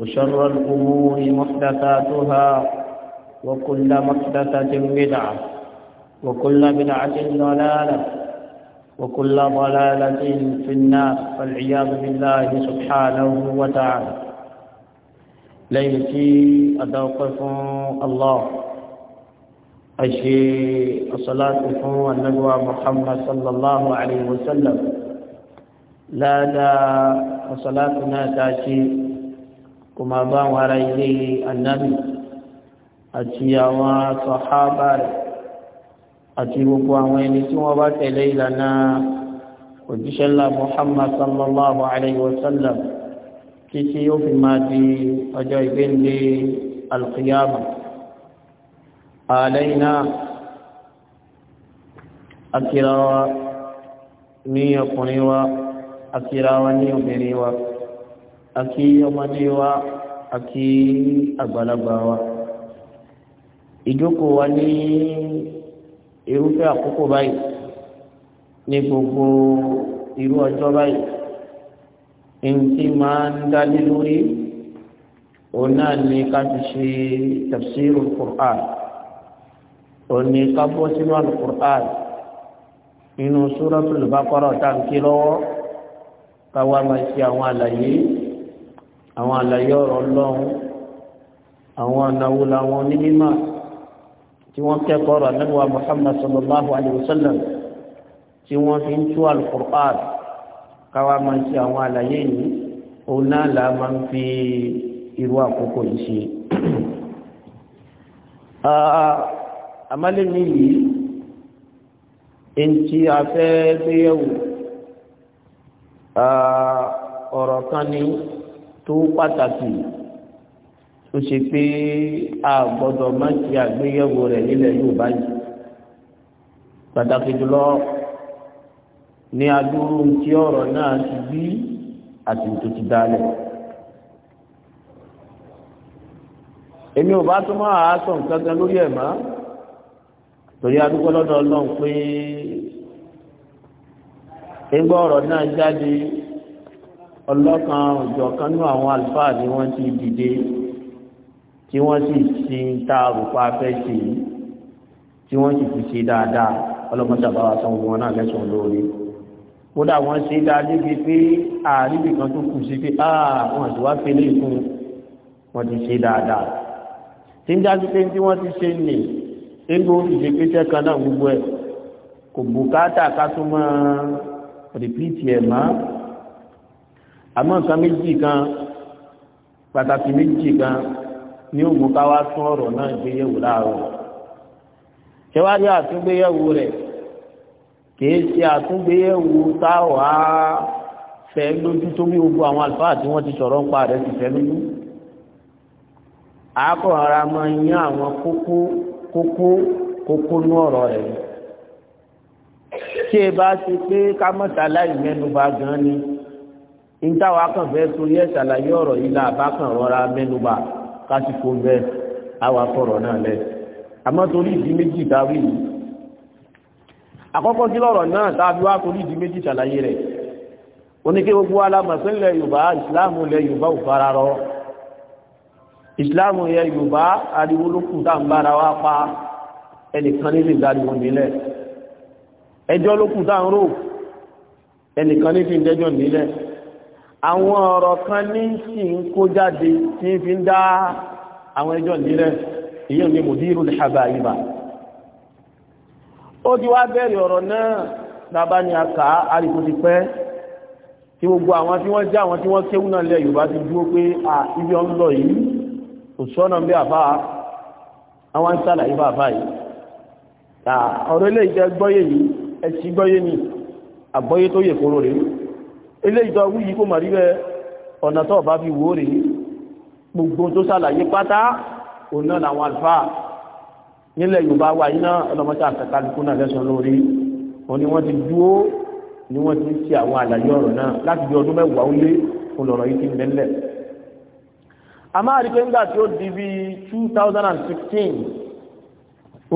وشر الأمور محدثاتها وكل محدثة بدعة وكل بدعة ضلالة وكل ضلالة في النار فالعياذ بالله سبحانه وتعالى ليتي أتوقف الله أشي الصلاة فهو النبوة محمد صلى الله عليه وسلم لا دا صلاتنا تأتي kó máa bá àwọn ará ilé anábì àti àwọn sọ̀hábà rẹ̀ àti gbogbo àwọn ẹni tí wọ́n bá tẹ̀lé ìlànà òjíṣẹ́ ńlá Muhammad sallallahu alayhi wa sallam títí ó fi máa di ọjọ́ ìgbéǹde alqiyama àlẹ́yìnà akirawa ní ọkùnrin wa akirawa ní obìnrin wa àti ọmọdé wa àti àgbàlagbà wa ìjókòó wa ní irúfẹ́ àkókò báyìí ní gbogbo irú ọjọ́ báyìí ntí máa ń dálé lórí òun náà ní ká ti ṣe tafsiru qur'an òun ní ká bọ́ sínú alukur'an nínú suratul baqara tá à ń ké lọ́wọ́ ká wá máa ṣe àwọn àlàyé àwọn àlàyé ọ̀rọ̀ lọ́hún àwọn ànáwó làwọn onímọ̀ tí wọ́n kẹ́kọ̀ọ́ ọ̀rọ̀ níwà Muhammad sallallahu alayhi wa sallam tí wọ́n fi ń tú alukur'an káwa máa ń ṣe àwọn àlàyé yìí òun náà là máa ń fi irú àkókò yìí ṣe. àmàlẹ́ni yìí eŋti afẹ́ gbéyẹ̀wò ọ̀rọ̀ kan ní tó pàtàkì tó ṣe pé a gbọ́dọ̀ má ti àgbéyẹ̀wò rẹ̀ nílẹ̀ Yorùbá yìí pàtàkì jùlọ ní adúrú tí ọ̀rọ̀ náà ti bí àti tó ti dálẹ̀. èmi ò bá tún máa sọ nǹkan kan lórí ẹ̀ mọ́ torí adúgbò lọ́dọ̀ Ọlọ́run pé ẹgbẹ́ ọ̀rọ̀ náà jáde ọlọ́kan òjọ̀kan ní àwọn àlùfáà ni wọ́n ti dìde tí wọ́n sì ti ń ta àrùpá fẹ́ sí i tí wọ́n sì fi ṣe dáadáa ọlọ́mọdàbà wa sanwó wọn náà lẹ́sàn-án lórí kódà wọ́n ṣe dáadáa bíi pé àríbì kan tó kù sí pé àwọn àtiwá fẹlẹ́ ìkún wọ́n ti ṣe dáadáa tí ń dájú pé tí wọ́n ti ṣe nì nínú ìṣèpéṣẹ́ kan náà gbogbo ẹ̀ kò bùkátà ká tó máa rìpíìtì ẹ̀ máa àmọ́ nǹkan méjì kan pàtàkì méjì kan ní òun ká wá tún ọ̀rọ̀ náà gbéyẹ̀wò láàárọ̀ ṣẹwájú àtúngbéyẹ̀wò rẹ̀ kìí ṣe àtúngbéyẹ̀wò táwọ̀ fẹ́ lójú tó bí gbogbo àwọn àlùfáà tí wọ́n ti sọ̀rọ̀ ń pa rẹ̀ ti fẹ́ lójú àákọ̀ ara máa ń yán àwọn kókó kókó kókó ní ọ̀rọ̀ rẹ̀ ṣé e bá ṣe pé ká mọ̀tà láì mẹ́nu bà gan ni nítawọ̀ akànfẹ́ torí ẹ̀ ṣàlàyé ọ̀rọ̀ yìí là bá kàn rọra mẹ́nuba kásìkò bẹ́ẹ̀ àwọn afọ̀rọ̀ náà lẹ̀ àmọ́ torí ìdí méjì dáwì yìí àkọ́kọ́ sí lọ́rọ̀ náà tàbí wá torí ìdí méjì ṣàlàyé rẹ̀ oníké gbogbo alámọ̀sí ilẹ̀ yorùbá ìsìláàmù ilẹ̀ yorùbá ò fara rọ ìsìláàmù ilẹ̀ yorùbá ariwo wa pa ẹnìkan nílé ìdáriwo nílẹ̀ ẹjọ́ ló kù tá à ń ẹnìkan nílé ìdẹ́jọ́ nílẹ̀ àwọn ọ̀rọ̀ kan ní sì ń kó jáde tí fi ń dá àwọn ẹjọ́ nílẹ̀ èyàn ni mòdírù lẹ́hàbà ìbà ó ti wá bẹ̀rẹ̀ ọ̀rọ̀ náà bàbá ni a kà á àríkò ti pẹ́ tí gbogbo àwọn tí wọ́n já àwọn tí wọ́n kéwú náà lẹ Yorùbá ti dúró pé à ibi ọ ń lọ yìí kò sọ́nà bí àbá àwọn ń sàlàyé bàbá yìí ọ̀rọ̀ ilé ìjẹ́ gbọ́yé yìí ẹ̀ sí gbọ́yé ni àgbọ́yé tó yẹ kóró rèé ilé ìjọ wíyí kó mọ̀ rí bẹ́ ọ̀nà tó bá fi wó rèé gbogbo tó sàlàyé pátá òun náà làwọn àlùfáà nílẹ̀ yorùbá wa yìí náà ọlọ́mọdé àtàkàlùkù náà lẹ́sọ̀ lórí òun ni wọ́n ti dúó ni wọ́n ti ń ṣe àwọn àlàyé ọ̀rọ̀ náà láti bí ọdún mẹ́wàá ó lé olọ̀rọ̀ yìí ti ń bẹ́ńlẹ̀. a máa rí pé nígbà tí ó di bí 2016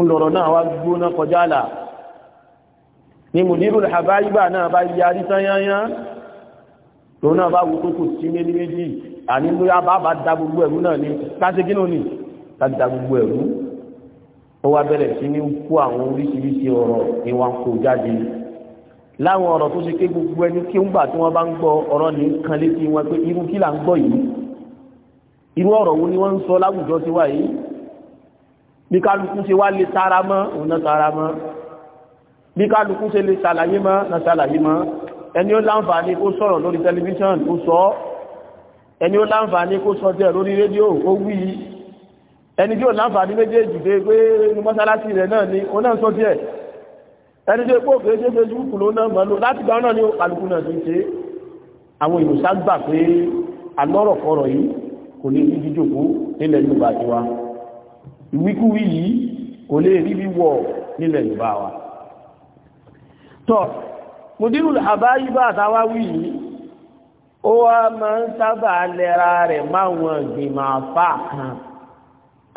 olọ̀rọ̀ náà wá gbóná kọjá àlà ni mùdírù àbáyíbà náà bá yarí tán yányán tòun náà bá wo tó kò sí méjì méjì àní lóyá bá bá da gbogbo ẹ̀rú náà ni káṣe kí ló ní láti da gbogbo ẹ̀rú ó wá bẹ̀rẹ̀ sí ní kó àwọn oríṣiríṣi ọ̀rọ̀ ni wọ́n kó jáde láwọn ọ̀rọ̀ tó ṣe ké gbogbo ẹni kí ń gbà tí wọ́n bá ń gbọ́ ọ̀rọ̀ ní kan létí wọn pé irú kí là ń gbọ́ yìí irú ọ̀rọ̀ wo ni wọ́n ń sọ láwùjọ ti wá yìí bí kálukú ṣe wá lè tara mọ́ òun náà tara mọ́ bí kálukú ṣe lè ṣàlàyé mọ́ náà ṣàlàyé mọ́ ẹni ó láǹfààní kó sọ̀rọ̀ lórí tẹlifíṣàn ó sọ ẹni ó láǹfààní kó sọ tẹ̀ lórí rédíò ó wí ẹni tí ó láǹfààní méjèèjì dé pé inú mọ́sálásí rẹ̀ náà ni ó náà sọ díẹ̀ ẹni tí ó pò kéé ṣe facebook ló náà ni kálukú náà ti ṣe àwọn ìrùsá gbà pé alọ́rọ̀kọrọ̀ yìí kò lè rí jíjòkó nílẹ̀ Yorùbá ti tọ́ mùdírù àbáyíbá àtàwáwí yìí ó wá máa ń sábà lẹ́ra rẹ̀ máwọn ìgbìmọ̀ àfà kan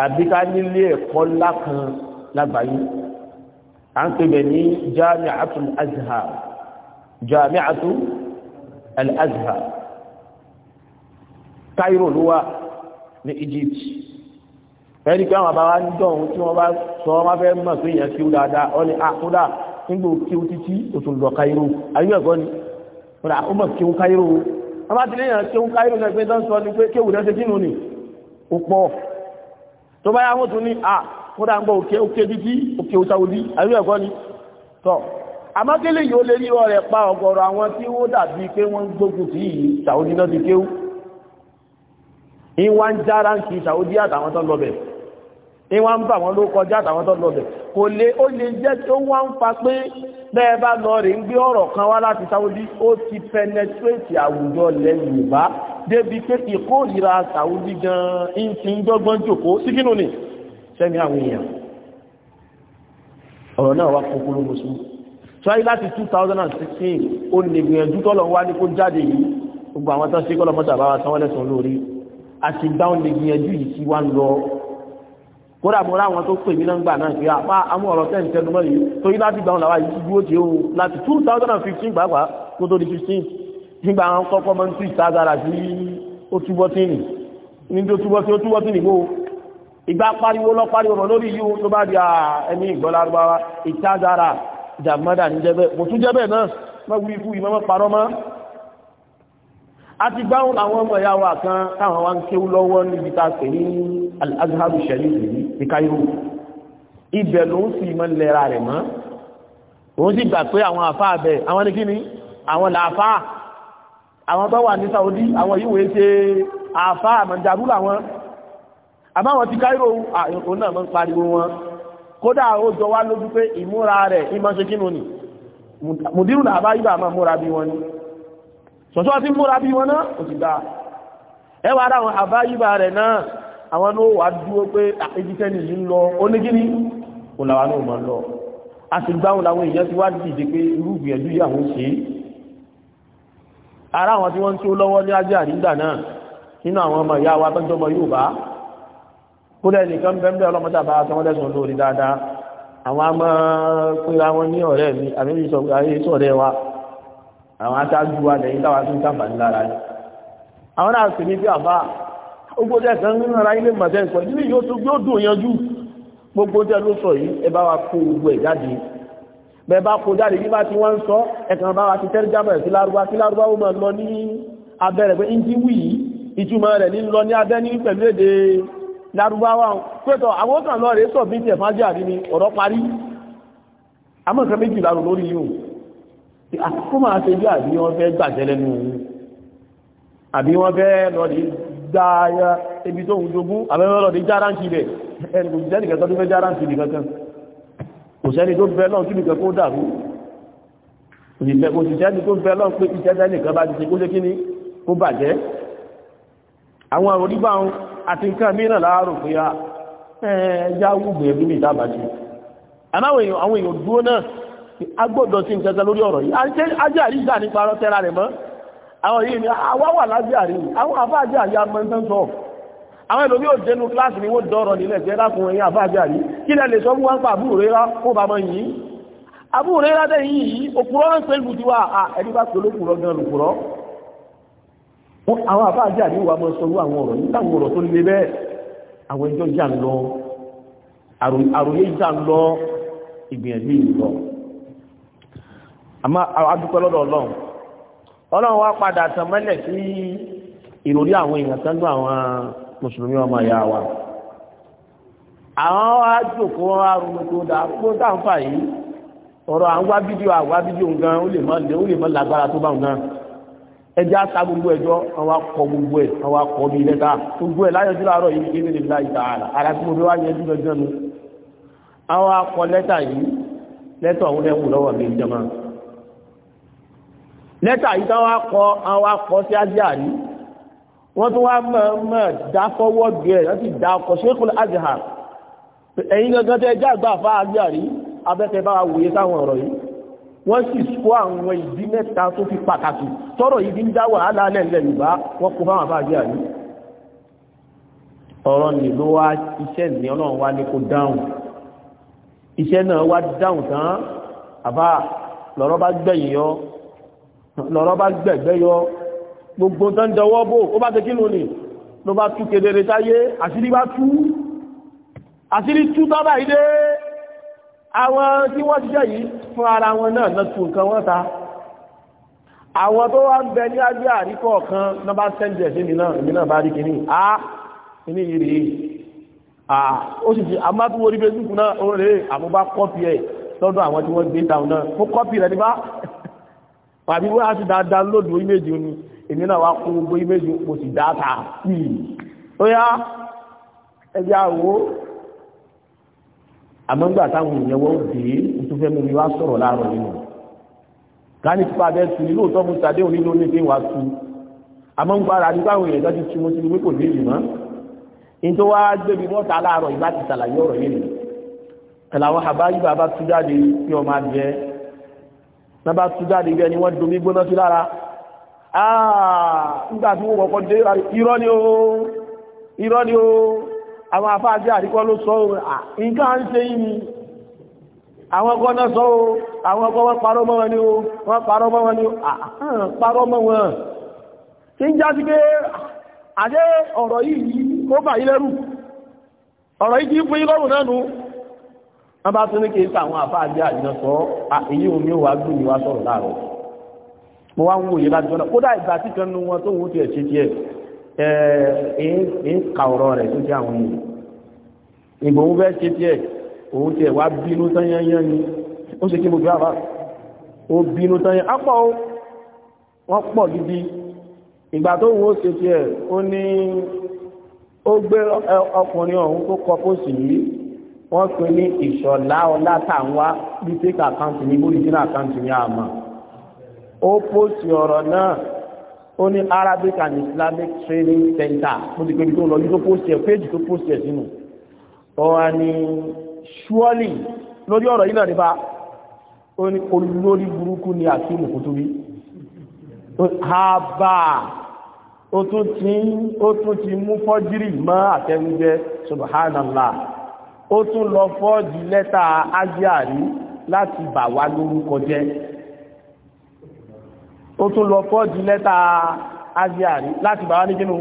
àbí ká nílé ẹ̀kọ́ ńlá kan lágbàáyé à ń pè bẹ̀ ní jami'atul azhar jami'atul al-azhar Cairo ló wà ní Egypt ẹni pé àwọn àbáwá ń dọ̀hún tí wọ́n bá sọ wọ́n máa fẹ́ mọ̀ pé èèyàn kí ó dáadáa ó ní àkúdà ah, nígbà kí o ti tí o tún lọ káírò ayé ẹ̀gọ́ ni ọ̀rà ó mọ̀ kí o káírò o bá ti léyàn kí o káírò náà pé tó sọ ni pé kí òwúrẹ́ ṣe kí nù ni ó pọ̀ tó bá yáwó tún ní à kódà ń gbọ́ òkè òkè títí òkè òsáwòdí ayé ẹ̀gọ́ ni tọ́ àmọ́ kí lè yóò lè rí ọ̀rẹ́ pa ọ̀gọ̀rọ̀ àwọn tí ó dàbí pé wọ́n ń gbógun sí yìí sàwọ́dí náà ti kéwú ìwọ̀n ń já ráǹkì àtàwọn tó lọ bẹ̀ ìwọ̀n ń bà wọ́n ló kọjá àtàwọn tó lọ bẹ̀ kò lè ó lè jẹ́ tó wá ń fa pé bẹ́ẹ̀ bá lọ rè ń gbé ọ̀rọ̀ kan wá láti Saudi ó ti penetrate àwùjọ lẹ́yìn ìbá débi pé ìkórìíra Saudi gan-an ń ti ń dọ́gbọ́n jòkó sí kínú ni sẹ́ni àwọn èèyàn ọ̀rọ̀ náà wá kókóró mọ́sùn tíwáyé láti 2016 ó ní gbìyànjú tọ́lọ̀ wá ní kó jáde yìí gbogbo àwọn tán sí kọ́lọ̀ mọ́sàbáwá sanwọ́lẹ́sàn lórí àti gbáwọn ní gbìyànjú yìí sí wá ń lọ kódà mo ráwọn tó pè mí náà gbà náà pé apá amú ọ̀rọ̀ tẹ́ ń tẹnu mọ́ yìí torí láti gbà wọn làwọn yìí dúró tí ó láti two thousand and fifteen gbàgbà kó tó di fifteen nígbà àwọn kọ́kọ́ máa ń tú ìtagbára sí ó túbọ̀ tí nì ní tó túbọ̀ tí ó túbọ̀ tí nì gbó ìgbà pariwo lọ pariwo mọ̀ lórí yìí tó bá di ẹni ìgbọ́lárúbáwá ìtagbára ìjàmọ́dà níjẹ́bẹ̀ kò tún jẹ́bẹ̀ náà má wí ikú àti gbáhùn àwọn ọmọ ìyá wa kan táwọn wá ń kéwú lọ́wọ́ níbi ta pè ní al-azharu sharif ní Cairo ibẹ̀ lòun sì mọ́ lẹ́ra rẹ̀ mọ́ òun sì gbà pé àwọn àfá abẹ́ àwọn ní kíni àwọn làáfá àwọn tó wà ní Saudi àwọn yíwé ṣe àfá àmọ̀dàrú làwọn àbáwọn ti Cairo òun náà mọ́ ń pariwo wọn kódà ó jọ wá lójú pé ìmúra rẹ̀ ìmọ̀ ṣe sọ̀tọ́ ti múra bí wọn náà kò ti dáa ẹwà ara àwọn àbáyíbà rẹ̀ náà àwọn ní ó wà dúró pé àpéjítẹ́nì yìí ń lọ onígíní òlàwà náà mọ̀ lọ a sì gbáhùn láwọn èèyàn ti wá dìde pé irú ìgbìyànjú ìyàwó ṣe ara àwọn tí wọ́n ń tó lọ́wọ́ ní ajé àrígbà náà nínú àwọn aṣáájú wa lẹ́yìn táwa tún sábàá lára ní àwọn náà sì ní bí àbá ogbó tẹ́sán nínú ara ilé mọ̀tẹ́ ìsọ̀ ìdílé yóò tún yóò dùn yanjú gbogbo tẹ́ ló sọ yìí ẹ bá wa kó gbogbo ẹ̀ jáde bẹ́ẹ̀ bá kó jáde bí bá ti wọ́n ń sọ ẹ̀kan bá wa ti tẹ́rí jábẹ̀ sí lárúbá sí lárúbá ó máa lọ ní abẹ́rẹ̀ pé ní wí ìtumọ̀ rẹ̀ ní lọ ní abẹ́ ní pẹ̀lú èdè lárúbáwá pẹ́tọ̀ àwọn kan lọ rèé sọ̀ bí tiẹ̀ fájà ní ọ̀rọ̀ parí amọ̀kan méjì lárò lórí yìí kó máa ṣe bí àbí wọ́n fẹ́ gbàjẹ́ lẹ́nu òun àbí wọ́n fẹ́ lọ́dí dáyá ebi tó ń jogún àbẹ́wọ́n lọ́dí járáǹkì rẹ̀ ẹni kò jẹ́ nìkan tó fẹ́ járáǹkì nìkan kan kò sẹ́ni tó fẹ́ lọ́n kí nìkan kó dàrú òṣìṣẹ́ kò ṣiṣẹ́ ni tó fẹ́ lọ́n pé iṣẹ́ tẹ́ nìkan bá agbọ́dọ̀ sí nǹkan kan lórí ọ̀rọ̀ yìí ajáàrí ìjà nípa ọ̀rọ̀ tẹ́ra rẹ̀ mọ́ àwọn yìí ni àwa wà lájáàrí àwọn àfá ajáàrí amọ́ntán sọ àwọn ẹlòmí ò jẹnu kíláàsì ni wọ́n dọ́rọ̀ nílẹ̀ jẹ́ lákùnrin ẹ̀yìn àfá ajáàrí kí lẹ lè sọ fún wọn pa àbúrò rẹ̀ kó bá mọ́ yìí àbúrò rẹ̀ rádẹ́ yìí yìí òkúrọ́ ń pẹ́ lùdí wa ẹni bá pẹ̀lú òkúrọ́ ìgbìyànjú ìlú lọ àmọ́ adúpẹ́ lọ́dọ̀ ọlọ́run ọlọ́run wá padà tàn mọ́lẹ̀ sí ìròrí àwọn èèyàn tán ní àwọn mùsùlùmí ọmọ ìyá wa àwọn wá jòkó wọn wá ronú tó dá kó dáǹfà yìí ọ̀rọ̀ à ń wá fídíò àwá fídíò gan ó lè má lè ó lè má lágbára tó bá ń gan ẹjẹ́ àta gbogbo ẹjọ́ àwọn akọ gbogbo ẹ̀ àwọn akọ bíi lẹ́ta gbogbo ẹ̀ láyọjú láàárọ̀ yìí kí nílẹ̀ láì ta àlà ara tí mo fi wá yẹn dúró jẹ́nu àwọn akọ lẹ́tà yìí lẹ́tà òun lẹ́wù lọ́wọ́ mi jẹ́ máa lẹ́tà yìí tán wá kọ àwọn akọ sí Azhar rí wọ́n tún wá mọ̀ọ́mọ̀ dá fọwọ́ gbé ẹ̀ láti dá ọkọ̀ Sheikhul Azhar ẹ̀yin gangan tẹ́ já àgbà fa Azhar rí abẹ́fẹ́ bá wa wòye sáwọn ọ̀rọ̀ yìí wọ́n sì kó àwọn ìdí mẹ́ta tó fi pàtàkì tọ́rọ̀ yìí ń dá wàhálà lẹ́lẹ̀ Yorùbá wọ́n kó fáwọn àbá Azhar rí ọ̀rọ̀ nì ló wá iṣẹ́ ní ọlọ́run wá ní kó dáhùn iṣẹ́ náà wá dáhùn tán àbá lọ́rọ́ bá gbẹ̀yìn yọ lọ́rọ́ bá gbẹ̀gbẹ́ yọ gbogbo tó ń dọwọ́ bò ó bá tẹ kí ló ní ló bá tú kedere táyé àṣírí bá tú àṣírí tú tọ́bà ìdé àwọn tí wọ́n ṣiṣẹ́ yìí fún ara wọn náà náà tú nǹkan wọ́n ta àwọn tó wá ń bẹ ní abẹ́ àríkọ̀ kan náà bá sẹ́ńdẹ̀ sí mìíràn mìíràn bá rí kìíní a kìíní yìí rèé a ó sì fi amátúwórí facebook náà ó rèé àmúbá kọ́pì ẹ̀ lọ́dọ̀ àwọn tí wọ́n gbé dáun náà fún kọ́pì rẹ̀ níbá pàbí wọ́n á sì dá download image ni èmi náà wá kó gbogbo image mo sì dáta pìí ó yá ẹgbẹ́ àwọ̀ àmọ́gbà táwọn èèyàn wọ́n dé tó fẹ́ mú mi wá sọ̀rọ̀ láàárọ̀ nínú káni tí pàbẹ́ tu nílò tó mú sàdé òní ló ní pé wà tu àmọ́gbà rà nípa àwọn èèyàn tó ti tu mo ti kò ní ìlú ní tó wá gbébi mọ́ta láàárọ̀ ìbá ti sàlàyé ọ̀rọ̀ yìí náà bá tú jáde bí ẹni wọ́n domi gbóná sí lára ah, nígbà tí wọ́n kọ́kọ́ dé irọ́ ni o irọ́ ni o àwọn afáàjẹ́ àríkọ́ ló sọ ohun ah, nǹkan ń ṣe yìí ọkọ̀ náà sọ o àwọn ọkọ̀ wọ́n parọ́ mọ́ ni o wọ́n parọ́ mọ́ ni o ah, parọ́ mọ́ tí ń já sí pé àjẹ́ ọ̀rọ̀ yìí kó bà yí lẹ́rù ọ̀rọ̀ yìí kí fún yí náà nù wọ́n bá tún ní kí n ta àwọn àfáà jẹ́ àjọ sọ èyí omi ò wá gbùn ní wá sọ̀rọ̀ láàrọ̀ mo wá ń wòye láti ọ̀nà kódà ìgbà tí kan nú wọn tó wọ́n ti ẹ̀ ṣe tiẹ̀ ẹ̀ẹ́n ka ọ̀rọ̀ rẹ̀ tó jẹ́ àwọn èèyàn ìgbò òun fẹ́ ṣe tiẹ̀ òun tiẹ̀ wá bínú tán yányán ni ó ṣe kí mo gbáfà ó bínú tán yán ápọ̀ ó wọ́n pọ̀ gidi ìgbà tó wọ́n ṣe tiẹ̀ ó ní ó gbé ọkùnrin ọ̀hún tó kọ pósì yìí wọ́n pe ní ìṣọ̀lá ọlá tàwa mistake ní original account ní àmà ó pòsì ọ̀rọ̀ náà ó ní Arabic and Islamic Training Center mo ti pèbí tó lọ yí tó pòsì ẹ̀ péjì tó pòsì ẹ̀ sínú ọ̀wà ni surely lórí ọ̀rọ̀ yìí náà nípa ó ní olórí burúkú ni àti mùkútúbí haba ó tún ti mú fọ́jírì mọ́ àtẹnujẹ subhanallah ó tún lọ fọ́ọ̀dì lẹ́tà ágíàrí láti bà wá lórúkọ jẹ́ ó tún lọ fọ́ọ̀dì lẹ́tà ágíàrí láti bà wá ní kínú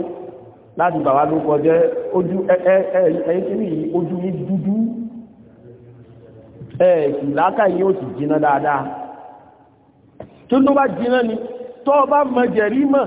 láti bà wá lórúkọ jẹ́ ojú ẹ̀yìn kínú yìí ojú ní dúdú ẹ̀ẹ̀kì láká yìí ó jiná dáadáa tó ló bá jiná ni tọ́ bá mọ̀ mọ̀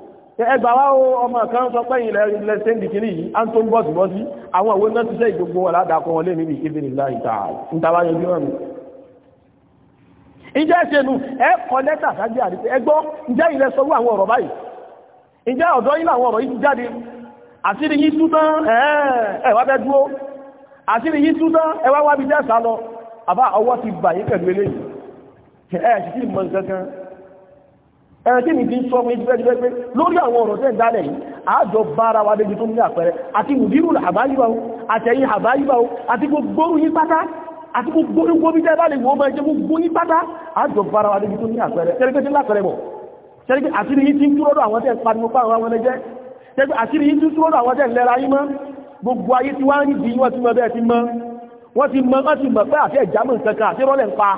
ẹgbà wá o ọmọ kan sọ pé ilẹ̀ ilẹ̀ sẹ́ndì kìíní yìí a ń tó ń bọ́ sí bọ́ sí àwọn òwe náà ti sẹ́ ìgbogbo wọn ládàkọ wọn lé níbi ìkéde nílá ìta ìtawáyé bí wọn. ìjẹ́ ìṣẹ́nu ẹ kọ lẹ́tà sájú àdìsẹ́ ẹ gbọ́ ǹjẹ́ ilẹ̀ sọ wú àwọn ọ̀rọ̀ báyìí ǹjẹ́ ọ̀dọ́ yìí làwọn ọ̀rọ̀ yìí jáde àṣírí yìí tú tán ẹ wá bẹ́ dúró àṣírí yìí tú tán ẹ wá wá ẹ̀rẹ́ tí mi fi ń sọ fún ìgbẹ́gbẹ́gbẹ́ lórí àwọn ọ̀rọ̀ tẹ́ ìdálẹ̀ yìí àjọ bára wa débi tó ní àpẹẹrẹ àti mùdírù àbáyíbáwó àtẹ̀yìn àbáyíbáwó àti gbogbo yí pátá àti gbogbo ní gbogbo jẹ́ láti wọ́n mẹ́jẹ gbogbo yí pátá àjọ bára wa débi tó ní àpẹẹrẹ tẹ́lẹ́gbẹ́ tí lápẹẹrẹ bọ̀ tẹ́lẹ́gbẹ́ àti ní tí ń túrọ́dọ̀ àwọn tẹ́ pariwo pàwọn àwọn ẹlẹ́jẹ́ tẹ́lẹ́gbẹ́ àti ní tí ń túrọ́dọ̀ àwọn tẹ́ lẹ́ra yí mọ́ gbogbo ayé tí wọ́n ń di wọ́n ti mọ bẹ́ẹ̀ ti mọ́ wọ́n ti mọ́ pé àti ẹ̀jámọ̀ nǹkan kan àti rọ́lẹ̀ ń pa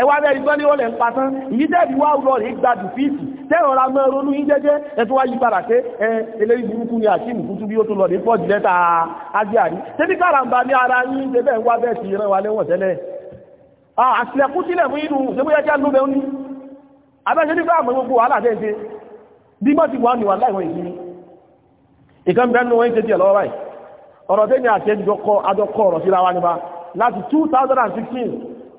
ẹwà bẹ́ẹ̀rí gbọ́n ní ó lẹ̀ ń patán ìyí tẹ́ẹ̀bí wá lọ rí gba dùfíìsì tẹ́ẹ̀rọ ra mọ́ ronú yí jẹ́jẹ́ ẹ̀tọ́ wá yí padà pé ẹ eléyìí burúkú ni àṣìmù fún bí ó tó lọ rí pọ́jù lẹ́ta ajíàrí tẹ́bí kàràmbà ní ara yín ṣe bẹ́ẹ̀ ń wá bẹ́ẹ̀ sí ìran wa lẹ́wọ̀n tẹ́lẹ̀ àṣìlẹ̀kú sílẹ̀ fún inú ṣebóyá kí á lóbẹ̀ ní abẹ́ṣẹ́ nígbà àmọ́ gbogbo wàhálà tẹ́ ṣe bí mọ́ ti wà ní wà láìwọ̀n ìsinmi ìkan bẹ́ẹ̀nu wọ́n ń ṣe tí ẹ̀ lọ́wọ́ báyìí ọ̀rọ̀ tẹ́ni àti ẹjọ́ kọ́ ọ̀rọ̀ síra wa nípa láti 2016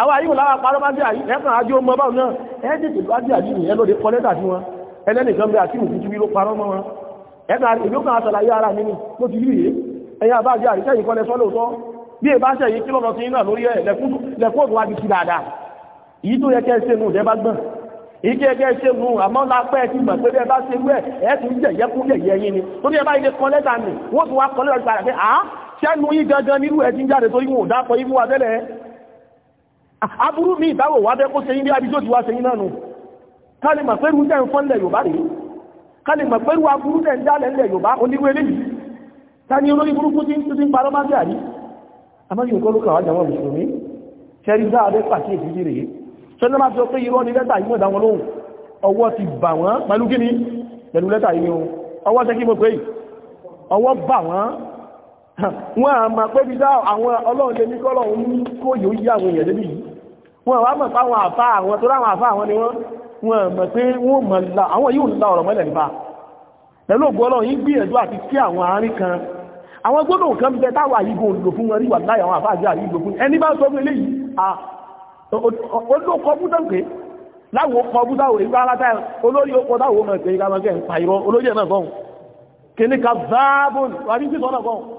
àwọn àyíwò láwà parọ́ bá díà yìí ẹ̀kàn ajé ọmọ báwọn náà ẹ̀ tètè bá díà yìí nìyẹn lóde kọ́ lẹ́tà sí wọn ẹlẹ́nìkan bẹ àti ìmùkútú bí ló parọ́ mọ́ wọn ẹ̀kàn èmi kan àtàlàyé ara mi ni ló ti yí yìí ẹ̀yà bá díà yìí sẹ́yìn kọ́lẹ̀ sọ́lọ́ tọ́ bí èbá sẹ́yìn kí lọ́nà sí iná lórí ẹ̀ lẹ́kún òdùn wájú sí dáadáa èyí tó yẹ kẹ́ ẹ ṣe nù dẹ́ bá gbọ́n èyí tó yẹ kẹ́ ẹ ṣe nù àmọ́ lápẹ́ ti mọ̀ pé bẹ́ẹ̀ bá ṣe wú ẹ̀ ẹ̀ tún jẹ̀yẹ́ kú jẹ̀yẹ́ yín ni torí ẹ bá ilé kọ́ lẹ́tà mi wọ́n tún wá kọ́ lẹ́tà aburú mi ìbáwò wá bẹ́ kó ṣe yín bí abijó ti wá ṣe yín náà nù kálí mọ̀ pẹ́rú tẹ́ ń fọ́n lẹ̀ Yorùbá rèé kálí mọ̀ pẹ́rú aburú tẹ́ ń dálẹ̀ lẹ̀ Yorùbá oníwé lè yìí ta ni olórí burúkú tí ń tún parọ́ bá jà yìí amáyé nǹkan ló kàwá jàwọn mùsùlùmí ṣẹ́rí bá abẹ́ pàṣẹ ìdíje rèé ṣẹ́ni máa sọ pé irọ́ ni lẹ́tà yìí mọ̀ dáwọn lóhùn ọwọ́ ti bà wọ́n a máa pé bídá àwọn ọlọ́run lè ní kọ́lọ̀un ní kó yóò yí àwọn èèyàn débì yìí wọ́n wá mọ̀ páwọn àfá àwọn tó ráwọn àfá àwọn ni wọ́n wọ́n mọ̀ pé wọ́n mọ̀ la àwọn yóò la ọ̀rọ̀ mọ́lẹ̀ nípa pẹ̀lú ọlọ́run yìí àti kí àwọn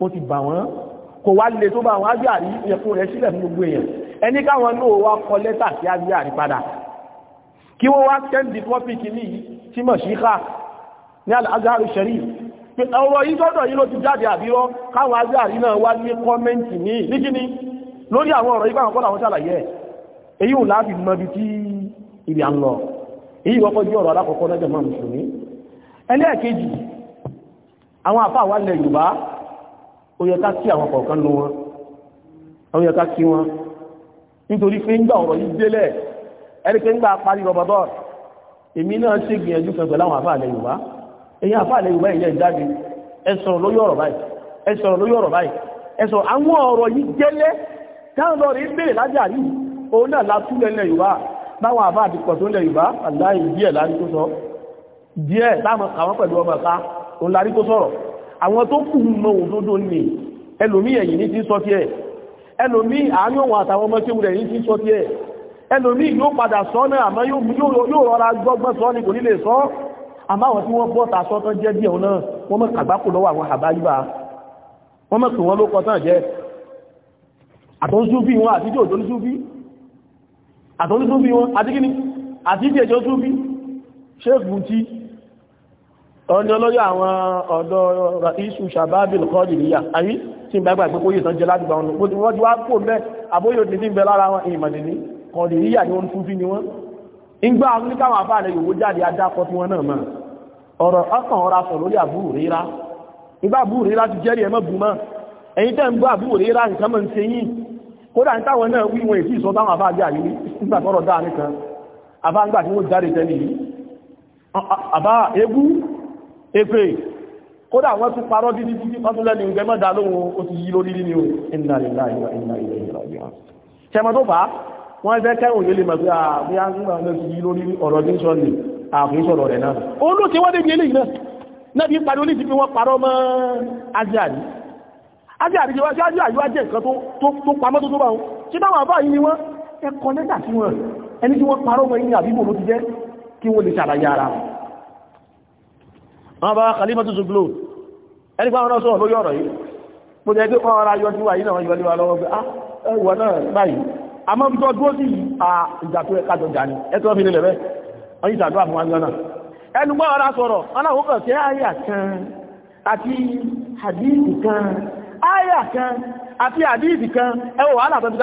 ó ti bà wọ́n kò wá lè tó bá wọn ábíàrí ẹ̀kún rẹ̀ sílẹ̀ fún gbogbo èèyàn ẹni káwọn náà wá kọ lẹ́tà sí ábíàrí padà kí wọ́n wá tẹ́ǹdì tọ́pìkì ní tí mọ̀ sí ká ní alágbárí ṣẹ̀rí ọ̀rọ̀ yìí sọ́dọ̀ yìí ló ti jáde àbírọ́ káwọn ábíàrí náà wá ní kọ́mẹ́ǹtì ní níkíní lórí àwọn ọ̀rọ̀ yìí báwọn kọ́lá wọn ṣàlàyé ẹ̀ èyí ò láti mọ ibi tí ìrì à ń lọ èyí wọ́pọ̀ jẹ́ ọ̀rọ̀ alákọ̀ọ́kọ́ lọ́jọ́ mọ́ mùsùlùmí ẹlẹ́ẹ̀kejì àwọn àfáà wà lẹ̀ Yorùbá ó yẹ ká kí àwọn kọ̀ọ̀kan nù wọn ó yẹ ká kí wọn nítorí pé ńgbà ọ̀rọ̀ yìí délẹ̀ ẹni pé ńgbà parí rọmọdọ́ọ̀ èmi náà ṣe gbìyànjú kan pẹ̀lú àwọn yorùbá èyí àfáàlẹ̀ yorùbá ìyẹn ìjáde ẹ sọ̀rọ̀ ọ̀rọ̀ báyìí ẹ àwọn ọ̀rọ̀ yìí gẹ́lẹ́ táwọn lọ àwọn tó kù mọ òdodo ni ẹlòmí ẹ̀yìn ní ti sọ tí ẹ̀ ẹlòmí àánú òun àtàwọn ọmọ kéwù rẹ̀ ní ti sọ tí ẹ̀ ẹlòmí yóò padà sọ náà àmọ́ yóò rọra gbọ́gbọ́n sọ ní kò nílé sọ àmọ́ tí wọ́n bọ́ ta sọ tán jẹ́ díẹ̀ òun náà wọ́n mọ̀ kàgbákò lọ́wọ́ àwọn àbáyíbá wọ́n mọ̀ pé wọ́n ló kọ tán jẹ́ àtọ́nsúfí wọn àti tí òjò lúsúfí ọ̀nà olóyè àwọn ọ̀dọ́ iṣu ṣàbábì lọ́kọ́ nìyà ayé tí ń bá gbàgbé kó yìí tán jẹ láti gbà wọn bó ti wọ́n ti wá pò mẹ́ àbóyò ti ti ń bẹ lára wọn ìmọ̀lẹ̀ ní kọ̀ọ̀dì níyà ni wọ́n tún fi ni wọ́n ń gbá àwọn oníkàwọn àfáàlẹ̀ yòówó jáde adákọ̀ tí wọ́n náà mọ̀ ọ̀rọ̀ ọkàn ọ̀rọ̀ sọ lórí àbúrò rírá ìgbà àbúrò rírá ti jẹ́rì àbá eégún èpè kódà wọ́n tún parọ́ dídí títí wọ́n tún lẹ́nu ìgbẹ́ mọ́dà lóhun ó ti yí lórí nínú iná ìlà ìlà ìlà ìlà ìlà ìlà ṣẹmọ tó fà á wọ́n fẹ́ kẹ́rùn yé lè mọ̀ pé àbíyá ń gbà lọ sí yí lórí ọ̀rọ̀ ní sọ ní àfin sọ̀rọ̀ rẹ̀ náà ó ló ti wọ́n débi eléyìí náà náà bí parí oníṣìí pé wọ́n parọ́ mọ́ ajáàrí ajáàrí ti wá sí ajáàrí wá jẹ́ nǹkan tó pamọ́ tó tó bá wọ́n bá kalimatu zuglo ẹni pa ọ̀rọ̀ sọ̀rọ̀ lórí ọ̀rọ̀ yìí mo jẹ́ pé ọ̀rọ̀ ayọ́ tí wà yìí náà yọlé wa lọ́wọ́ pé ah ẹwà náà báyìí àmọ́ bí tó dúró sí à ìjà tó ẹka jọjà ni ẹ tó fi nílẹ̀ bẹ́ẹ̀ wọ́n yìí ṣàdúrà fún wa náà ẹnu gbọ́ ọ̀rọ̀ sọ̀rọ̀ aláwọ̀ kan tẹ́ àyà kan àti hadith kan àyà kan àti hadith kan ẹwọ̀ ti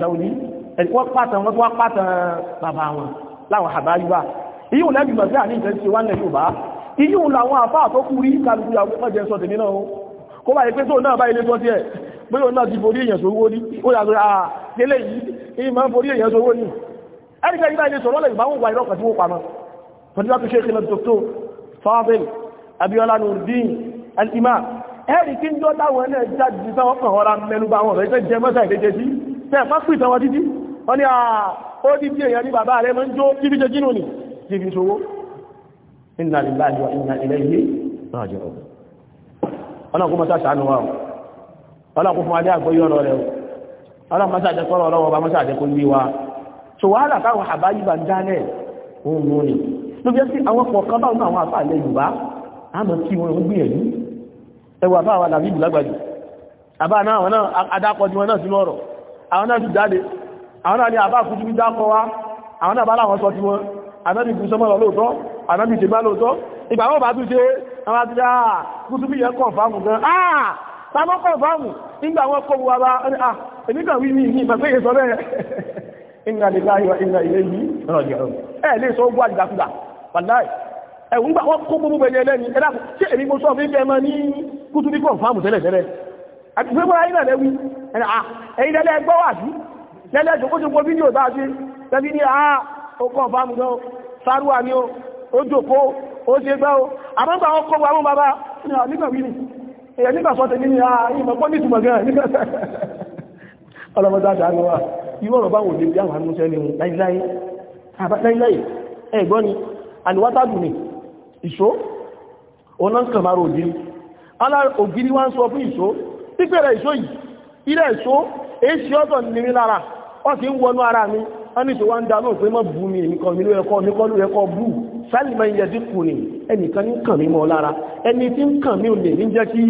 dálẹ̀ ẹni wọ́n pàtàn wọ́n tó wá pàtàn bàbá wọn láwọn àbáyúbà ìyíò lẹ́bí mọ̀ sí àní ìtẹ́sí wá nílẹ̀ Yorùbá ìyíò làwọn àfá àtọ́kù rí kàlùkù àwọn jẹ́ sọ tèmi náà kó bá ìpé tó náà bá ilé sọ díẹ̀ bóyá náà ti borí èèyàn sówó ní ó yà sọ àtẹ́lẹ̀ yìí máa ń borí èèyàn sówó ní ẹnìkan yìí bá ilé sọ̀rọ̀ lẹ́yìn bá wọn wà ìrọ́kàn tí wọ́n pamọ́ pẹ̀lú láti ṣe ẹ̀rì kí ń jọ táwọn náà jáde sáwọn kan ọ̀rá wọn rẹ̀ jẹ́ mọ́sà ìdẹ́jẹ́ sí tẹ́ẹ̀ fásitì àwọn títí wọ́n ni ah, ó dí bí èèyàn ní bàbá rẹ̀ mọ́ ń jó kí bí jẹ́ jínú ni jíbi ṣòwò inna lillahi wa inna ilayhi raji'un ọlọ́kùn mọ́sá ṣàánú wa ọlọ́kùn fún adé àgbóyí ọ̀rọ̀ rẹ̀ ọlọ́kùn mọ́sá jẹ́kọ́rọ̀ ọlọ́wọ́ bá mọ́sá jẹ́kọ́ ní wa so wàhálà káwọn àbáyí bá ń dálẹ̀ òun mú ni ló bí sí àwọn kọ̀ọ̀kan bá àwọn àwọn náà ni àbá fújú bí dákọ wá àwọn náà bá láwọn sọ ti wọn anábì kú sọmọ́lọ lóòtọ́ anábì tèmá lóòtọ́ ìgbà wọn bá tún ṣe àwọn àti àà kútù bí yẹn kọ̀fàmù gan àà tàbọ́ kọ̀fàmù nígbà wọn kọ́ wa bá ẹni kan wí ní ìgbà pé èso bẹ́ẹ̀ inna lillahi wa inna ilayhi raji'un ẹ lè sọ gbọ́ àdìdàkudà wàláì ẹ̀wùn gbà wọ́n kó gbogbo ẹ̀yẹ lẹ́ni ẹ̀dá ṣé èmi mo sọ fún ìfẹ́ mọ́ ní kútù bí kọ̀fàmù tẹ́lẹ̀ tẹ́lẹ̀ àti fẹ́ mọ́ra yìí náà lẹ́wí ẹ̀yìn lẹ́lẹ́ gbọ́ wà sí lẹ́lẹ́ ìjòkó tó gbọ́ fídíò tá a ti tẹ́bí ní àá ah, ó kọ́ bá mi lọ sáruwa ni ó ó jòkó ó ṣe gbá ó àmọ́gbà wọn kọ́ wọn bàbá ah, nígbà wí ni èyẹ nígbà sọ tẹ̀mí ni àá ah, ìmọ̀ pọ́ ní ìtumọ̀ gan ọlọ́mọdé àdáni wa ìwọ ni láíláí láíláí ẹ̀gbọ́n ni àníwátàdù ni ìṣó ọ̀nà ń kàmàrà ògiri alá ògiri wá ń sọ fún ìṣó pípẹ̀rẹ̀ ìṣó wọ́n ti ń wọnú ara mi wọ́n ní tí wọ́n ń da lóòpé mọ́ bú mi nìkan mi ló ẹ̀kọ́ mi kọ́ ló ẹ̀kọ́ bú sálìmọ̀ ìyẹ̀ tí kù ní ẹnìkan ní kàn mí mọ́ lára ẹni tí ń kàn mí ò lè ní jẹ́ kí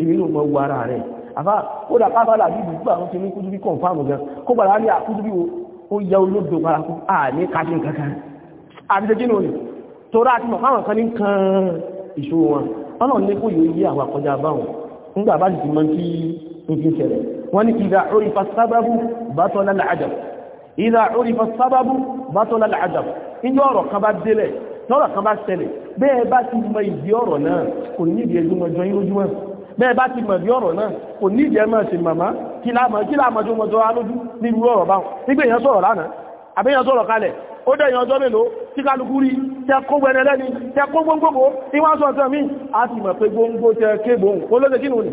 èmi ló mọ wu ara rẹ̀ àfá ó dà pápá làbí ìdúgbò àwọn ti ní kúdúbí kọ̀ǹfàmù gan kó gbàdá ní àkúdúbí wo ó yẹ olóògbé para kú àní kájí kankan àti ṣe kínú ni torí àti mọ̀ fáwọn kan ní kan ìṣòro wọn ọlọ́run ní kó yóò yí àwọn àkọjá báwọn wọ́n ní ìdá òrìfà sábàbù bátọ́lá làájàm ìdá òrìfà sábàbù bátọ́lá làájàm inú ọ̀rọ̀ kan bá délẹ̀ lọ́rọ̀ kan bá ṣẹlẹ̀ bẹ́ẹ̀ bá ti mọ ìdí ọ̀rọ̀ náà kò ní ìdí ẹjú mọjọ́ yín lójú ẹ̀ bẹ́ẹ̀ bá ti mọ̀ ìdí ọ̀rọ̀ náà kò ní ìdí ẹmọ̀ sí màmá kí láàmọ́jú mọjọ́ alójú nírú ọ̀rọ̀ báwọn nígbè èèyàn sọ̀rọ̀ lánàá àbẹ́yàn sọ̀rọ̀ kalẹ̀ ó dẹ̀yàn ọjọ́ mélòó tí kálukú rí tẹ kó gbẹ̀rẹ̀ lẹ́ni tẹ kó gbóngbòbò ìwọ́n sọ̀tọ̀ mí a ti mọ̀ pé gbóngbò tẹ kébò olóòtẹ́ kínú ni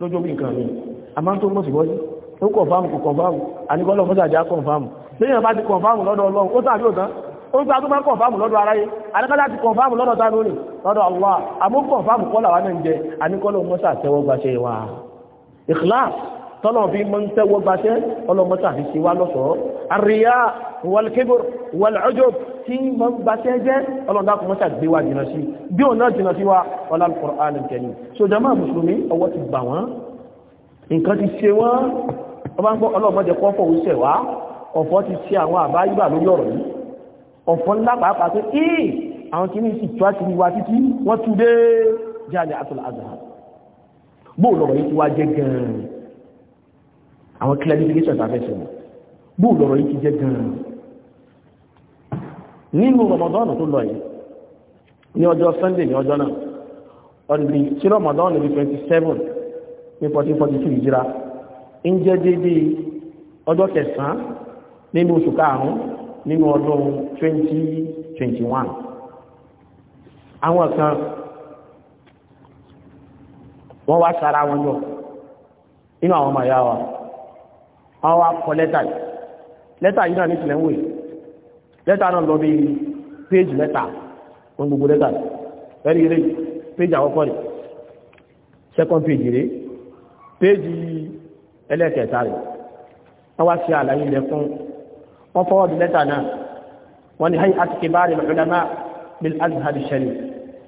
lójó bí nǹkan mi àmọ́ tó mọ́ sí wọ́lé ó kọ̀fàmù kò kọ̀fàmù àníkọ́lọ̀ fún sàjá kọ̀fàmù lẹ́yìn bá ti kọ̀fàmù lọ́dọ̀ Ọlọ́run ó sàbí òtán ó ń sàtúmọ̀ kọ̀fàmù lọ́dọ̀ aráyé àníkọ́lá ti kọ̀fàmù lọ́dọ̀ tá lónìí lọ́dọ̀ Allah àmọ́ kọ̀fàmù kọ́là wà náà ń jẹ àníkọ́lọ̀ mọ́ sàtẹ́wọ́ gbaṣẹ́ wa ikhlas tọ́lọ̀ fi mọ́ ń tẹ́wọ́ gbaṣẹ́ ọlọ́mọ́sà fi ṣe wá lọ́sọ̀ọ́ àríyá wàlkébùr wàlọ́jọ́b tí mọ́ ń gbaṣẹ́ jẹ́ ọlọ́dàkùnmọ́sà gbé wa jìnà sí bí òun náà jìnà sí wa ọlá al-Qur'an al-Karim so jama musulmi ọwọ́ ti bà wọ́n nǹkan ti ṣe wọ́n ọba ń gbọ́ ọlọ́mọdé kọ́fọ̀ ó ṣẹ̀ wá ọ̀fọ̀ ti ṣe àwọn àbáyíbà lórí ọ̀rọ̀ yìí ọ̀fọ̀ ńlá pàápàá pé ee àwọn kìíní sì tó àti wíwá títí wọ́n tún dé jáde àtúlọ̀ àzàrà bóò lọ́rọ̀ yìí ti wá jẹ́ gan-an àwọn clarification tàbí ẹ̀sẹ̀ mọ̀ bóò lọ́rọ̀ yìí ti jẹ́ gan-an nínú rọmọdọ́nù tó lọ yìí ní ọjọ́ Sunday ní ọjọ́ náà ọ̀nà tí rọmọdọ́nù ní 27 ní 1442 ìjìra ń jẹ́ dédé ọjọ́ kẹsàn-án nínú oṣù karùn-ún nínú ọdún 2021 àwọn kan wọ́n wá sára wọn jọ inú àwọn ọmọ ìyá wa wọ́n wá kọ lẹ́tà yìí lẹ́tà yìí náà ní ìpìlẹ̀ ń wè lẹ́tà náà lọ bí péjì lẹ́tà wọn gbogbo lẹ́tà rẹ̀ rí rí péjì àkọ́kọ́ rẹ̀ second page rẹ̀ péjì ẹlẹ́kẹta rẹ̀ wọ́n wá sí àlàyé ilẹ̀ fún wọ́n fọwọ́ bí lẹ́tà náà wọ́n ní hayi hay'at kibar al-ulama bil azhar al ṣẹlẹ̀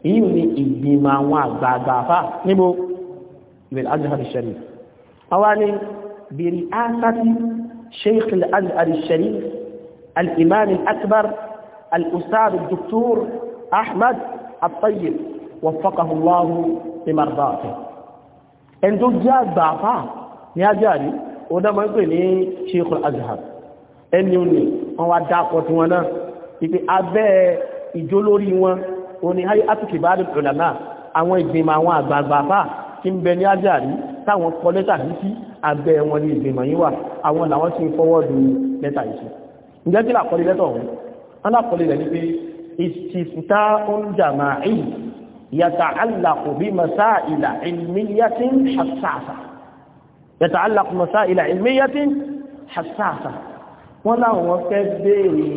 èyí ni ìgbìmọ̀ àwọn àgbààgbà fà níbo bil azhar al-sharif wọ́n wá ní bi asati shaykh al-azhar al-sharif al-imam al-akbar al-ustad al-doktor ahmad al-tayyib وفقه ẹni tó jẹ́ àgbà àfà ní ajáàrí ó dá máa ń pè ní Sheikhul Azhar ẹni òní wọn wá dákọ̀ tí wọn náà ipe abẹ́ ìjólórí wọn ó ní ayé àtúkì bá rí ìrọ̀lá àwọn ìgbìmọ̀ àwọn àgbààgbà àfà tí ń bẹ ní ajáàrí táwọn kọ lẹ́tà títí abẹ́ wọn ní ìgbìmọ̀ yìí wà àwọn làwọn ti ń fọwọ́dù lẹ́tà yìí ǹjẹ́ kí làkọ́lé lẹ́tọ̀ ọ̀hún wọn rẹ̀ ní pé ìsìfúta oúnjẹ àmà يتعلق بمسائل علمية حساسة يتعلق بمسائل علمية حساسة wọ́n láwọn fẹ́ béèrè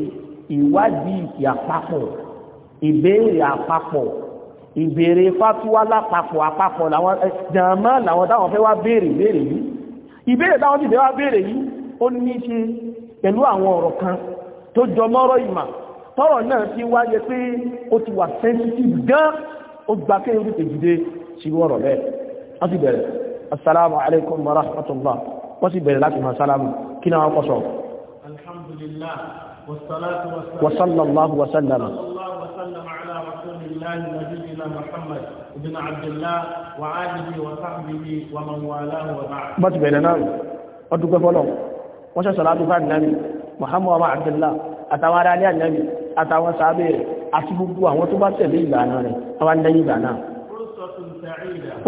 ìwádìí àpapọ̀ ìbéèrè àpapọ̀ ìbéèrè fatuwa lápapọ̀ àpapọ̀ làwọn jàmá làwọn táwọn fẹ́ wá béèrè béèrè yìí ìbéèrè táwọn ti fẹ́ wá béèrè yìí ó ní ṣe pẹ̀lú àwọn ọ̀rọ̀ kan tó jọ mọ́rọ̀ ìmà tọ́rọ̀ náà ti wáyé pé ó ti wà sensitive gan-an ó gba kéèyàn tètè dìde sí wọ́rọ̀ bẹ́ẹ̀ wọ́n ti bẹ̀rẹ̀ assalamu alaikum wa rahmatullah wọ́n ti bẹ̀rẹ̀ láti máa sálámù kí náà wọ́n kọ́ sọ. alhamdulillah wassalatu wassalamu wa sallallahu wa sallama الله نبينا محمد بن عبد الله وآله وصحبه ومن والاه وبعد بس بيننا ọdúgbẹ́ fọ́lọ̀ wọ́n ṣe sọ̀rọ̀ àdúgbà nàbí Muhammad wa Abdullah àtàwọn aráàlẹ́ ànábì àtàwọn sàábẹ̀ rẹ̀ àti gbogbo àwọn tó bá tẹ̀lé ìlànà rẹ̀ àwọn àdáyé ìlànà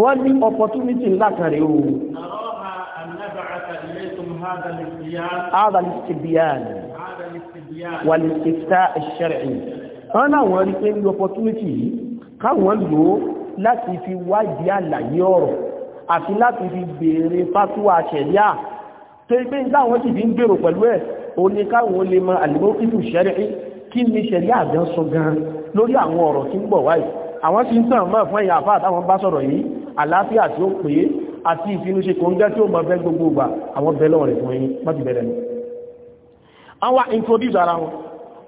wọ́n ní opportunity ńlá o هذا الاستبيان والاستفتاء الشرعي wọ́n láwọn rí pé ní opportunity káwọn lò láti fi wádìí àlàyé ọ̀rọ̀ àti láti fi béèrè fátúwà ṣẹ̀ríà tó ipé ìdáwọn sì fi ń gbèrò pẹ̀lú ẹ̀ o ní káwọn lè mọ àlùmọ́ ìlú ṣẹ́rẹ̀ kí ni ṣẹ̀rí àjọ sọ gan lórí àwọn ọ̀rọ̀ tí ń bọ̀ wáyé àwọn tí ń tàn mọ́ fún ẹ̀yà àfáà àtàwọn bá sọ̀rọ̀ yìí àlàáfíà tí ó pé àti ìfinúṣe kò ń jẹ́ tí ó mọ̀ fẹ́ gbogbo ìgbà àwọn bẹ̀lọ̀ rẹ̀ fún yín má ti bẹ̀rẹ̀ ni àwọn introduce ara wọn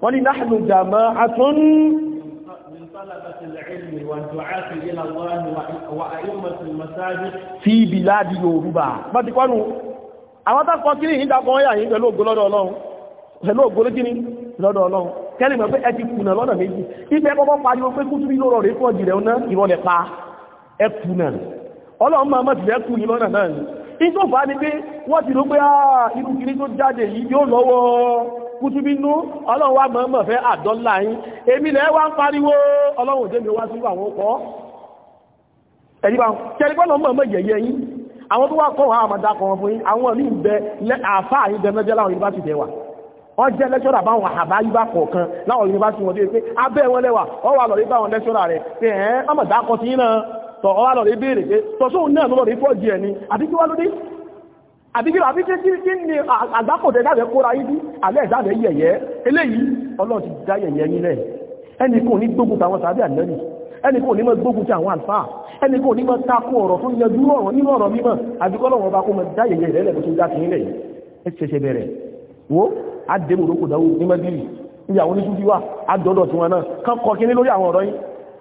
wọ́n ní nahnu jama'atun fi biladi yorùbá má ti kọ́nù àwọn tàkọ́ kí ní ìdàkọ́ yà yìí pẹ̀lú ògbólọ́dọ̀ ọlọ́run pẹ̀lú ògbóló kí ni lọ́dọ̀ ọlọ́run kẹ́lì mọ̀ pé ẹ ti kùnà lọ́nà méjì ibẹ̀ kọ́kọ́ pariwo pé kú túbí lórọ̀ rẹ̀ pọ̀jù rẹ̀ ná ìrọ̀lẹ̀ pa ẹ kùnà ọlọ́run máa mọ̀ tìlẹ̀ kù yìí lọ́nà náà ni ìjọ fà á ni pé wọ́n ti rò pé ah, irú kiri tó jáde yìí yóò lọ́wọ́ kú túbí nú ọlọ́run wá mọ̀ mọ̀ fẹ́ àdọ́là yín èmi lẹ́ wá ń pariwo ọlọ́run òjé mi wá sí àwọn ọkọ̀ ẹ̀yí bá kẹ́lí pọ́nà mọ̀ mọ̀ yẹ̀yẹ́ yín àwọn tó wá kọ́ wọn àmọ̀dá kọ̀ọ̀fún yín àwọn ìlú ìbẹ̀ àfáà yín bẹ̀mẹ́jẹ́ láwọn yunifásitì ẹ̀wà wọ́n jẹ́ lẹ́ṣọ́rà báwọn àbáyíbá kọ̀ọ̀kan láwọn yunifásitì wọn tó yẹ pé abẹ́ wọn lẹ́wà wọ́n wà lọ́rí báwọn lẹ́ṣọ́rà rẹ̀ pé ẹ̀ẹ́n ọmọ ìdákọ̀ sí náà tọ̀ ọwá lọ́rí béèrè pé tọ́sóhun náà lọ́rí fọ́ di ẹni àbíkí wá lórí àbíkí ni àgbákòtẹ́ dábẹ́ kóra yídí alẹ́ ìdábẹ́ yẹ̀yẹ́ eléyìí ọlọ́run ti dá yẹ̀yẹ́ yín lẹ̀ ẹnì kò ní gbógun tàwọn sàbí àlẹ́rì ẹnì kò ní mọ́ gbógun tí àwọn àlfáà ẹnì kò ní mọ́ takò ọ̀rọ̀ tó yẹjú ọ̀rọ̀ nínú ọ̀rọ̀ mímọ̀ àbíkọ́lọ́wọ́n ọba kó mọ́ dá yẹ̀yẹ́ rẹ̀ tó dá sí ilẹ̀ yìí ẹ bẹ̀rẹ̀ wo àdèmòdókò dáwó ní mẹ́dìrì ìyàwó ní ṣúfíwà àdọ́dọ̀ tí wọn náà kan kọ kí ní lórí àwọn ọ̀rọ̀ yìí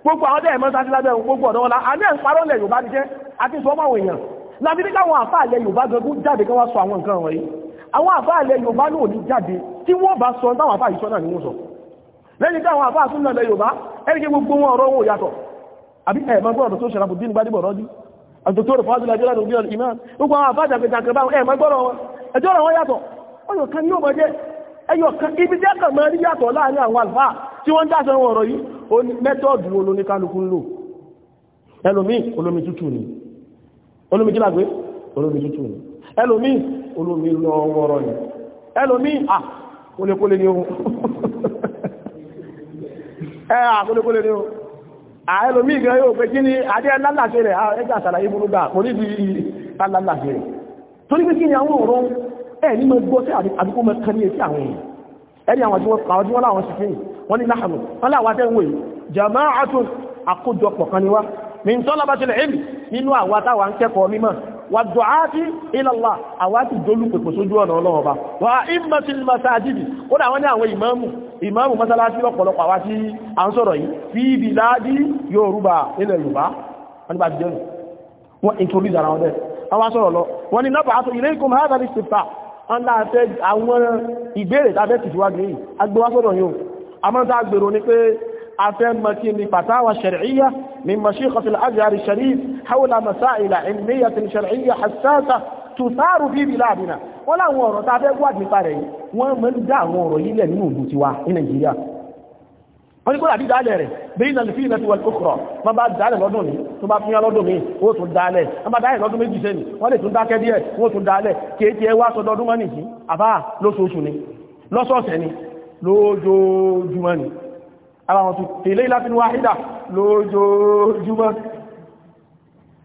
gbogbo àwọn tẹ́ẹ̀mọ́ sáti lábẹ́ ohun gbogbo ọ̀dọ́ wọn àmì ẹ̀ǹparọ́ lẹ̀ Yorùbá jẹ́ àti sọ mọ́ àwọn èèyàn láti ní káwọn àfáà lẹ̀ Yorùbá gẹgún jáde kí wọ́n sọ àwọn nǹkan wọ̀nyí àwọn àfáà lẹ̀ Yorùbá náà ní jáde tí wọ́n bá sọ táwọn àfáà ìṣọ́ náà ni wọ́n sọ lẹ́yìn táwọn àfáà tún lẹ̀ Yorùbá ẹ̀rìkẹ́ gbogbo wọn ọ̀rọ̀ wọn yàtọ̀ àbí ẹ̀ẹ̀mọ́ gbọ́dọ̀ tó ṣẹlẹ̀ bùdín gbadébọ̀ rọ́dí àtòtòrò fàájúlá jẹ́lá lórí ọ̀rọ̀ ìmá gbogbo àwọn àfáà jàgbẹ̀jàgbẹ̀ báwọn ẹ̀ẹ̀mọ́ gbọ́dọ̀ wọn ẹjọ́ ọ̀rọ̀ wọn yàtọ̀ ọ̀yọ̀ kan ní ó mọ̀ jẹ́ ẹyọ kan ibi jẹ́ kàn rí yàtọ̀ láàrin àwọn tí wọ́n dáṣọ wọn ọ̀rọ̀ yìí ní mẹ́tọ́ọ̀dù olóníkálukú ń lò ẹlòmí olómi tútù ni olómi kílàgbé olómi tútù ni ẹlòmí olómi ni ẹlòmí ni ohun gan yóò pé kí ni adé ẹ̀ ní mọ́ gbọ́ sí àdúgbò mọ́ kan ní etí àwọn èèyàn ẹni àwọn àjíwọ́n àwọn àjíwọ́n láwọn sì fíyìn wọ́n ní náà wọ́n láwọn tẹ́ ń wòye jama'atun àkójọpọ̀ kan ni wá min talabatil ilmi nínú àwọn àtàwà ń kẹ́kọ̀ọ́ mímọ̀ wà du'ati Allah àwátì jólú pèpò sójú ọ̀nà ọlọ́ọ̀ba àwọn a ń sọ̀rọ̀ yìí fi biladi Yorùbá ilẹ̀ Yorùbá wọ́n nípa jẹ́rù wọ́n introduce ara wọn bẹ́ẹ̀ àwọn sọ̀rọ̀ lọ wọ́n ní nab'athu ilaykum hadha al-istifta ọ́nà àfẹ́ àwọn ìbéèrè tàbẹ́ ti wá gbé agbówásọ́dọ̀ yóò amọ́ta gbèrò ní pé afẹ́ mọ́kí ni fatawa ṣar'iyya min mashikhat al-azhar al-sharif hawla masail ilmiyya shar'iyya hassasa tusaru fi biladina wọ́n láwọn ọ̀rọ̀ tàbẹ́ wà nípa wọ́n ní kó àbí dálẹ̀ rẹ̀ bẹ́yìn náà fi ìrẹsì wọ̀lú kọ̀rọ̀ wọ́n bá dálẹ̀ lọ́dún ní tó bá fún yá lọ́dún ní ó tún dálẹ̀ wọ́n bá dálẹ̀ lọ́dún méjì sẹ́ni wọ́n lè tún dákẹ́ díẹ̀ ó tún dálẹ̀ kéèkéé wá sọ lọ́dún mọ́nì sí àbá lóṣooṣù ni lọ́sọ̀ọ̀sẹ̀ ni lójoojúmọ́ ni ara wọn tún tèlé ìlàfin wáhídà lójoojúmọ́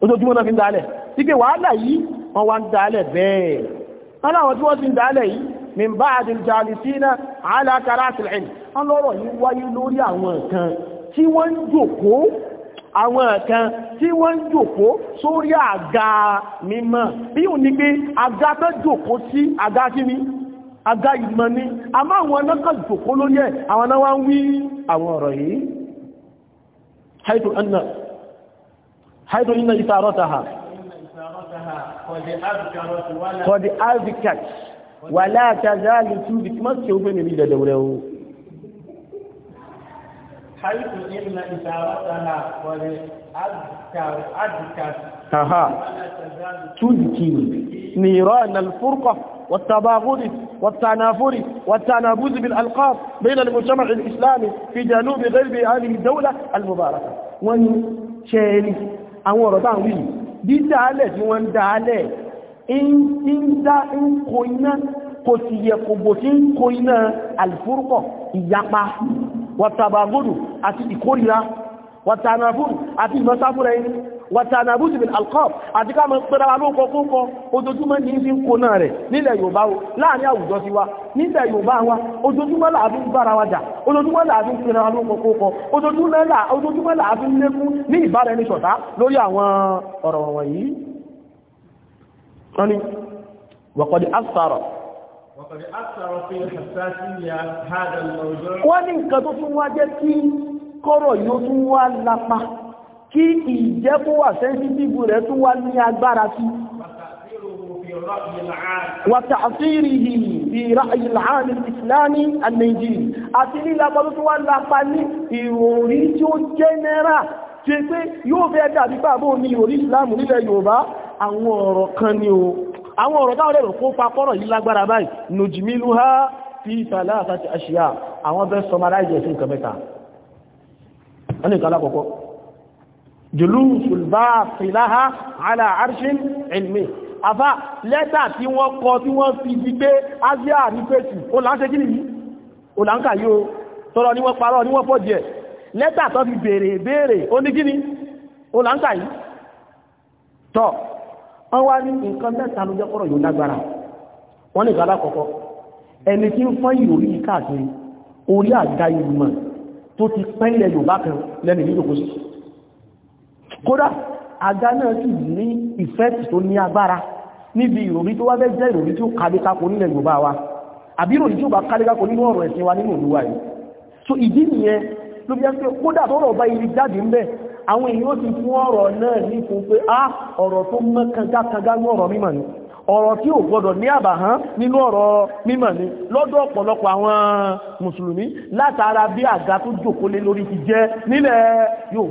ojoojúmọ́ náà fi ń dálẹ̀ sí pé wàhálà yìí wọ́n wá ń dálẹ̀ bẹ́ẹ̀ min ba'di al-jalisina ala karasi al-ilm wọ́n lọ́rọ̀ yìí wáyé lórí àwọn nǹkan tí wọ́n ń jókòó àwọn nǹkan tí wọ́n ń jókòó sórí àga mímọ́ bí ò ní pé àga tó jókòó sí àga kí ni àga ìmọ̀ ni a máa wọn náà jókòó lórí ẹ̀ àwọn náà wá wí àwọn ọ̀rọ̀ yìí haitu anna haitu inna isarataha qad azkarat wala ta zalitu bi kuma ce ube mai da daurawo haifu inna isarataha wani adkat aha tudki niran alfurqa والتباغض والتنافر والتنابز بالألقاب بين المجتمع الإسلامي في جنوب غرب هذه الدولة المباركة وان شيري أن ورطان وي دي دالة وان دالة ń dá ń kó iná kò sì yẹ kò bò sí ń kó iná àlìfúrúkọ̀ ìyapa wàtàbàgbòdù àti ìkórìíra wàtànàbùn àti ìmọ̀sáfúra ẹni wàtànàbùn sí alcohol àti ká mọ̀ pẹ́ra wa ló kọ́kọ́ kọ́ ojoojúmọ́ ní fi ń kó náà rẹ̀ nílẹ̀ Yorùbá o láàrin àwùjọ sí wa nílẹ̀ Yorùbá wa ojoojúmọ́ láàfin bára wa jà ojoojúmọ́ láàfin wa ló wọ́n ni wàkọ̀dì asàrọ̀ wọ́n ní nǹkan tó tún wá jẹ́ kí kọ́rọ̀ yóò tún wá lápá kí ìjẹ́kó wà sẹ́ńsítìbù rẹ̀ tún wá ní agbára sí wàtàfíìrìhì fi ráyìí láàrín ìsìláàmì àmì àti nílapọ̀ tó tún wá lápá ní ìròrí tí ó jẹ́nẹ́rà tí é pé yóò fẹ́ dàbí pàbó ní orí ìsìláàmù nílẹ̀ Yorùbá àwọn ọ̀rọ̀ kan ni o àwọn ọ̀rọ̀ táwọn ẹ̀rọ kó papọ̀rọ̀ yìí lágbára báyìí nùjìmílú ha fi ìtàlá àti àṣíyà àwọn bẹ́ sọmaráìjẹ̀ sí nǹkan mẹ́ta wọ́n ní ìkàlá kọ̀kọ́ jùlúùsùl bá fìláha àlà ilmi afá lẹ́tà tí wọ́n kọ tí asia ní pẹ̀sì ó láńṣẹ́ kí nìyí ó láńkà yóò tọ́rọ lẹ́tà tó fi béèrè béèrè ó ní kíni ó là ń kà yìí tọ́ wọ́n wá ní nǹkan mẹ́ta ló jẹ́ kọ́rọ̀ yóò lágbára wọ́n ní ìgbàlá kọ̀kọ́ ẹni tí ń fọ́n yìí orí káàkiri orí àga ìmọ̀ tó ti pẹ́lẹ̀ Yorùbá kan lẹ́nu ìlú òkú sí kódà àga náà sì ní ìfẹ́ tó ní agbára níbi ìròrí tó wá fẹ́ jẹ́ ìròrí tí ó kàlé tako nílẹ̀ Yorùbá wa àbí ìròrí tí ó bá kàlé tako nínú ọ̀rọ̀ ẹ̀sìn wa nínú ìlú wa yìí so ìdí nìyẹn ló bí jẹ́ pé kódà tọ́rọ̀ bá ibi jáde ń bẹ̀ àwọn èèyàn ti fún ọ̀rọ̀ náà ní fún pé á ah, ọ̀rọ̀ tó mọ́ kankákangá ní ọ̀rọ̀ mímọ̀ ni ọ̀rọ̀ tí ò gbọdọ̀ ní àbàhán nínú ọ̀rọ̀ mímọ̀ ni lọ́dọ̀ ọ̀pọ̀lọpọ̀ àwọn mùsùlùmí látara bí àga tó lórí ti jẹ́ nílẹ̀ yóò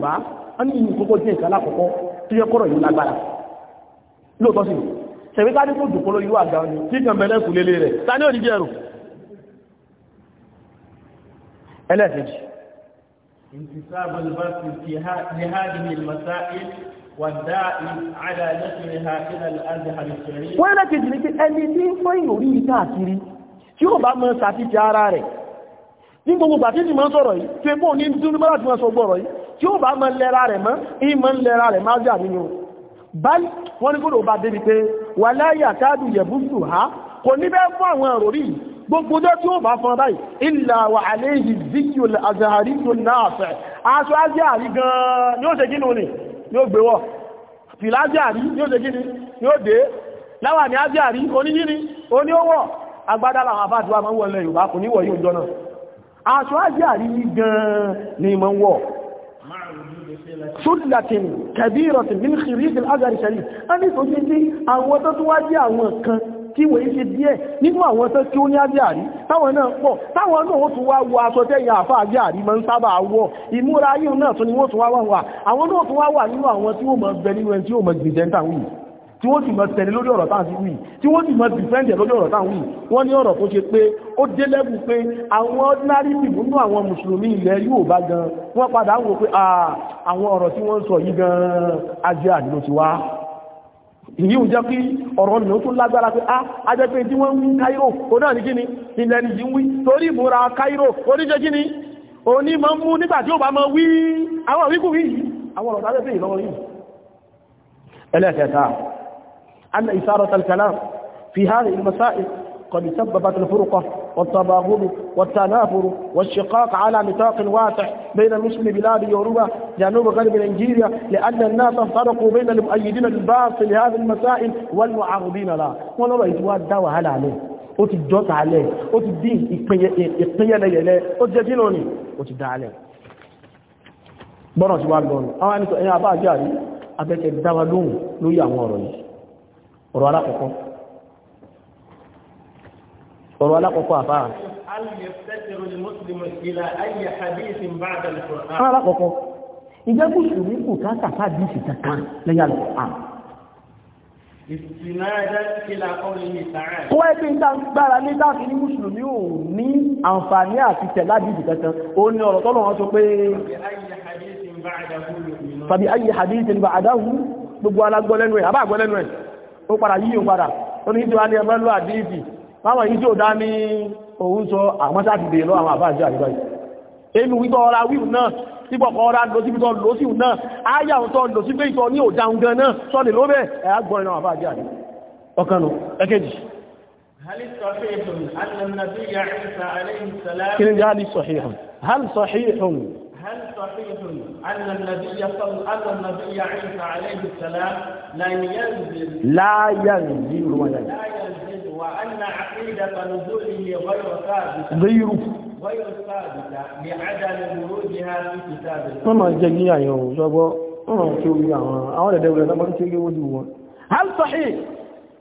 انتساب البحث في هذه المسائل والداعي على نشرها الى الازهر الشريف wọ́n lẹ́kẹ̀ẹ́ jìnnì pé ẹni tí ń fẹ́ ìròrí káàkiri tí ó bá mọ́ sàfíjì ara rẹ̀ ní gbogbo bàtí ni máa sọ̀rọ̀ yìí tí ẹgbọ́n ní dúnú mọ́ra tí wọ́n sọ gbọ́rọ̀ yìí tí ó bá mọ́ lẹ́ra rẹ̀ mọ́ ìmọ̀ lẹ́ra rẹ̀ máa jà nínú báyìí wọ́n ní gbọ́dọ̀ bá débi pé wà láyà káàdù yẹ̀bùsù ha kò ní bẹ́ẹ̀ fún àwọn ìròrí yìí gbogbo ọjọ́ tí ó bá fọn báyìí ilà wà àléhì zikí olè azahari tó náà fẹ́ aṣọ ajé àrí gan-an yóò ṣe gínú ni yóò gbé wọ̀ fìlà ajé àrí yóò ṣe gíní yóò dé láwà ní ajé àrí oníyíní oní owó agbádá làwọn àbájú wa máa ń wọlé yorùbá kò ní tí wọ́n yí ṣe díẹ̀ nínú àwọn tó kí ó ní ájáàrí táwọn náà pọ̀ táwọn náà wọ́n tún wá wọ aṣọ tẹ́yìn àfá ájáàrí máa ń sábà wọ ìmúra ayé náà tún ni wọ́n tún wá wà àwọn náà tún wá wà nínú àwọn tí ó mọ̀ bẹ nínú ẹni tí ó mọ̀ gbìjẹ́ntà wù tí wọ́n sì mọ̀ tẹ̀lé lórí ọ̀rọ̀ táà sí wì tí wọ́n sì mọ̀ dìfẹ́ǹdẹ̀ lórí ọ̀rọ̀ táà wì wọ́n ní ọ̀rọ̀ tó ṣe pé ó dé lẹ́bù pé àwọn ordinary people nínú àwọn mùsùlùmí ilẹ̀ Yorùbá gan wọ́n padà wò pé ah, àwọn ọ̀rọ̀ tí wọ́n ń sọ yìí gan ajé àdúró ti wá ìyí ò jẹ́ kí ọ̀rọ̀ mi ó tún lágbára pé ah, a ajẹ́ pé tí wọ́n ń wí Cairo ó náà ní kí ni ilẹ̀ nìyí ń wí torí ìmúra Cairo oníṣẹ́ kí ni òní máa ń mú nígbà tí ó bá máa wí àwọn òwíkù wí àwọn ọ̀rọ̀ قد سببت الفرقة والتباغض والتنافر والشقاق على نطاق واسع بين مسلم بلاد يوروبا جنوب غرب نيجيريا لأن الناس فرقوا بين المؤيدين للبعض لهذه المسائل والمعارضين لها ونرى إتواد دواء هل عليه ó عليه jọ́ta alẹ́ ó ti dín ìpínyẹlẹyẹlẹ ó jẹ́ kí lónìí ó ti dá alẹ́ gbọ́nà ti wá lọ́nà àwọn ẹni ọ̀rọ̀ alákọ̀ọ́kọ́ àfá alákọ̀ọ́kọ́ ìjẹ́kù ṣùgbọ́n kù káàkà fàdíṣì kankan lẹ́yà lọ àà Wọ́n ẹgbẹ́ ìta gbára ní láti ní Mùsùlùmí ò ní àǹfààní àti tẹ̀láàdìdì kankan, ó ní ọ̀rọ̀ tọ́lọ̀ wọn sọ pé tàbí ayé hadithin bá àdáhù gbogbo alágbọ́lẹ́nu ẹ̀, àbá ẹ̀, ó padà yíò padà, ó ní ìjọ báwọn yìí tí ó dá ní òun sọ àwọn sáàtì bèèrè lọ́wọ́ àwọn àbájá àríwá yìí inú wípọ́ ọ̀rá wíwù náà síbọ̀ kọ́ ọ̀rá lọ síbi tó lọ síwù náà áyà òun tó lọ sí pé ìtọ́ ní òdáhùn gan náà sọ́nì ló bẹ́ ẹ̀yà هل صحيح هل صحيح أن النبي صلى أن عليه السلام لا ينزل لا ينزل ولا وأن عقيدة نزوله غير ثابتة غير غير ثابتة لعدم ورودها في كتاب الله. ما جاي يا يوم ọ̀rọ̀ tí ó rí àwọn àwọn ẹ̀dẹ̀ ìrẹ̀ lọ́mọ́ tí ó léwó jù wọn. hal sahih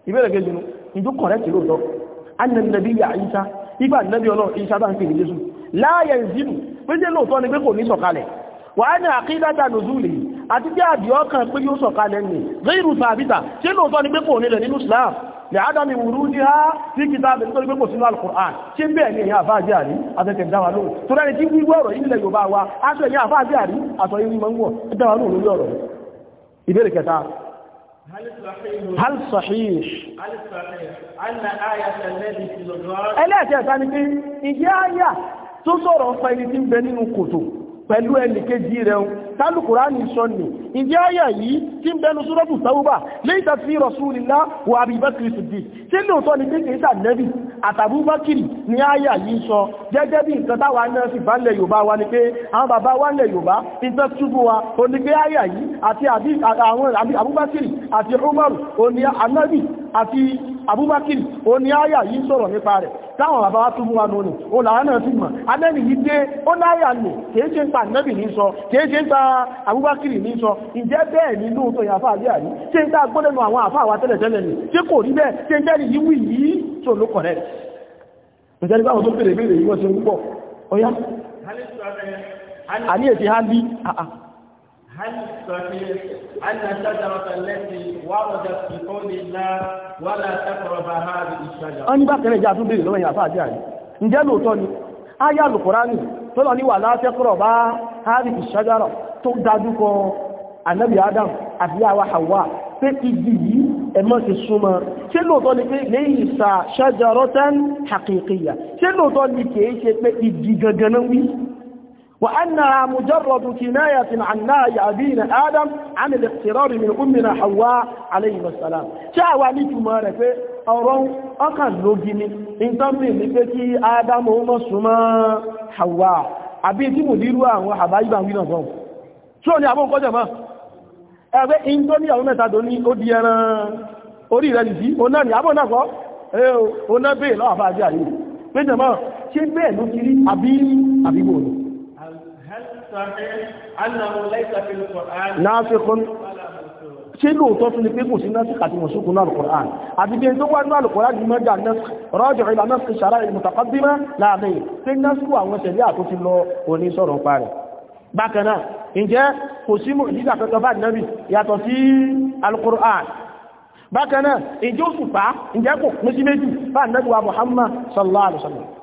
ìbẹ̀rẹ̀ gẹ̀jùnú ìjú kọ̀rẹ́kì lóòtọ́ annàbí yà ìṣá igbá nàbí ọlọ́ ìṣá bá ń pè ní jésù láàyẹ̀ ìzínú pé jẹ́ lóòtọ́ ni pé kò ní sọ̀kalẹ̀ wà á ní àkídàtà nùzúlì àti jẹ́ àbíọ́kàn pé yóò sọ̀kalẹ̀ ní gẹ́rù sàbítà ṣé lóòtọ́ ni pé kò nílẹ̀ nínú islam لعدم ورودها في كتاب الطريق المسلم القرآن ṣe bẹ́ẹ̀ ni èyàn àfáà jẹ́rìí àtẹ́tẹ̀ dáwà lóòrùn tó rẹ́ni tí wíwọ́ ọ̀rọ̀ ilẹ̀ Yorùbá wa aṣọ èyàn àfáà jẹ́rìí àtọ̀ ìwí mọ́ ń wọ̀ dáwà lóòrùn lórí ọ̀rọ̀ ìbéèrè kẹta hal sahih ẹlẹ́ẹ̀kẹta ni pé ìjẹ́ àyà tó pẹ̀lú ẹnì kejì rẹ̀ o tálùkùránì sọ́nì ìjẹ́ àyà yìí tí ń bẹnu sọ́rọ́bù sáwúbà lẹ́yìn tàbí Rasulillah wa Abi Bakr Siddiq tí lóòótọ́ ni pé kìí sànẹ́bì àtàbúbákìrì ni àyà yìí sọ gẹ́gẹ́ bí nǹkan táwa náà sì bá lẹ̀ Yorùbá wa ni pé àwọn bàbá wa lẹ̀ Yorùbá nǹkan túbú wa ó ní pé àyà yìí àti àwọn àbúbákìrì àti Umaru ó ní anábì àti àbúbákìrì ó ní àyà wa túbú wa nù ní òun làwọn náà sì pa nẹ́bì ní sọ kìí ṣe ń ta àbúbákìrì ní sọ ìjẹ́ bẹ́ẹ̀ ní lóòótọ́ ìyàfà àbí àrí ṣe ń ta gbọ́lẹ̀nu àwọn àfà tẹ́lẹ̀tẹ́lẹ̀ ni ṣe kò rí bẹ́ẹ̀ ṣe ń tẹ́lẹ̀ yíwú yìí tó ló kọ̀rẹ́ ìjẹ́rí báwọn tó bèèrè bèèrè yíwọ́ ṣe ha tọ́lọ ní wà látẹ́kọ̀rọ̀ bá hàrí ìṣájára tó dájúkọ ànábì adam àti yàwó hawa pé igi yìí ẹmọ́ ti súnmọ́ ṣé lóòtọ́ ni pé lè ìsà ṣájára tán haqiqiyya lóòtọ́ ni kìí ṣe pé igi gangan wí وأنها مجرد كناية عن نهي أبينا آدم عن الاقترار من أمنا حواء عليه السلام شعوى لكما رفع ọ̀rọ̀un ọkàn lógi ni ìtọ́bí ní pé kí ádámù ọmọ súnmọ́ Hawa àbí tí mò nírú àwọn àbáyíbà wí náà fọ́n tí ó ní àbọn kọjọ mọ́ ẹgbẹ́ الصحيح أنه ليس في القرآن ناسخ ṣé lóòótọ́ tún ní pé kò sí násìkò àti mọ̀súkù náà al-Qur'an àti bí i tó wá ní al-Qur'an jù mẹ́jà násìkò rọ́jọ̀ ìlà násìkò ṣàrá al-mutaqaddima láàrin pé násìkò àwọn ṣẹ̀lẹ̀ àtúntí lọ òní sọ̀rọ̀ parẹ̀ bákanáà ǹjẹ́ kò sí mọ̀ ìdíjà kankan bá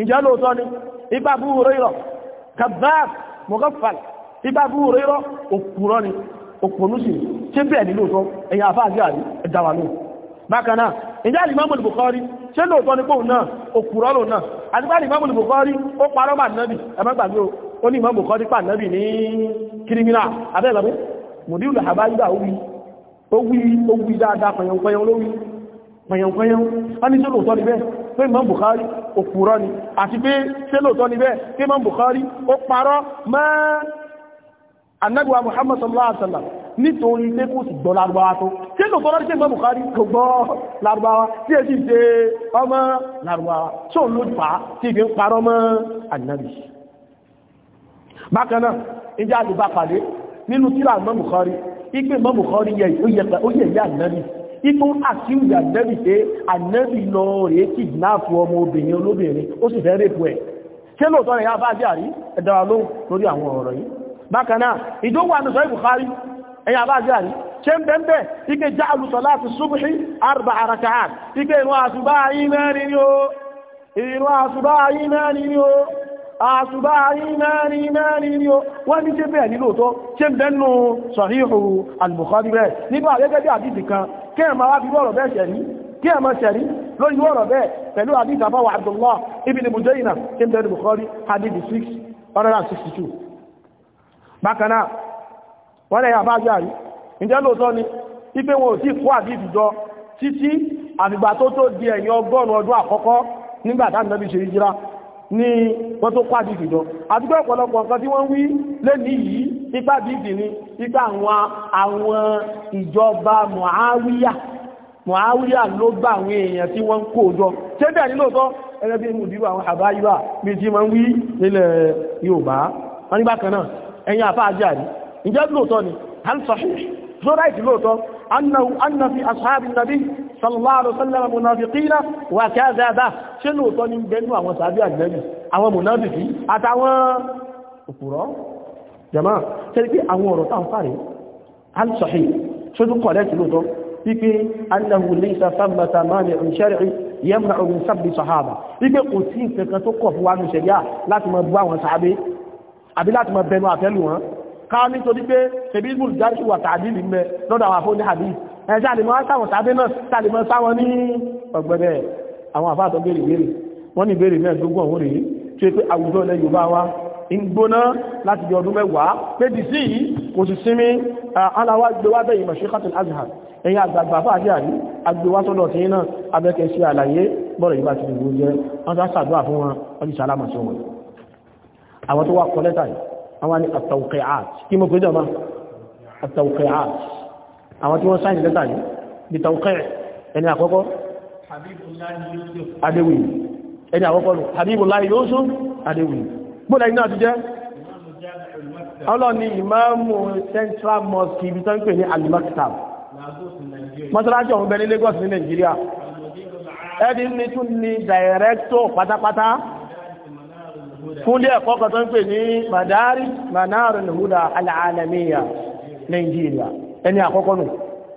ìjẹ́ lóòótọ́ ni ibà bú orí rọ̀ kabab mughaffal ibà bú orí rọ̀ òpùrọ̀ ni òpùrọ̀ sí ṣé bẹ́ẹ̀ ni lóòótọ́ ẹ̀yà àfáàjì àrí ẹ̀dà wà lóò bákan náà ìjẹ́ Imam Bukhari ṣé lóòótọ́ ni pòun náà òpùrọ̀ lò náà àdúgbàdì Imam Bukhari ó parọ́ bà nẹ́bì ẹ̀mẹ́gbàgbé ó ní Imam Bukhari pà nẹ́bì ní kírímínà abẹ́ẹ̀lọ́bí mùdíùlù àbáyígbà ó wí ó wí dáadáa pẹ̀yànpẹ̀yàn pé Imam Bukhari òpùrọ́ ni àti pé sélòtọ́ ni bẹ́ẹ̀ pé Imam Bukhari ó parọ́ mọ́ anábíwá Muhammad sallallahu alaihi wasallam nítorí pé kò sì gbọ́ lárúbáwá tó tí lò tọ́lá jẹ́ Bukhari kò gbọ́ lárúbáwá tí èsì ṣe ọmọ lárúbáwá tí ó ló fà á tí ìgbé ń parọ́ mọ́ ànábì bákan náà ìjà àdìbà pàdé nínú ipò àkíwì ànẹ́bì pé ànẹ́bì lọ rèé kìdínáàfù ọmọ obìnrin olóbìnrin ó sì fẹ́ rèpù ẹ̀ ṣé lóòtọ́ rẹ̀ yá bá jẹ́ àrí ẹ̀dára lóhùn lórí àwọn ọ̀rọ̀ yìí bákan náà ìdówó àmì sọ́yìn Bukhari ẹ̀yà bá jẹ́ àrí ṣe ń bẹ́ẹ̀ ike já alùsọ̀ láti súnmùsí arba arakaat ike ìrún àṣùbá ayé mẹ́rin ni ó ìrún àṣùbá ayé mẹ́rin ni ó àṣùbá ayé mẹ́rin mẹ́rin ni ó wọ́n ní ṣe bẹ́ẹ̀ ní lóòtọ́ ṣe ń bẹ́ẹ̀ nù Sahihu al-Bukhari bẹ́ẹ̀ nígbà gẹ́gẹ́ bí àdìsì kan kí ẹ̀ máa wá bíbọ̀ ọ̀rọ̀ bẹ́ẹ̀ ṣẹ̀rí kí ẹ̀ máa ṣẹ̀rí lórí ọ̀rọ̀ bẹ́ẹ̀ pẹ̀lú àdíjà fáwà Abdullah ibn Mujayna tí ń bẹ̀rẹ̀ Bukhari hadith 662 bákanáà wọ́n lẹ́yà bá jáàrí ìjẹ́ lóòtọ́ ni ipé wọn ò tí kó àdíjù jọ títí ní wọ́n tó pàdé ìdìjọ àti pé ọ̀pọ̀lọpọ̀ nǹkan tí wọ́n wí lẹ́ni yìí ipá dìdì ni ipá àwọn àwọn ìjọba Muawiya Muawiya ló gbà àwọn èèyàn tí wọ́n ń jọ ṣé bẹ́ẹ̀ ni lóòótọ́ ẹgbẹ́ bí mo dìbò àwọn àbáyíwá bí tí wọ́n wí nílẹ̀ Yorùbá wọ́n ní bákan náà ni hansahi zora ìdí أنه أن في أصحاب النبي صلى الله عليه وسلم منافقين وكذبة شنو طن بينه àwọn sàbí Ànábì àwọn munafiki àtàwọn òpùrọ́ jama ṣé pé àwọn ọ̀rọ̀ tá ń fare al sahih ṣé du correct lo to bí pé annahu laysa thamma mani'un shar'i yamna'u min sabbi sahaba bí pé kò sí nǹkan kan tó ko fu wa nu sharia láti má bú àwọn sàbí àbí láti má bẹnu àtẹ́lù wọn ká nítorí pé tẹ̀bíbù jáde wà tàbí lì mẹ́ lọ́dọ̀ àwọn afọ́ ní àbí ẹ̀ṣẹ́ àlèmọ́ sáwọn tàbí náà sàlèmọ́ sáwọn ní ọ̀gbẹ̀rẹ̀ àwọn àfáàtọ̀ béèrè béèrè wọ́n ní béèrè náà gbogbo àwọn rèé tí ó pé àwùjọ ilẹ̀ Yorùbá wa ń gbóná láti bí ọdún mẹ́wàá pé dì sí yìí kò sì sinmi aláwá gbéwá bẹ̀yìn mashikatul azhar ẹ̀yìn àgbàgbà fàájì àrí agbéwá sọ́dọ̀ tí náà abẹ́kẹ́ sí àlàyé bọ́rọ̀ yìí bá ti dìbò jẹ́ wọ́n sá sàdúrà fún wọn ọdún sálámà sí wọn àwọn tó wà kọ́ lẹ́tà yìí àwọn ni àtàwùkẹ̀áàt kí mọ̀ pẹ́jọ́ máa àtàwùkẹ̀áàt àwọn tí wọ́n sáyẹ̀ lẹ́tà yìí bí tàwùkẹ̀ ẹni àkọ́kọ́ adéwì ẹni àkọ́kọ́ nù Habibullahi Yusuf adéwì gbọ́dọ̀ iná ti jẹ́ ọlọ́ni ìmáàmù Central Mosque ibi tó ń pè ní Al-Maktab mọ́sálásí ọ̀hún bẹ Lagos ní Nàìjíríà ẹni ní tún ní dàìrẹ́tọ̀ pátápátá fún ilé ẹ̀kọ́ kan tó ń pè ní madari manarul huda al-alamiya nàìjíríà ẹni àkọ́kọ́ nù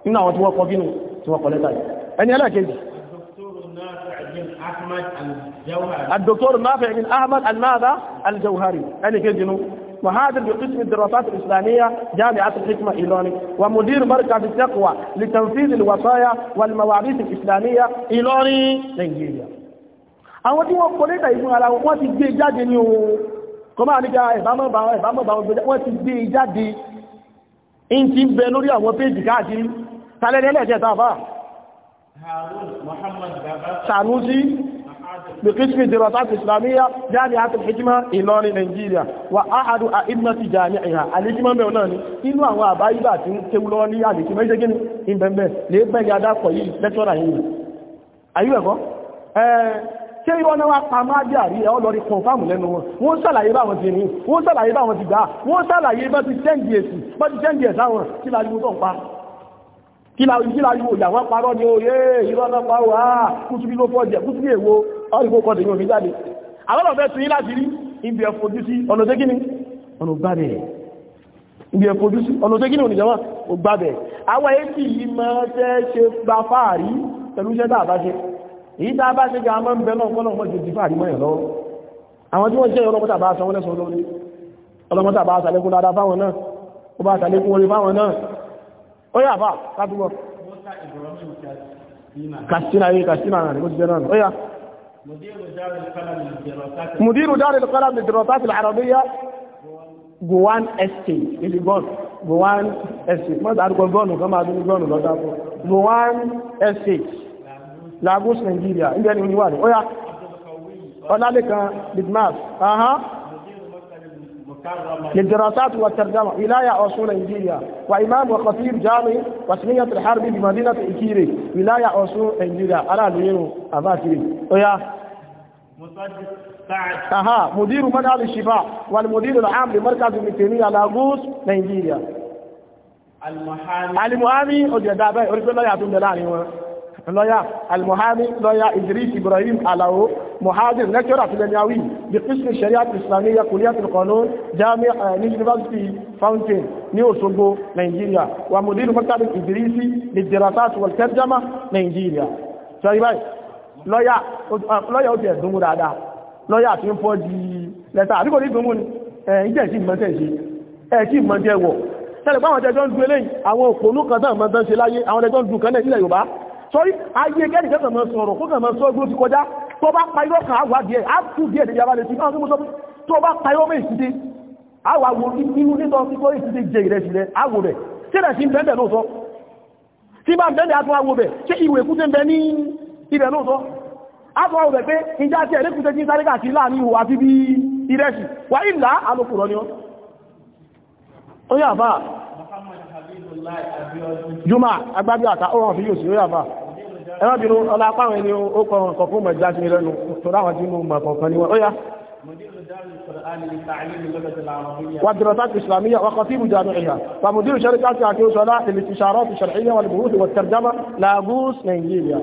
nínú àwọn tí wọ́n kọ bínú tí wọ́n kọ lẹ́tà yìí ẹni ẹlẹ́kejì الدكتور نافع بن أحمد الماذا الجوهري أنا كده مهاجر بقسم الدراسات الإسلامية جامعة الحكمة إيلوني ومدير مركز التقوى لتنفيذ الوصايا والمواعيد الإسلامية إيلوني نيجيريا àwọn tí wọ́n kọ lẹ́tà ìfún ara wọn ti gbé jáde ní ohun kọmá nígbà ìbámọ́bà ìbámọ́bà wọ́n ti gbé jáde in ti ń bẹ lórí àwọn péjì káàkiri tàlẹ́lẹ́lẹ́jẹ́ tàbá Sanusi bikismi dirasat islamiyya jami'at al-hikma Ìlọrin Nigeria wa ahadu a ibnati jami'iha alikima mẹ́wọ̀n náà ni inú àwọn àbáyíbà tí ń kéwú lọ́wọ́ ní alikima iṣẹ́ gini ìbẹ̀mẹ̀ lè bẹ̀rẹ̀ adákọ̀ yìí lẹ́tọ́rà yìí ayúwẹ̀kọ́ ṣé irọ́ náà wá pa máa jẹ́ àrí ẹ̀ ọlọ́rí kọ̀ǹfàmù lẹ́nu wọn wọ́n ṣàlàyé báwọn ti rìn wọ́n ṣàlàyé báwọn ti gbà wọ́n ṣàlàyé bá ti tẹ́ǹdì èsì bá ti tẹ́ǹdì ẹ̀sà wọn kí la yóò tán pa kí la yóò yà wọ́n parọ́ ni ó yé irọ́ náà pa wà kútùbí ló fọ́jẹ̀ kútùbí èwo ọ̀rìnkó kọ́ tèmi òfin jáde àwọn ọ̀fẹ́ tún yí láti rí ibi ẹ̀fọ́jú sí ọ̀nà tó gíní ọ̀nà gbá bẹ̀rẹ̀ ibi ẹ̀fọ́jú sí ọ̀nà tó gíní ònìjọba ò gbá bẹ̀rẹ̀ àwọn èsì yìí máa tẹ́ ṣe gbafáàrí pẹ̀lú iṣẹ́ dáàbáṣe èyí tá a bá ṣe jẹ́ a máa ń bẹ náà kọ́nà mọ́ ju dìfà àrímọ́ ẹ̀ lọ́wọ́ àwọn tí wọ́n jẹ́ ọlọ́mọ́ta bá sanwó lẹ́sọ lórí ọlọ́mọ́ta bá sàlékún dáadáa fáwọn náà ó bá sàlékún orí fáwọn náà ó yà bá kátúbọ̀ kàṣínà yìí eh, kàṣínà rẹ̀ eh, ó ti jẹ́ náà ó yà mùdírù dáre lọ́kọ́lá mi dìrọ̀ tá Gowan Estate, ìlú Gọ́ọ̀nù, Gowan Estate, mọ́ta àdúgbò Gọ́ọ̀nù kan máa dún Gọ́ọ̀nù lọ́dá fún. Gowan Estate, Lagos Nigeria ilẹ̀ ni oníwà ní ọ̀yá ọlálẹ́kan bidmas للدراسات والترجمة ولاية أصول نيجيريا وإمام وخطيب جامع وسمية الحرب بمدينة إكيري ولاية أصول نيجيريا على ليرو أباتي ويا أها مدير منهل الشفاء والمدير العام لمركز الميتينية لاغوس نيجيريا المحامي المحامي أجدابي أريد الله يعطون دلاني lọ́yà almuhami lọ́yà idris ibrahim alao muhadir lecturer àti lẹ́niawi the christian sharia islamiyya kuliat al-qanun jami uh, ní university fountain ní òṣogbo nigeria wa mudir maktabin idrisi ní dirasat wal tarjama nigeria sọ́rí báyìí uh, lọ́yà ó ti ẹ̀dùnmú dáadáa lọ́yà tí ń fọ́ di lẹ́ta àríkò ní ìdùnmú ni ẹ̀yìn tí ìmọ̀tẹ́ ṣe ẹ̀kí ìmọ̀tẹ́ wọ̀ tẹ́lẹ̀ pàwọn tẹ́jọ́ ń du eléyìí àwọn òpónú kan tán mọ́tán ṣe láyé àwọn tẹ́jọ́ ń du kan náà ilẹ̀ Yorùbá sọ́rí ayé gẹ́rì kẹ́kàn mọ́ sọ̀rọ̀ kó kàn mọ́ sọ gbó ti kọjá tó bá pa irọ́ kan àwà díẹ̀ á tú díẹ̀ ní yàrá lè fi náà tó mú sọ tó bá pa irọ́ mẹ́ ìsìdé àwà wo inú nítọ́ sí kó ìsìdé jẹ ìrẹsì rẹ àwò rẹ ṣé rẹ̀ sí ń bẹ́ẹ̀ lóòótọ́ tí bá ń bẹ́ẹ̀ àtún àwò bẹ̀ ṣé ìwé kú tẹ́ ń bẹ ní ibẹ̀ lóòótọ́ àtún àwò bẹ̀ pé ìjà tí ẹ̀rẹ́ kúté tí ń sáré káàkiri láàrin ìwò àti bí ìrẹsì wà ìlà alókùrọ̀ ni ó Juma agbábí àtà ọ̀rọ̀ fi yóò sí ó yà ẹ̀rọ bínú ọlá apáwọn ẹni ó kọ ọ̀kọ̀ fún mọ̀já sí lẹ́nu tọ́lá àwọn والدراسات الإسلامية وخطيب جامعها ومدير شركة عكيو صلاة للاستشارات الشرعية والبحوث والترجمة لابوس نيجيريا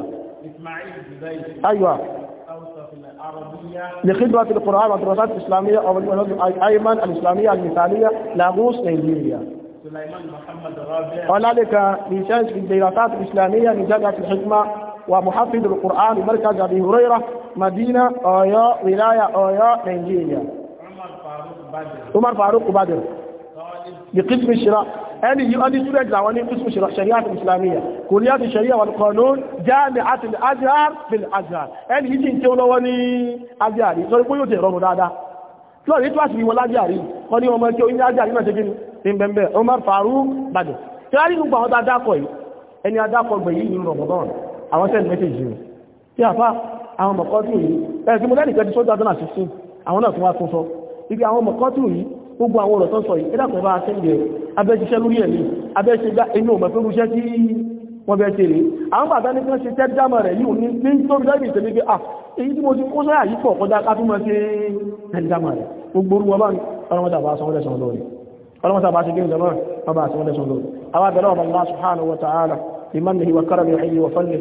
إسماعيل أيوة لخدمة القرآن والدراسات الإسلامية أو أيمن الإسلامية المثالية لاغوس نيجيريا سليمان محمد الرابع هنالك ليسانس في الدراسات الإسلامية لجامعة الحكمة ومحفظ القرآن مركز أبي هريرة مدينة أويا ولاية أويا نيجيريا عمر فاروق بدر بقسم الشراء أني يؤدي سورة دعواني قسم الشراء الشريعة الإسلامية كلية الشريعة والقانون جامعة الأزهر في الأزهر أني يجي انت ولواني أزهر يقول يقول يتهرون هذا لا يتواسي ولا جاري قال يوم أنت وإن أزهر ما تجين عمر فاروق بدر تعالي نبقى هذا داقوي أني أداقوا بيين رمضان àwọn send message rẹ̀ tí àfá àwọn mọ̀kọ́tù yìí ẹ̀rẹ̀ tí mo lẹ́nìkan ti sọ́jọ́ àdúnà 16 àwọn náà tún wá tún sọ ibi àwọn mọ̀kọ́tù yìí gbogbo àwọn ọ̀rọ̀ tó sọ yìí ẹ̀dàkùn bá sẹ́ndì ẹ̀ abẹ́ṣiṣẹ́ lórí ẹ̀mí abẹ́ṣẹ́ gbá inú ọmọ fún iṣẹ́ tí wọ́n bẹ́ ṣe rẹ̀ àwọn bàbá ní kan ṣe tẹ́ dámà rẹ̀ yìí ní ní tó rí lẹ́bí ìṣẹ́lẹ̀ pé à èyí tí mo ti kó sáyà yìí pọ̀ kọjá ká tún mọ́ ṣe tẹ́ dámà rẹ̀ gbogbo orúwọ́ bá ń ọlọ́mọdà bá sọ lẹ́sàn lórí ọlọ́mọdà bá ṣe gẹ́gẹ́ jọmọ́ ọba sọ lẹ́sàn lórí àwọn abẹ́rẹ́ ọba Allah subhanahu wa ta'ala ìmánìhì wa kárẹ̀ ìhẹ́yì wa fallẹ̀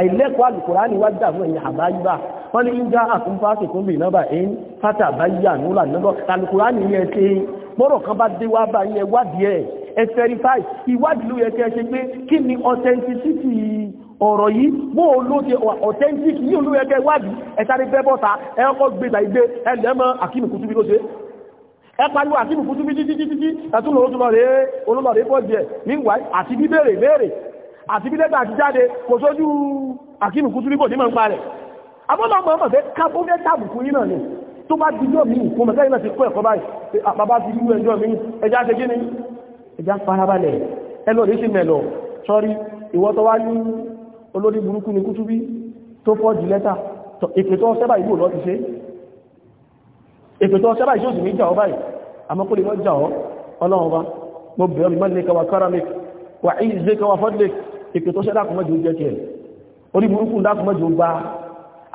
àìlẹ́kọ̀ọ́ alùkùránì wá dà fún ẹ̀yìn àbáyíbá wọ́n ní ń já àkúnfàásì tó bì nọ́bà ẹ̀yìn fátà àbáyíyà nílà nọ́bà alùkùránì yẹn ṣe mọ́rọ̀ kan bá dé wá bá wádìí ẹ̀ ẹ̀ ìwádìí ló yẹ kẹ́ ṣe pé kí ni authenticity ọ̀rọ̀ yìí bó o ló ṣe authentic yìí olú ẹgbẹ́ ìwádìí ẹ̀sáré bẹ́ bọ́ta ẹ̀kọ́ gbèsà ìgbé ẹlẹ́mọ́ Hakeem Kutubi ló ṣe àti bíbèrè bèrè àti bí lẹ́tà àti jáde kò sójú àkínú kú túlípò ní mọ̀ǹpa rẹ̀ abọ́lọ́ ọmọ ọmọ fẹ́ kábó mẹ́ta àbùkù yìí ni tó bá di yóò míì fún mẹ́tẹ́yìn náà ti kọ́ ẹ̀kọ́ báyìí ah, bàbá ti rú ẹjọ́ mi ẹjá ṣe kí ni ẹjá farabalẹ̀ ẹlọ ní olórí burúkú ni kútúbí tó fọ́ di lẹ́tà èpè tó sẹ́bà ìbò lọ ti ṣe èpè tó sẹ́bà ìṣòsì ní jà ọ báyìí àmọ́ ìpè tó ṣẹ́ dákùnmọ́jì ó jẹ́ tiẹ̀ orí burúkú dákùnmọ́jì ó gbá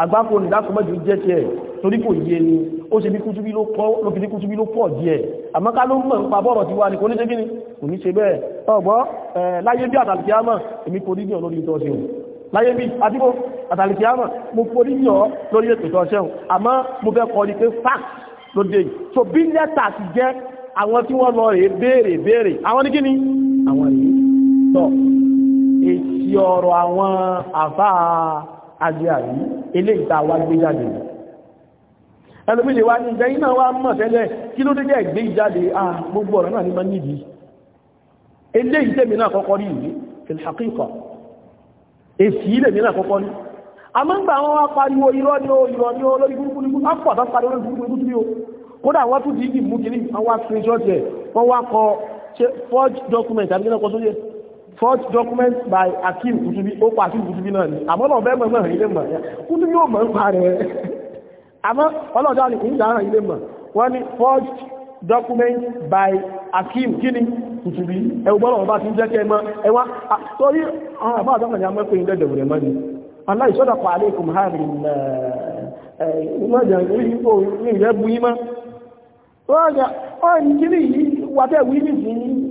àgbákò ní dákùnmọ́jì ó jẹ́ tiẹ̀ torí kò yé ni ó ṣe bí kútúbí ló pọ̀ lókìdí kútúbí ló pọ̀ díẹ̀ àmọ́ ká ló mọ̀ ń pa bọ́rọ̀ ti wá ní kò ní ṣe gíní kò ní ṣe bẹ́ẹ̀ ọgbọ́ láyé bí àtàlìkíámọ̀ èmi kò dídí ọ̀ lórí ìtọ́ ṣe láyé bí àdíbò àtàlìkíámọ̀ mo kò dídí ọ̀ lórí ètò ìtọ́ ṣe àmọ́ mo fẹ́ kọ́ ni pé fact ló dé yìí so bí lẹ́tà ti jẹ́ àwọn tí wọ́n lọ rèé béèrè béèrè àwọn ní kíni àwọn rèé tọ́ níbi ọ̀rọ̀ àwọn àfá àjẹ́ àrí ilé ìta wá gbé jáde ẹlòmílè wá ní ìgbẹ̀yìn náà wá mọ̀ tẹ́lẹ̀ kí ló dédé gbé jáde gbogbo ọ̀rọ̀ náà ní mọ́ níbi ilé ìtẹ́mi náà kọ́kọ́ rí ìwé filhakíkọ̀ èsì ilẹ̀ mi náà kọ́kọ́ rí a mọ́ ń gbà wọn wá pariwo irọ́ ní o irọ́ ní o lórí burúkú ní pọ̀ tó pariwo lórí burúkú ní o kódà wọ́n tún dìídì mú kiri àwọn screenshot ẹ̀ wọ́n wá kọ forge document àbíkẹ́ náà kọ sóyè such document by Akim Kutubi ó Akim Kutubi náà ni àmọ́ náà bẹ́ẹ̀ mọ̀ náà ilé mọ̀ Kutubi yóò mọ̀ ń pa rẹ̀ àmọ́ ọlọ́dọ̀ ni kìí dáhà ilé mọ̀ wọ́n document by Akim Kini Kutubi ewu ọba ti ń jẹ́ kẹ́ mọ́ ẹwà torí àwọn àbá àtọ́kàn ni a ni eh, eh, ní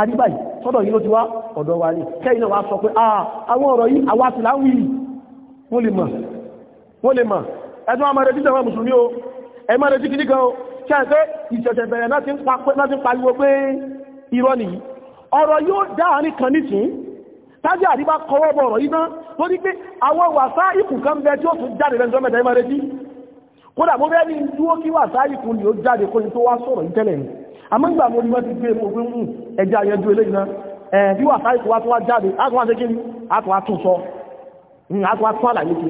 àríbáyì sọ́dọ̀ yìí ló ti wá ọ̀dọ̀ wa ní kẹ́yìn náà wá sọ pé ah, àwọn ọ̀rọ̀ yìí àwa ti láwì wọ́n lè mọ̀ wọ́n lè mọ̀ ẹ̀tún àmọ́ retí tẹ̀wọ̀n mùsùlùmí o ẹ má retí kìíní kan o kẹ́ẹ̀fẹ́ ìṣẹ̀ṣẹ̀ bẹ̀rẹ̀ láti pariwo pé irọ́ nìyí ọ̀rọ̀ yóò dá àárín kan nìsín tájí àríbá kọwọ́ bọ̀ ọ̀rọ̀ yìí tán tó ní pé àwọn wàsá ìkù kan bẹ tí ó tún jáde lẹ́nu sọ́mẹ́ta ẹ kí wàsá ìkù ni ó jáde kó ní tó wá sọ̀rọ̀ yìí ni àmọ́gbà mo rí wọ́n ti gbé epo pé mú ẹja yẹnjú eléyìí náà ẹ̀ bí wà sáyé kò wá tó wá jáde látọ̀ wá kí ni àtọ̀ tún sọ àtọ̀ hmm, tún àlàyé ṣe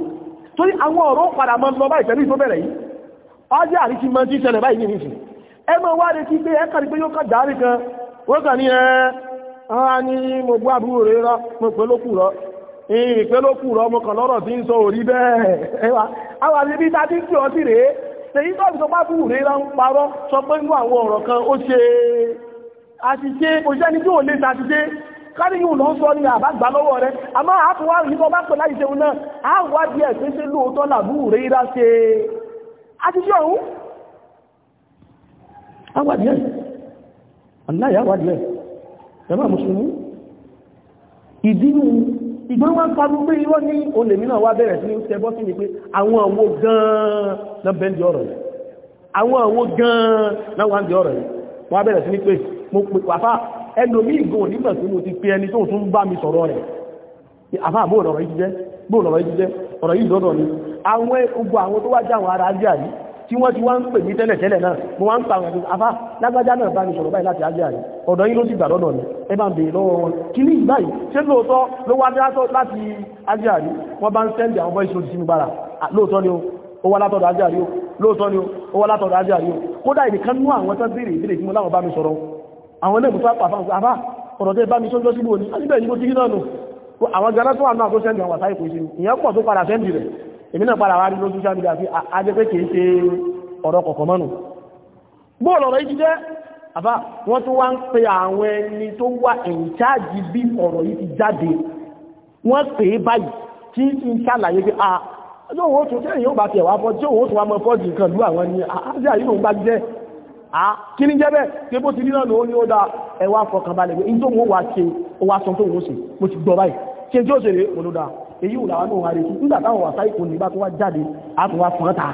torí àwọn ọ̀rọ̀ padà mọ́ lọ báyìí pẹ̀lú ìfọ́bẹ̀rẹ̀ yìí ọjọ́ àríkí mọ́ báyìí nìyí kan tèyí tó àbùsọ bá búrú rí rán parọ́ sọ pé inú àwọn ọ̀rọ̀ kan ó ṣe àṣìṣe òṣìṣẹ́ ní tí ò lè ṣàṣìṣe kárí yìí lọ ń sọ ní àbágbà lọ́wọ́ rẹ̀ a máa àtúnwà nípa bá pẹ̀lá ìṣẹ́un náà a wá bí ẹ̀sìn ṣe lóòótọ́ làbú rẹ̀ ìrá ṣe àṣìṣe ọ̀hún awàdìẹ̀ aláyàwàdìẹ̀ ẹ̀mà mùsùlùmí ìdínú ìgbọ́n wọn kọlu pé irọ́ ní olèmí náà wá bẹ̀rẹ̀ sí ní ṣẹbọ́ sí ni pé àwọn àwo gan-an na bẹ́ndì ọ̀rọ̀ yìí àwọn àwo gan-an na wà ń di ọ̀rọ̀ yìí wọ́n bẹ̀rẹ̀ sí ní pé mo pè wàfá ẹlòmí ìgò nígbà tí mo ti pe ẹni tó tún bá mi sọ̀rọ̀ rẹ̀ àfá àbó ọ̀rọ̀ yìí jẹ́ ọ̀rọ̀ yìí lọ́dọ̀ ni àwọn ogun àwọn tí wọ́n ti wá ń pè ní tẹ́lẹ̀tẹ́lẹ̀ náà mo wá ń pa àwọn afá lágbájá náà bá ní sọ̀rọ̀ báyìí láti ajé àrí ọ̀dọ̀ yìí ló sì gbà lọ́dọ̀ mi ẹ bá ń bèèrè lọ́wọ́ wọn kí ní ìgbàyìí ṣé lóòótọ́ ló wá dátọ́ láti ajé àrí wọ́n bá ń sẹ́ndì àwọn bọ́ìsì òjì sínú bára lóòótọ́ ni ó wá látọ̀dọ̀ ajé àrí lóòótọ́ ni ó wá látọ̀dọ̀ ajé àrí kódà ìdìkan nú àwọn tán bèèrè ìbéèrè tí mo láwọn bá mi sọ̀rọ̀ àwọn ilé ìmúta pàfà àfà ọ̀rọ̀ tẹ́ bá mi sọ́jọ́ síbò ní àti bẹ́ẹ̀ ni mo ti rí náà nù àwọn ganá tó wà náà tó sẹ́ndì àwọn àtàrí kò sí ìyẹn pọ̀ tó padà sẹ́ndì rẹ̀ èmi náà padà wá rí lójú social media fi ajẹ́ pé kìí ṣe ọ̀rọ̀ kọ̀ọ̀kan mọ́nu bóòlù ọ̀rọ̀ yìí jẹ́ àbá wọ́n tún wá ń pe àwọn ẹni tó wà ẹ̀ǹcháàjì bí ọ̀rọ̀ yìí ti jáde wọ́n pè é báyìí tí ń ṣàlàyé pé a yóò wọ́n tún tẹ́yìn yóò bá tẹ̀ wá fọ́ tí òun tún wá mọ́ fọ́ọ̀dì nǹkan lú àwọn ni àájá yìí lòun bá jẹ́ a kí ní jẹ́ bẹ́ẹ̀ pé bó ti rí náà lòun ni ó da ẹwà fọkànbalẹ̀ pé ní tó wọ́n wá ṣe ó wá sọ tó wọ́n ṣe mo ti gbọ́ báyìí ṣe tí ó ṣe rèé olódàá èyí ò làwọn òhàrí tí nígbà táwọn wà sáìkò nígbà tó wá jáde àtúwà fún ọ́ta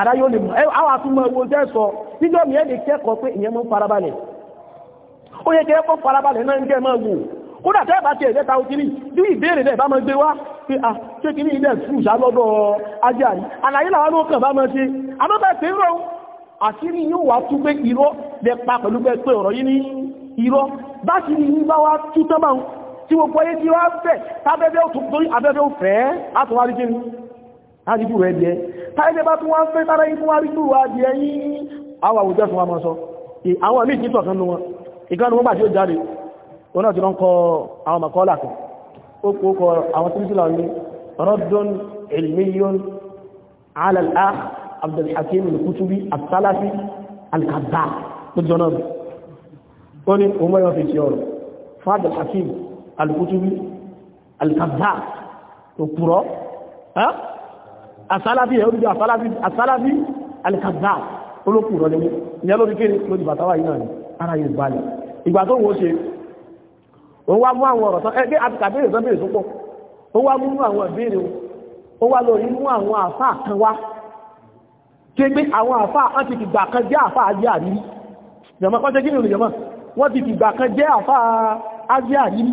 ara yóò lè mọ̀ ẹ àwọn àtúmọ̀ owó tẹ́ sọ níjọ́ mi ẹ́ lè kẹ́kọ̀ọ́ pé ìyẹn mọ́ farabalẹ̀ ó yẹ kẹ́ kọ́ farabalẹ̀ náà ń jẹ́ máa wò kódà tẹ́ bá ti ẹ̀jẹ́ ta òkiri bí ìbéèrè rẹ̀ bá máa gbé wá pé à ah, ṣé kí ní ilẹ̀ ṣùṣà lọ́dọ̀ ajá yìí àlàyé làwọn ló kàn bá máa ṣe àbọ́bà pé rọ wá tú tí gbogbo ayé tí wá fẹ́ tábẹ́bẹ́ òtún torí abẹ́bẹ́ òfẹ́ látọwárí kí ní lájíjú rẹ̀ díẹ̀ táyẹ́bẹ́ bá tún wá fẹ́ tára yí fún wá rí tó wá díẹ̀ yìí àwọn àwùjọ fún wa mọ́ sọ àwọn àmì ìtìtọ̀ kan nú wọn ìgbàlù wọn bá tí ó jáde alùkútúbí alùkàbá òpùrọ́ asálàbí ẹ̀ olùdó asálàbí alùkàbá olókùrọ́ ní ìyá lórí kéré lórí bàtàwà yìí náà ni ara yìí balẹ̀ ìgbà tó wọ́n ṣe ó wá mú àwọn ọ̀rọ̀ tán ẹgbẹ́ àtìkàbéèrè tán béèrè tó pọ̀ ó wá mú àwọn ìbéèrè ó wá lórí mú àwọn àfáà kan wá kégbé àwọn àfáà wọ́n ti fìgbà kan jẹ́ àfáà ajé àrírí jọmọ́ wọ́n ti fìgbà kan jẹ́ àfáà ajé àrírí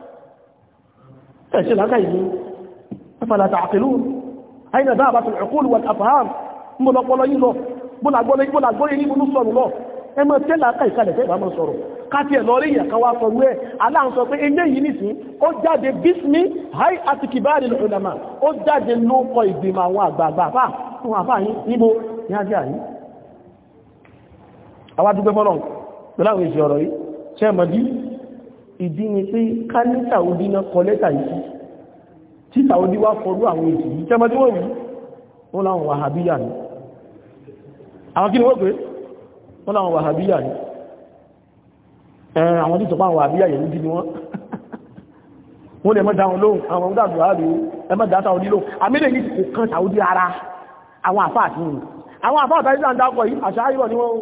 ايش الهدين افلا تعقلون اين ذهبت العقول والافهام mo lọ pọlọ yìí lọ mo là gbọ́lọ́ yìí mo là gbọ́lọ́ yìí mo ló sọ̀rọ̀ lọ ẹ mọ tẹ́lá ká ìkàlẹ̀ tẹ́lá mọ sọ̀rọ̀ káti ẹ̀ lọ rí ìyàká wa sọ wẹ́ aláǹsọ pé ilé yìí nìsín ó jáde bísmí haí àti kìbáàrì ìdí ni pé ká ní sàúdí náà kọ lẹ́tà yìí tí sàúdí wá fọ́rú àwọn èdè yìí tẹ́mọ́ tí wọ́n wù wọ́n láwọn wàhábíyà ní àwọn kí ni wọ́n pé wọ́n láwọn wàhábíyà ní àwọn tí tọ́pá àwọn wàhábíyà yẹ̀ ní wọ́n wọ́n lè mọ́dá wọn lóhun àwọn ọmọdé àdúrà ẹmọ́dá sàúdí lóhun àmìlẹ̀ wọ́n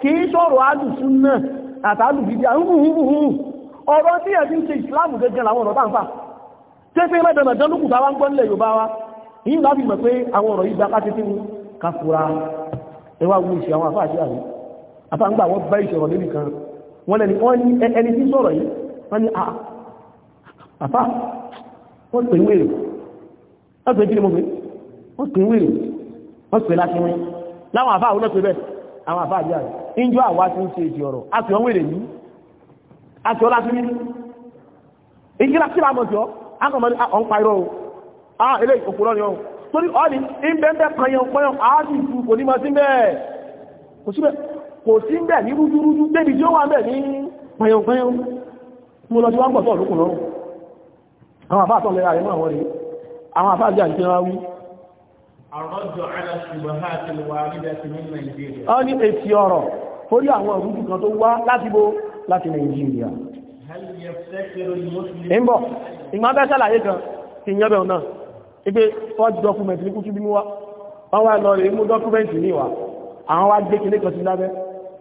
kìí sọ̀rọ̀ alùsùn náà àtàlù gidi àrùhùhùhù ọ̀rọ̀ tí ẹ̀ fi ń ṣe ìsìláàmù gẹ́gẹ́ àwọn ọ̀rọ̀ táǹfà tí ó fi mẹ́dẹ̀mẹ̀dẹ́ lókù bá wá ń gbọ́ nílẹ̀ Yorùbá wa yìí láti mọ̀ pé àwọn ọ̀rọ̀ yìí dákà títí kàfùra ẹwà wo ìṣẹ́ àwọn àfáàṣẹ́ àrí àfáàǹgbà wọ́n bá ìṣọ̀rọ̀ lórí kan wọ́n lẹ́ni wọ́n ní ẹni tí sọ̀rọ̀ yìí wọ́n ní àfá wọ́n pè wèrè wọ́n pè jílé mọ́gbé wọ́n pè wèrè wọ́n pè láti wọ́n láwọn àfáà wọ́n pè bẹ́ẹ̀ àwọn àfáàṣẹ́ àrí ìjọ eti tí ń ṣe èdè ọ̀rọ̀ àti ọ̀wọ́ èrè yìí àti ọ̀la tí nínú ìgbìlá tí láàmọ̀ jọ akọ̀mọ̀ ní ọ̀npa irọ́ o ilé òkúrọ̀ ni ọ̀hún torí ọ̀nì ìbẹ̀ẹ̀bẹ̀ kanyan kanyan àádì ìfú kò ní ma sí bẹ́ẹ̀ kò sí bẹ́ẹ̀ ní rújúrújú débi tí ó wà bẹ́ẹ̀ ní kanyan kanyan mo lọ sí wọ́n gbọ̀tọ̀ lókùn lọ́rùn àwọn àbá àtọ́ àwọn àwọn torí àwọn ìrújú kan tó wá láti bo láti nàìjíríà ìbọ̀ ìgbàbẹ́ sàlàyé kan ti yẹ́bẹ̀ náà ipé first document ní kútù bí mú wá wọ́n wá lọ rí mú document ní wá àwọn wá gbé kìlé kan sí lábẹ́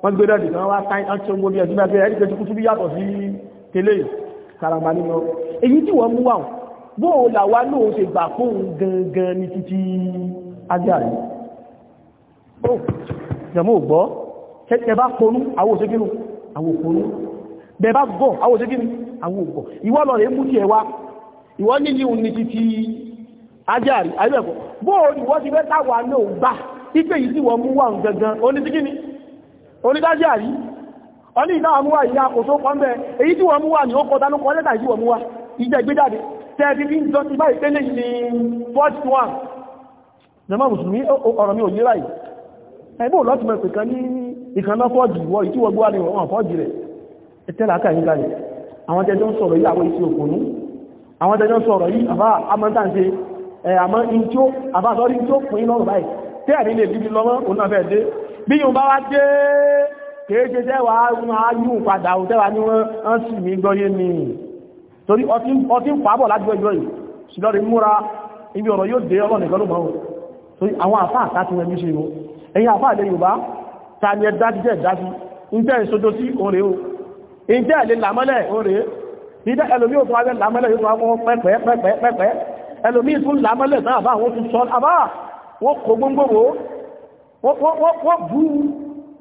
wọ́n gbé dọ́dì kan wá sáì àti ọmọ bí ẹ̀sùn lábẹ́ ẹ̀rí pẹ̀sù kútù bí yàtọ̀ sí tẹ́lé karamba nínú èyí tí wọ́n mú wá bóò là wá lóò ṣe gbà fóun gangan ní títí ajáre ó jẹ́mú ò gbọ́ tẹ́bá kónú àwọn òṣèkínú àwọn òkónú bẹ̀bá gọ́ àwọn òṣèkínú àwọn ògọ́ ìwọ lọ rẹ̀ mú ti ẹwà ìwọ nílì òun títí ajáàrí àìbẹ̀kọ́ bóò ìwọ ti fẹ́ táwà náà gbà ipé yìí sí wọ mú wà gangan onítíkíní onídájáàrí ọní ìdáwà mú wà ìyá àkóso pọ́ńbẹ́ èyí tí wọ́n mú wà ní ó kọta ló kọ́ lẹ́tà yìí wọ́n mú wà ìjẹ́ ìgbéjáde tẹ́ẹ̀bí bí ń jọ ti báyìí tẹ́lẹ̀ ní ẹgbẹ́ òlọ́tí mẹ́sìn kan ní ìkànnà fọ́ọ̀dì wọ ìtí wọ́gbọ́ wà ní wọn fọ́ọ̀dì rẹ̀ ẹtẹ́làkà yìí gbalẹ̀ àwọn tẹjọ́ ń sọ̀rọ̀ yìí àwọn isi òkùnú àwọn tẹjọ́ ń sọ̀rọ̀ yìí àbá amọ́ntàǹṣe àmọ́ ìjó àbá sọ́rí tó pín in lọ́rùn báyìí tẹ́ ẹ̀rí lè bíbi lọ́mọ́ òun náà fẹ́ dé bí yóò bá wá dé kéèké tẹ́wà ayún padà ò tẹ́wà ní wọ́n ń sì mí gbọ́yé àwọn àfáà tá ti ṣe yóò ẹ̀yìn àfá àlẹ́ Yorùbá ta ni ẹ̀dá jíjẹ́ ẹ̀dá sí ìjẹ́ ìṣòdó sí oòrè o ìjẹ́ ilé làmọ́lẹ̀ oòrè ìjẹ́ ẹlòmí òtún alẹ́ làmọ́lẹ̀ yóò tún pẹ́pẹ́ pẹ́pẹ́ pẹ́pẹ́ ẹlòmí tún làmọ́lẹ̀ náà bá wọn tún sọ àbá wọn kò gbóngbòrò wọ́n bú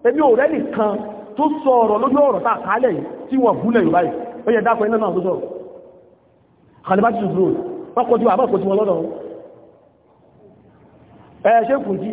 ẹbí ọ̀rẹ́ nìkan tó sọ ọ̀rọ̀ lójú ọ̀rọ̀ tá àkálẹ̀ yìí tí wọ́n bú lẹ́yìn báyìí ó yẹ dákọ̀ iná náà tó sọ̀rọ̀ kalibati tuntun wọ́n kọjú àbọ̀ kò tí wọ́n lọ́dọ̀ ẹ̀ ṣe kùn jí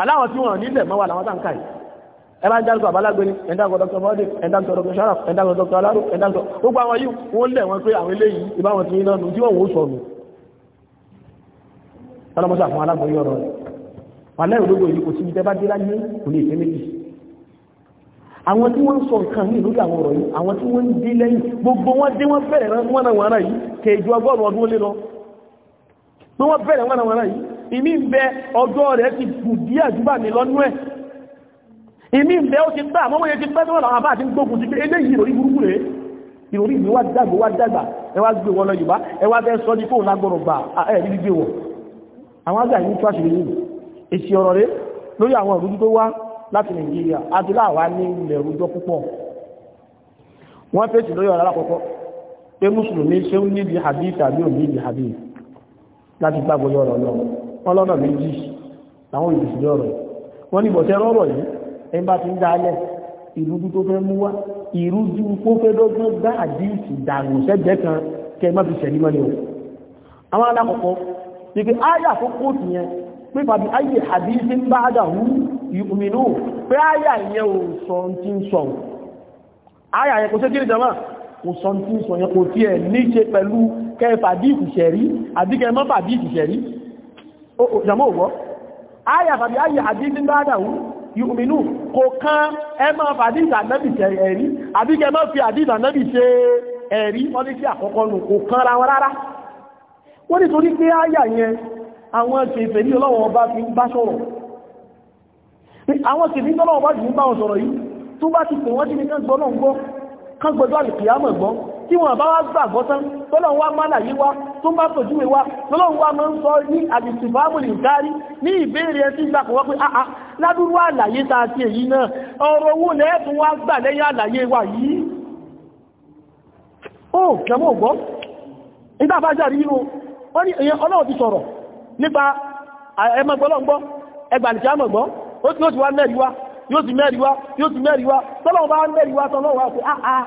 aláwọ̀ tí wọ́n nílẹ̀ mọ́wà làwọn tàǹkà yìí ẹbá ń jálùkọ̀ àbálágbé ẹ̀dàkọ̀ dr mọ́dé ẹ̀dàkọ̀ dr sharaf ẹ̀dàkọ̀ dr aláró ẹ̀dàkọ̀ gbogbo àwọn yìí wọ́n lẹ̀ wọ́n pé àwọn eléyìí ìbáwọn tí iná nù tí wọ́n wò sọ̀rọ̀ tọ́lọ́mọ́sà fún alágbóyí ọ̀rọ̀ rẹ̀ wà lẹ́yìn ológun yìí kò sí ibi tẹ́ bá dé láyé kò lè fẹ́ méjì àwọn tí wọ́n ń sọ nǹkan ní lórí àwọn ọ̀rọ̀ yìí àwọn tí wọ́n ń dé lẹ́yìn gbogbo wọn dé wọ́n bẹ̀rẹ̀ wọn ìmí ń bẹ ọjọ́ rẹ̀ ti kù díẹ̀ jùbà mí lọ́nú ẹ̀ ìmí ń bẹ ó ti pẹ́ àmọ́wọ́ yẹ ti pẹ́ tó wọ́n àwọn àbá àti gbógun ti pé eléyìí ìròrí burúkú rẹ̀ ìròrí ìlú wá dàgbò wá dàgbà ẹ wá gbé wọn lọ Yorùbá ẹ wá fẹ́ sọ ní fóun lágbọ́rọ̀ gbà ẹ̀ rí gbé wọ̀ àwọn àgbà yìí tó àṣírí yìí èsì ọ̀rọ̀ rẹ̀ lórí àwọn ìrújú tó wá láti Nàìjíríà adúláwà ní ilẹ̀ ìrújọ púpọ̀ wọ́n fèsì lórí ọ̀rọ̀ alákọ̀ọ́kọ́ pé mùsùlùmí ṣe ń níbi hadith àbí òní ìdí hadith láti gbàgbọ́ yọ̀rọ̀ lọ́wọ́ wọ́n lọ́nà méjì àwọn olùsìlẹ̀ ọ̀rọ̀ wọ́n ní bọ̀tẹ́ rọ́rọ̀ yìí ẹni bá ti ń dálẹ̀ ìrújú tó fẹ́ mú wá ìrújú kó fẹ́ dọ́gbọ́n gbá àdíìsì dànù sẹ́gbẹ́ kan kẹ má fi ṣẹ̀lí mọ́lẹ̀ o àwọn alákọ̀ọ́kọ́ ní pé áyà tó kóòtù yẹn pé bàbí ayé àdíìsì ń bá dà wú ìhùmínú pé áyà yẹn ò sọ ti ń sọ áyà yẹn kò ṣe kiri jama kò sọ ti ń sọ yẹn kò tiẹ̀ ní ṣe pẹ̀lú kẹfà díìsì ṣẹ̀rí àbíkẹ mọ́fà díìsì ṣẹ̀rí jàmọ́ òwọ́ ayà tàbí ayà àdíjí dáadáwú yùmínú kò kán ẹ máa fàdí ìdànẹ́bì se eri, àbí kẹ máa fi àdí ìdànẹ́bì ṣe ẹ̀rí wọ́n ní sí àkọ́kọ́ nù kò kán ra wọn rárá wọ́n ní torí pé ayà yẹn àwọn kèfèrí ọlọ́wọ́n bá fi ń bá sọ̀rọ̀ àwọn kèfèrí ọlọ́wọ́n bá fi ń bá wọn sọ̀rọ̀ yìí tó bá ti pè wọ́n sí ní kán kan náà gbọ́ kán gbọ́dọ̀ àlùkìyàmọ̀ tí wọ́n bá wá gbàgbọ́ tán tọ́lọ́run wá mọ́là yí wá tó bá tòjúwe wá tọ́lọ́run wá mọ́ ń sọ ní àdìsìbámùlì ìdárí ní ìbéèrè ẹtí gbàkọ̀ pé àà ah, ah, ládúrú àlàyé ta èyí náà ọ̀rọ̀ owó lẹ́ẹ̀tún wá gbà lẹ́yìn àlàyé wa yìí ó kẹmọ́ ògbọ́ nígbà bá jà rí inú wọ́n ní èyàn ọlọ́run ti sọ̀rọ̀ nípa ẹmọgbọ́lọ́gbọ́ ẹgbàlìkì àmọ̀gbọ́ ó ti mẹ́rin wá yóò ti mẹ́rin wá yóò ti mẹ́rin wá tọ́lọ́run bá mẹ́rin wá tọ́lọ́run wá ah,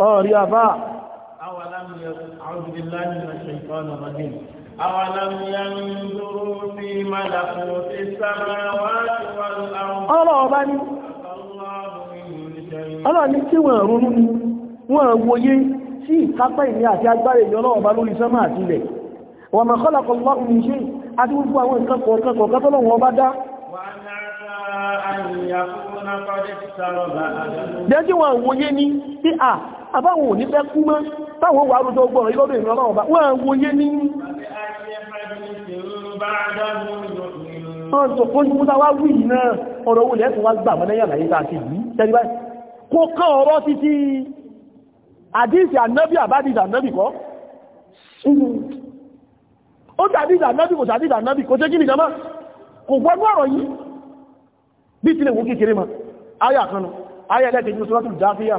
ọ̀rí àbá أولم يعوذ بالله من الشيطان الرجيم أولم ينظروا في ملكوت السماوات والأرض ọlọ́ọ̀bá ní ọlọ́ọ̀ ní tí wọ́n ronú ní wọ́n wòye sí ìkápá ìní àti agbára ìyọ́ ọlọ́ọ̀bá lórí sánmà wọ́n mọ̀ ní ṣe àti gbogbo àwọn nǹkan kọ̀ọ̀kan kọ̀ọ̀kan àbáwọn ò ní fẹ́ kú mọ́ táwọn wà rújọ gbọ́rọ̀ ilọ́dọ̀ ìrìn ọlọ́ọ̀bá wọ́n wòye ní ọ̀rọ̀ olè ẹ̀kùn wá gbà mọ́lẹ́yà láyé tàà sí yìí tẹ́lẹ̀ báyìí kò kán ọ̀rọ̀ títí àdíìsì ànábì àbádìsì ànábì kọ́ ó tàbíìsì ànábì kò tàbíìsì ànábì kò tẹ́ kí nìkan máa kò gbọ́gbọ́ ọ̀rọ̀ yìí bí tilẹ̀ wó kékeré ma ayà kanu ayà ẹlẹ́kẹ̀ẹ́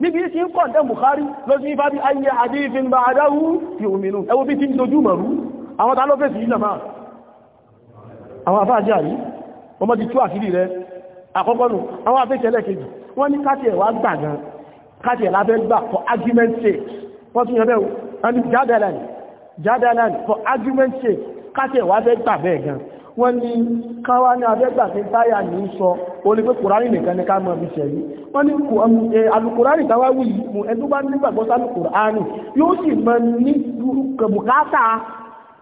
níbi tí ń kọ̀ǹtẹ́ Bukhari lọ sí bá bí ayé hadithin bá adáwú fi òmìnú ẹwọ bí tí ń dojú mọ̀rú àwọn tàà lọ́fẹ́ sí ilẹ̀ máa àwọn afáàjá yìí wọ́n mọ́ ti tú àkírí rẹ àkọ́kọ́ nù àwọn afẹ́kẹ́lẹ̀ kejì wọ́n ní káti ẹ̀wà gbà gan káti ẹ̀ lábẹ́ gbà for argument sake wọ́n tún yẹ bẹ́ẹ̀ wọ́n ní jádàlá for argument sake káti ẹ̀wà bẹ́ gbà bẹ́ẹ̀ gan wọ́n ní káwá ní abẹ́gbà tí táyà ní ń sọ orí pé kùránì nìkan ní ká mọ̀ bí ṣẹ̀rí wọ́n ni um, e, alukùránì táwá wù yìí mú ẹdún bá nígbàgbọ́ sálùkùránì yóò sì mọ̀ ní bùkátà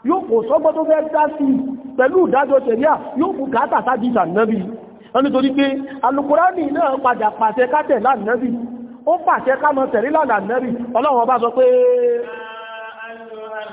yóò kò sọ́gbọ́ tó fẹ́ dá sí pẹ̀lú ìdájọ́ ṣẹ̀ríà yóò bùkátà sáàdì ìsànnábì wọ́n nítorí pé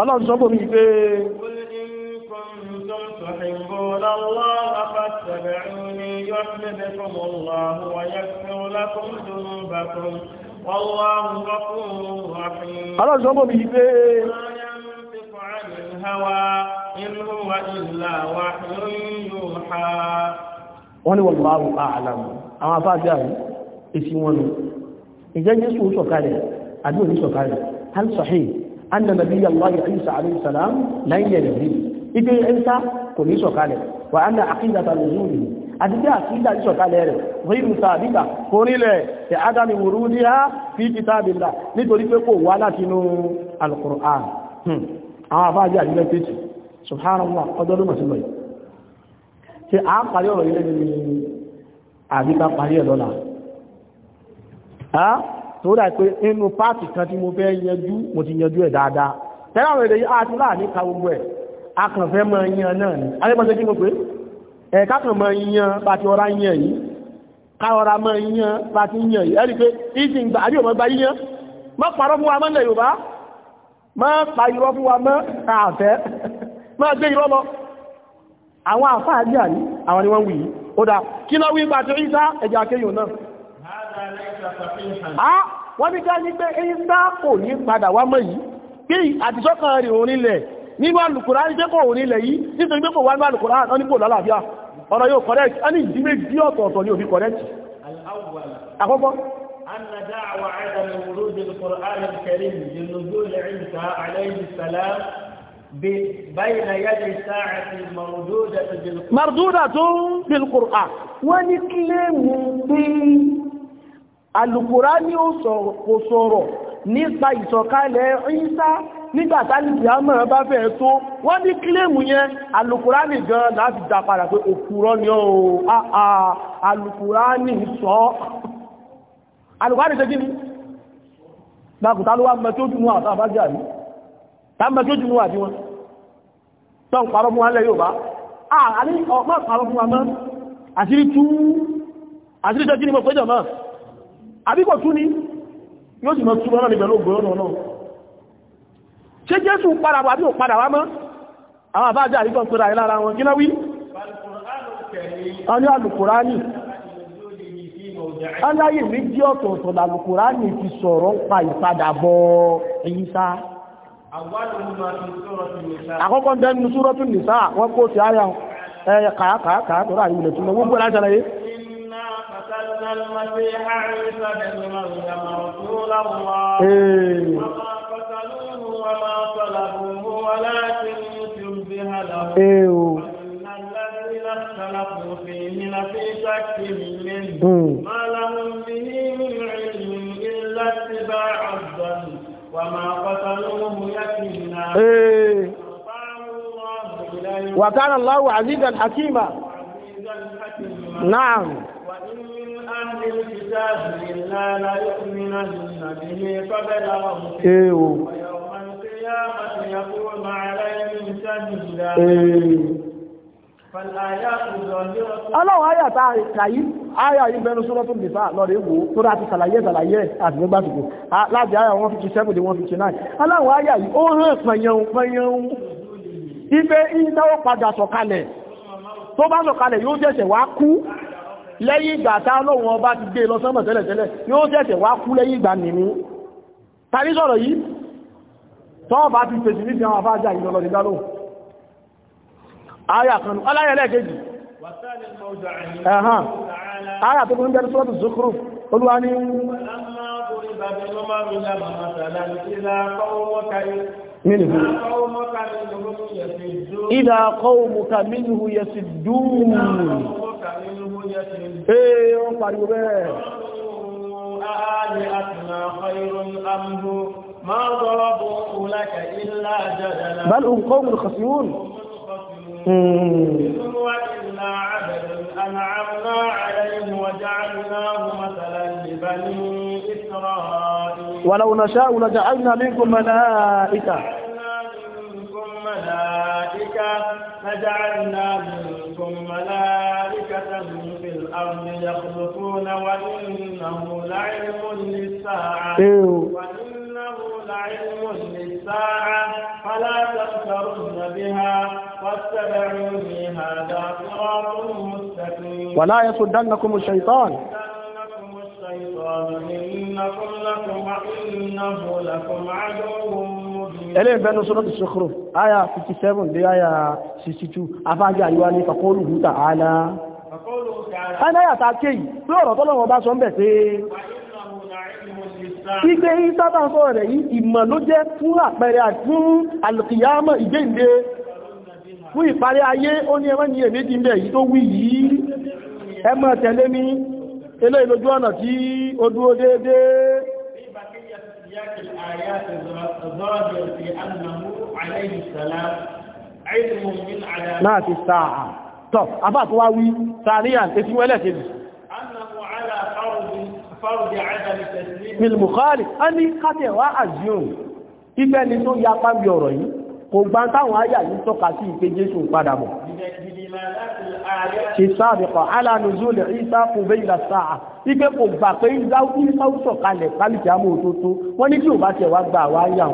Ọlọ́run sọ bò mí pé تحبون الله فاتبعوني يحببكم الله ويغفر لكم ذنوبكم والله غفور رحيم الله جنبه بيبي ما ينطق عن الهوى إن هو إلا وحي يوحى wọ́n ní wallahu a'lam àwọn afáàfíà ìsìn wọn nù ìjẹ́ jésù sọ̀kalẹ̀ àbí òní sọ̀kalẹ̀ hal sahih anna nabiyya Allahi Isa alayhi salam láyé ẹ̀rẹ̀ rí ibi Isa kò ní sọ̀kalẹ̀ wà á na àkídàtà lòzúrì àdíjẹ́ àkídà ìṣọ̀kalẹ̀ rẹ̀ ríru sàbíkà kò nílẹ̀ tẹ̀ ádámi wùrú ní á fi kitabillah nítorí pé kò wá láti inú al-Qur'an hmm. àwọn àbájá ìlẹ́ pẹ̀tù subhanallah ọdọ́dún mọ̀ sílọ̀ yìí tí a parí ọ̀rọ̀ ilé ni àbíká parí ẹ̀ lọ́la tó dà pé inú páàtì kan tí mo fẹ́ yanjú mo ti yanjú ẹ̀ dáadáa tẹ́lá àwọn èdè àti láàrin ka gbogbo ẹ̀ akànfẹ́ mọ yan náà ni alẹ́gbọ́nsẹ́ kí mo pé ẹ̀ka kan mọ yan bá ti ọra yan yìí ká ọra mọ yan bá ti yan yìí ẹ̀rí pé ìsì ń gbà àbí òmọ gba yíyan mọ́ parọ́ fún wa mọ́ ilẹ̀ ni wọ́n wù yìí ó dà kí lọ Ah, wọ́n ní ká ní pé ìsá kò ní padà wá mọ́ yìí pé àdìsọ́kàn rẹ̀ òun nílẹ̀ nínú alùkùrá ní pé kò òun nílẹ̀ yìí nítorí pé kò wá ní alùkùrá wọ́n ní kò lálàáfíà ọ̀rọ̀ yóò correct alukurani ó sọ̀rọ̀ kò sọ̀rọ̀ nípa ìsọ̀kalẹ̀ Ìsá nígbà tálìkì á mọ̀ bá fẹ́ tó wọ́n ní kílèmù yẹn alukurani gan láti dá padà pé òkúrọ́ ni ó alukurani sọ alukurani ṣe gíní gbàkùtà ló wá mẹ́tójúmú àtàbájá rí tá mẹ́tójúmú àti wọn tọ́ ń parọ́ fún alẹ́ yóò bá àà ní ọmọ parọ́ àbíkò tún ní yóò sì mọ̀ túnmọ̀ náà níbẹ̀ ló gbọ́nà náà ṣe jésù padà wà bí ò padà wá mọ́ àwọn àbájá àríkọ́ ń pẹ́ra ìlara wọn gíná wí ọní alùkùránì aláyè méjì ọ̀tọ̀ọ̀tọ̀ làlùkùránì ti sọ̀rọ̀ ń pa ìpadàbọ̀ Ìsá àkọ́kọ́ ń dẹnu súrọ́tún nìsá wọ́n kó ti áyà ẹ̀yà kàákàá tó rà ìwòlẹ̀ tún lọ gbogbo lájàlẹ̀ yìí أرسلنا المسيح عيسى بن مريم رسول الله وما قتلوه وما صلبوه ولكن شبه له وإن الذين اختلفوا فيه لفي شك منه ما لهم به من علم إلا اتباع الظن وما قتلوه يقينا وكان الله عزيزا حكيما نعم وإن من أهل الكتاب إلا ليؤمنن به قبل موته oh. ويوم القيامة يقوم عليهم شهيدا Ọlọ́run ayà tá àyí, ayà yìí bẹnu sọ́rọ́ fún nìfà lọ́rẹ̀ wò tó rá ti sàlàyé ìsàlàyé àti nígbà tìkò láti ayà 157 dé 159. Ọlọ́run ayà yìí, ó rán pẹ̀yẹun pẹ̀yẹun, ibẹ̀ ìdáwó padà sọ̀kalẹ̀, tó bá sọ̀kalẹ̀ yóò jẹ́sẹ̀ lẹ́yìn ìgbà tá lọ́wọ́ ọba ti gbé e lọ sánmà tẹ́lẹ̀tẹ́lẹ̀ yóò wá kú lẹ́yìn ìgbà nìní tàbí sọ̀rọ̀ yìí tọ́ọ̀bá ti pèsè ní àwọn afájá ìjọlọ ìdálò oluwa منه إذا قومك منه يسدون إيه ينطر آلهتنا خير أم هو ما ضربوه لك إلا جدلا بل هم قوم خصيون ولو نشاء لجعلنا منكم ملائكة منكم فجعلنا منكم ملائكة في الأرض يخلقون وإنه لعلم للساعة إيوه. علم للساعة فلا تكفرن بها واتبعوني هذا صراط مستقيم ولا يصدنكم الشيطان eléyìí bẹ́ẹ̀ ní sọ́dọ̀ ìṣòkòrò aya 57 dé aya 62 afájá àríwá ní kàkóòlù húta ààlá. ẹni ayàta kéyì tí ọ̀rọ̀ tọ́lọ́wọ́ bá sọ ń bẹ̀ pé Ìgbé ìsáta sọ́rọ̀ rẹ̀ yìí ìmọ̀ ló jẹ́ fún àpẹẹrẹ àtún alìkìyàmọ̀ ìgbéǹde fún ìparí ayé ó ní ẹmọ́ ní èméjì mẹ́ yìí tó wí yìí ẹmọ́ tẹ̀lé mi elé ìlójú ọ̀nà tí ó dúró déédé láti sáà tọ́ abáàtọ́wá wí sáà níyàn ètí wẹ́lẹ̀ kejì bilbukhari a ní kátẹ̀wá àjíòun ibẹ́ ni tó ya pàbí ọ̀rọ̀ yìí kò gbá táwọn ayà yìí tọ́ka sí ìpé jésù padà bọ̀ ṣe sáàbẹ̀kọ̀ alánuzúlẹ̀ ìsá kò bẹ́ ìlà sáà ibẹ́ kò gbà pé ìsáwùsọ̀ kalẹ̀ kálìkì àmótótó wọ́n ní tí ò bá tẹ̀wá gbà wáyà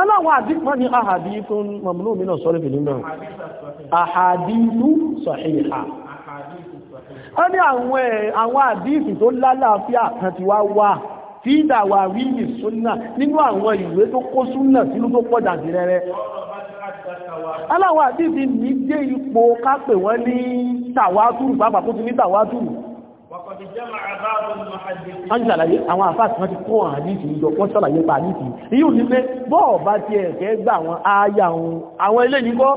aláwọ̀ àdíkọ́ ni àhàdíkún mọ̀mùnú mi náà sọ́rọ̀ ìfìlú náà àhàdíkú sọ̀híhà ó ní àwọn eh, àdíkù tó lálàáfíà kan ti wá wà tí ìdàwà rí ní súnnà nínú àwọn ìwé tó kó súnnà sínú tó pọ̀ jàndì rẹ̀rẹ̀ aláwọ̀ àdíkù ní wọ́n ti ṣàlàyé àwọn àfáàsì wọ́n ti kó àwọn àdíìsì ìjọ wọ́n ṣàlàyé pa àdíìsì yíò ní pé bọ́ọ̀ bá ti ẹ̀kẹ́ gbà àwọn ayà ohun àwọn ilé ní kọ́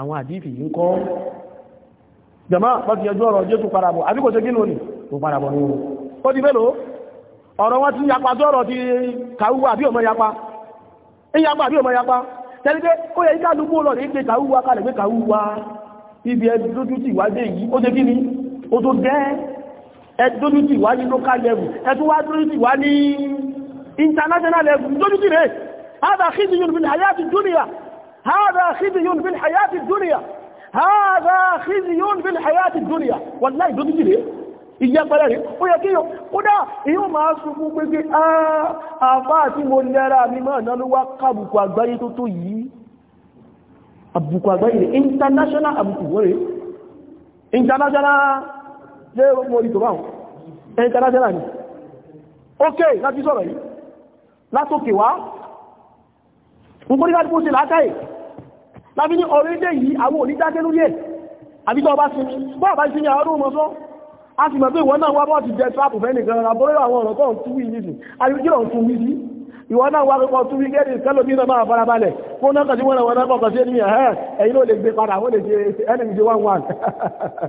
àwọn àdíìsì yìí ń kọ́ jàmá wọ́n ti yẹjú ọ̀rọ̀ jésù parabọ̀ àbí kò ṣe kí lónìí tó parabọ̀ ní ó ti mélòó ọ̀rọ̀ wọn ti yapa tó ọ̀rọ̀ ti kàwúwa àbí ọmọ yapa ìyapa àbí ọmọ yapa tẹ́lẹ́gbẹ́ ó yẹ ìkàlùkù lọ ní pé kàwúwa kalẹ̀ pé kàwúwa ibi ẹ lójú ti wájé yìí ó ṣe kí ni tó gẹ́ẹ́ ẹdónítì wá ní local level ẹtún wá dónítì wá ní international level dónítì rẹ̀ hádà khizyun fil hayati dunya hádà khizyun fil hayati dunya hádà khizyun fil hayati dunya wallahi dónítì rẹ̀ ìyá pẹ̀lẹ̀ rí ó yẹ kíyàn kódà èyí máa sunkún pé pé àfá àti mo lẹ́ra mi international international ṣe mo rí tó bá wọn international ni ok láti sọ̀rọ̀ yìí látòkè wá ń kó nígbàtí kó ṣe látàí lábí ní orílẹ̀ yìí àwọn onídájẹ́ lórí ẹ̀ àbíjọ ọba sí bọ́ ọba sí ní àwọn ọdún ọmọ a sì mọ̀ pé ìwọ náà wá bọ́ ti jẹ trap fẹ́ nìkan ra bọ́rọ̀ àwọn ọ̀rọ̀ tó ń tú wí nìsìn ayújọ́ ń tún wí sí ìwọ náà wá pípọ̀ tún wí gẹ́rì kẹ́lò bí náà farabalẹ̀ kó náà kàtí wọ́n wọn náà kọ̀ọ̀kan sí ẹni ẹ̀yìn ló lè gbé padà wọ́n lè ṣe ẹni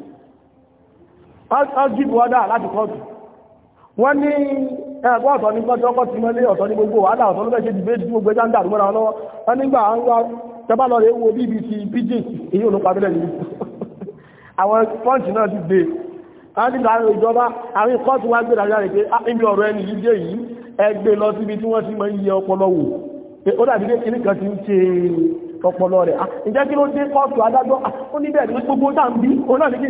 ọ́jìbù ọ́dá láti kọ́ọ̀tù wọ́n ní ẹ̀kọ́ ọ̀tọ̀ ní kọ́tù ọkọ̀ tí mẹ́lé ọ̀tọ̀ ní gbogbo wàhálà ọ̀tọ̀ ló fẹ́ ṣe dìbé tí gbogbo ẹjá ń dàrú mọ́ra wọn lọ́wọ́ wọ́n nígbà ń wá tẹ́bá lọ rẹ̀ wo bbc pidgin èyí ò ló pàbílẹ̀ nìyí àwọn pọ́ǹtì náà ti dé wọ́n ní láàrin ìjọba àwọn kọ́ọ̀tù wá gbé dájá rẹ̀ pé ibi ah, ọ̀rọ̀ ẹni yìí dé yìí ẹgbẹ́ lọ síbi tí wọ́n ti máa ń yẹ ọpọlọ wò ó dàbí pé kìnnì kan ti ń ṣe ọpọlọ rẹ̀ ah, ǹjẹ́ kí ló dé kọ́ọ̀tù adájọ́ ah, ó níbẹ̀ ní gbogbo dáa ń bí ó náà ní kí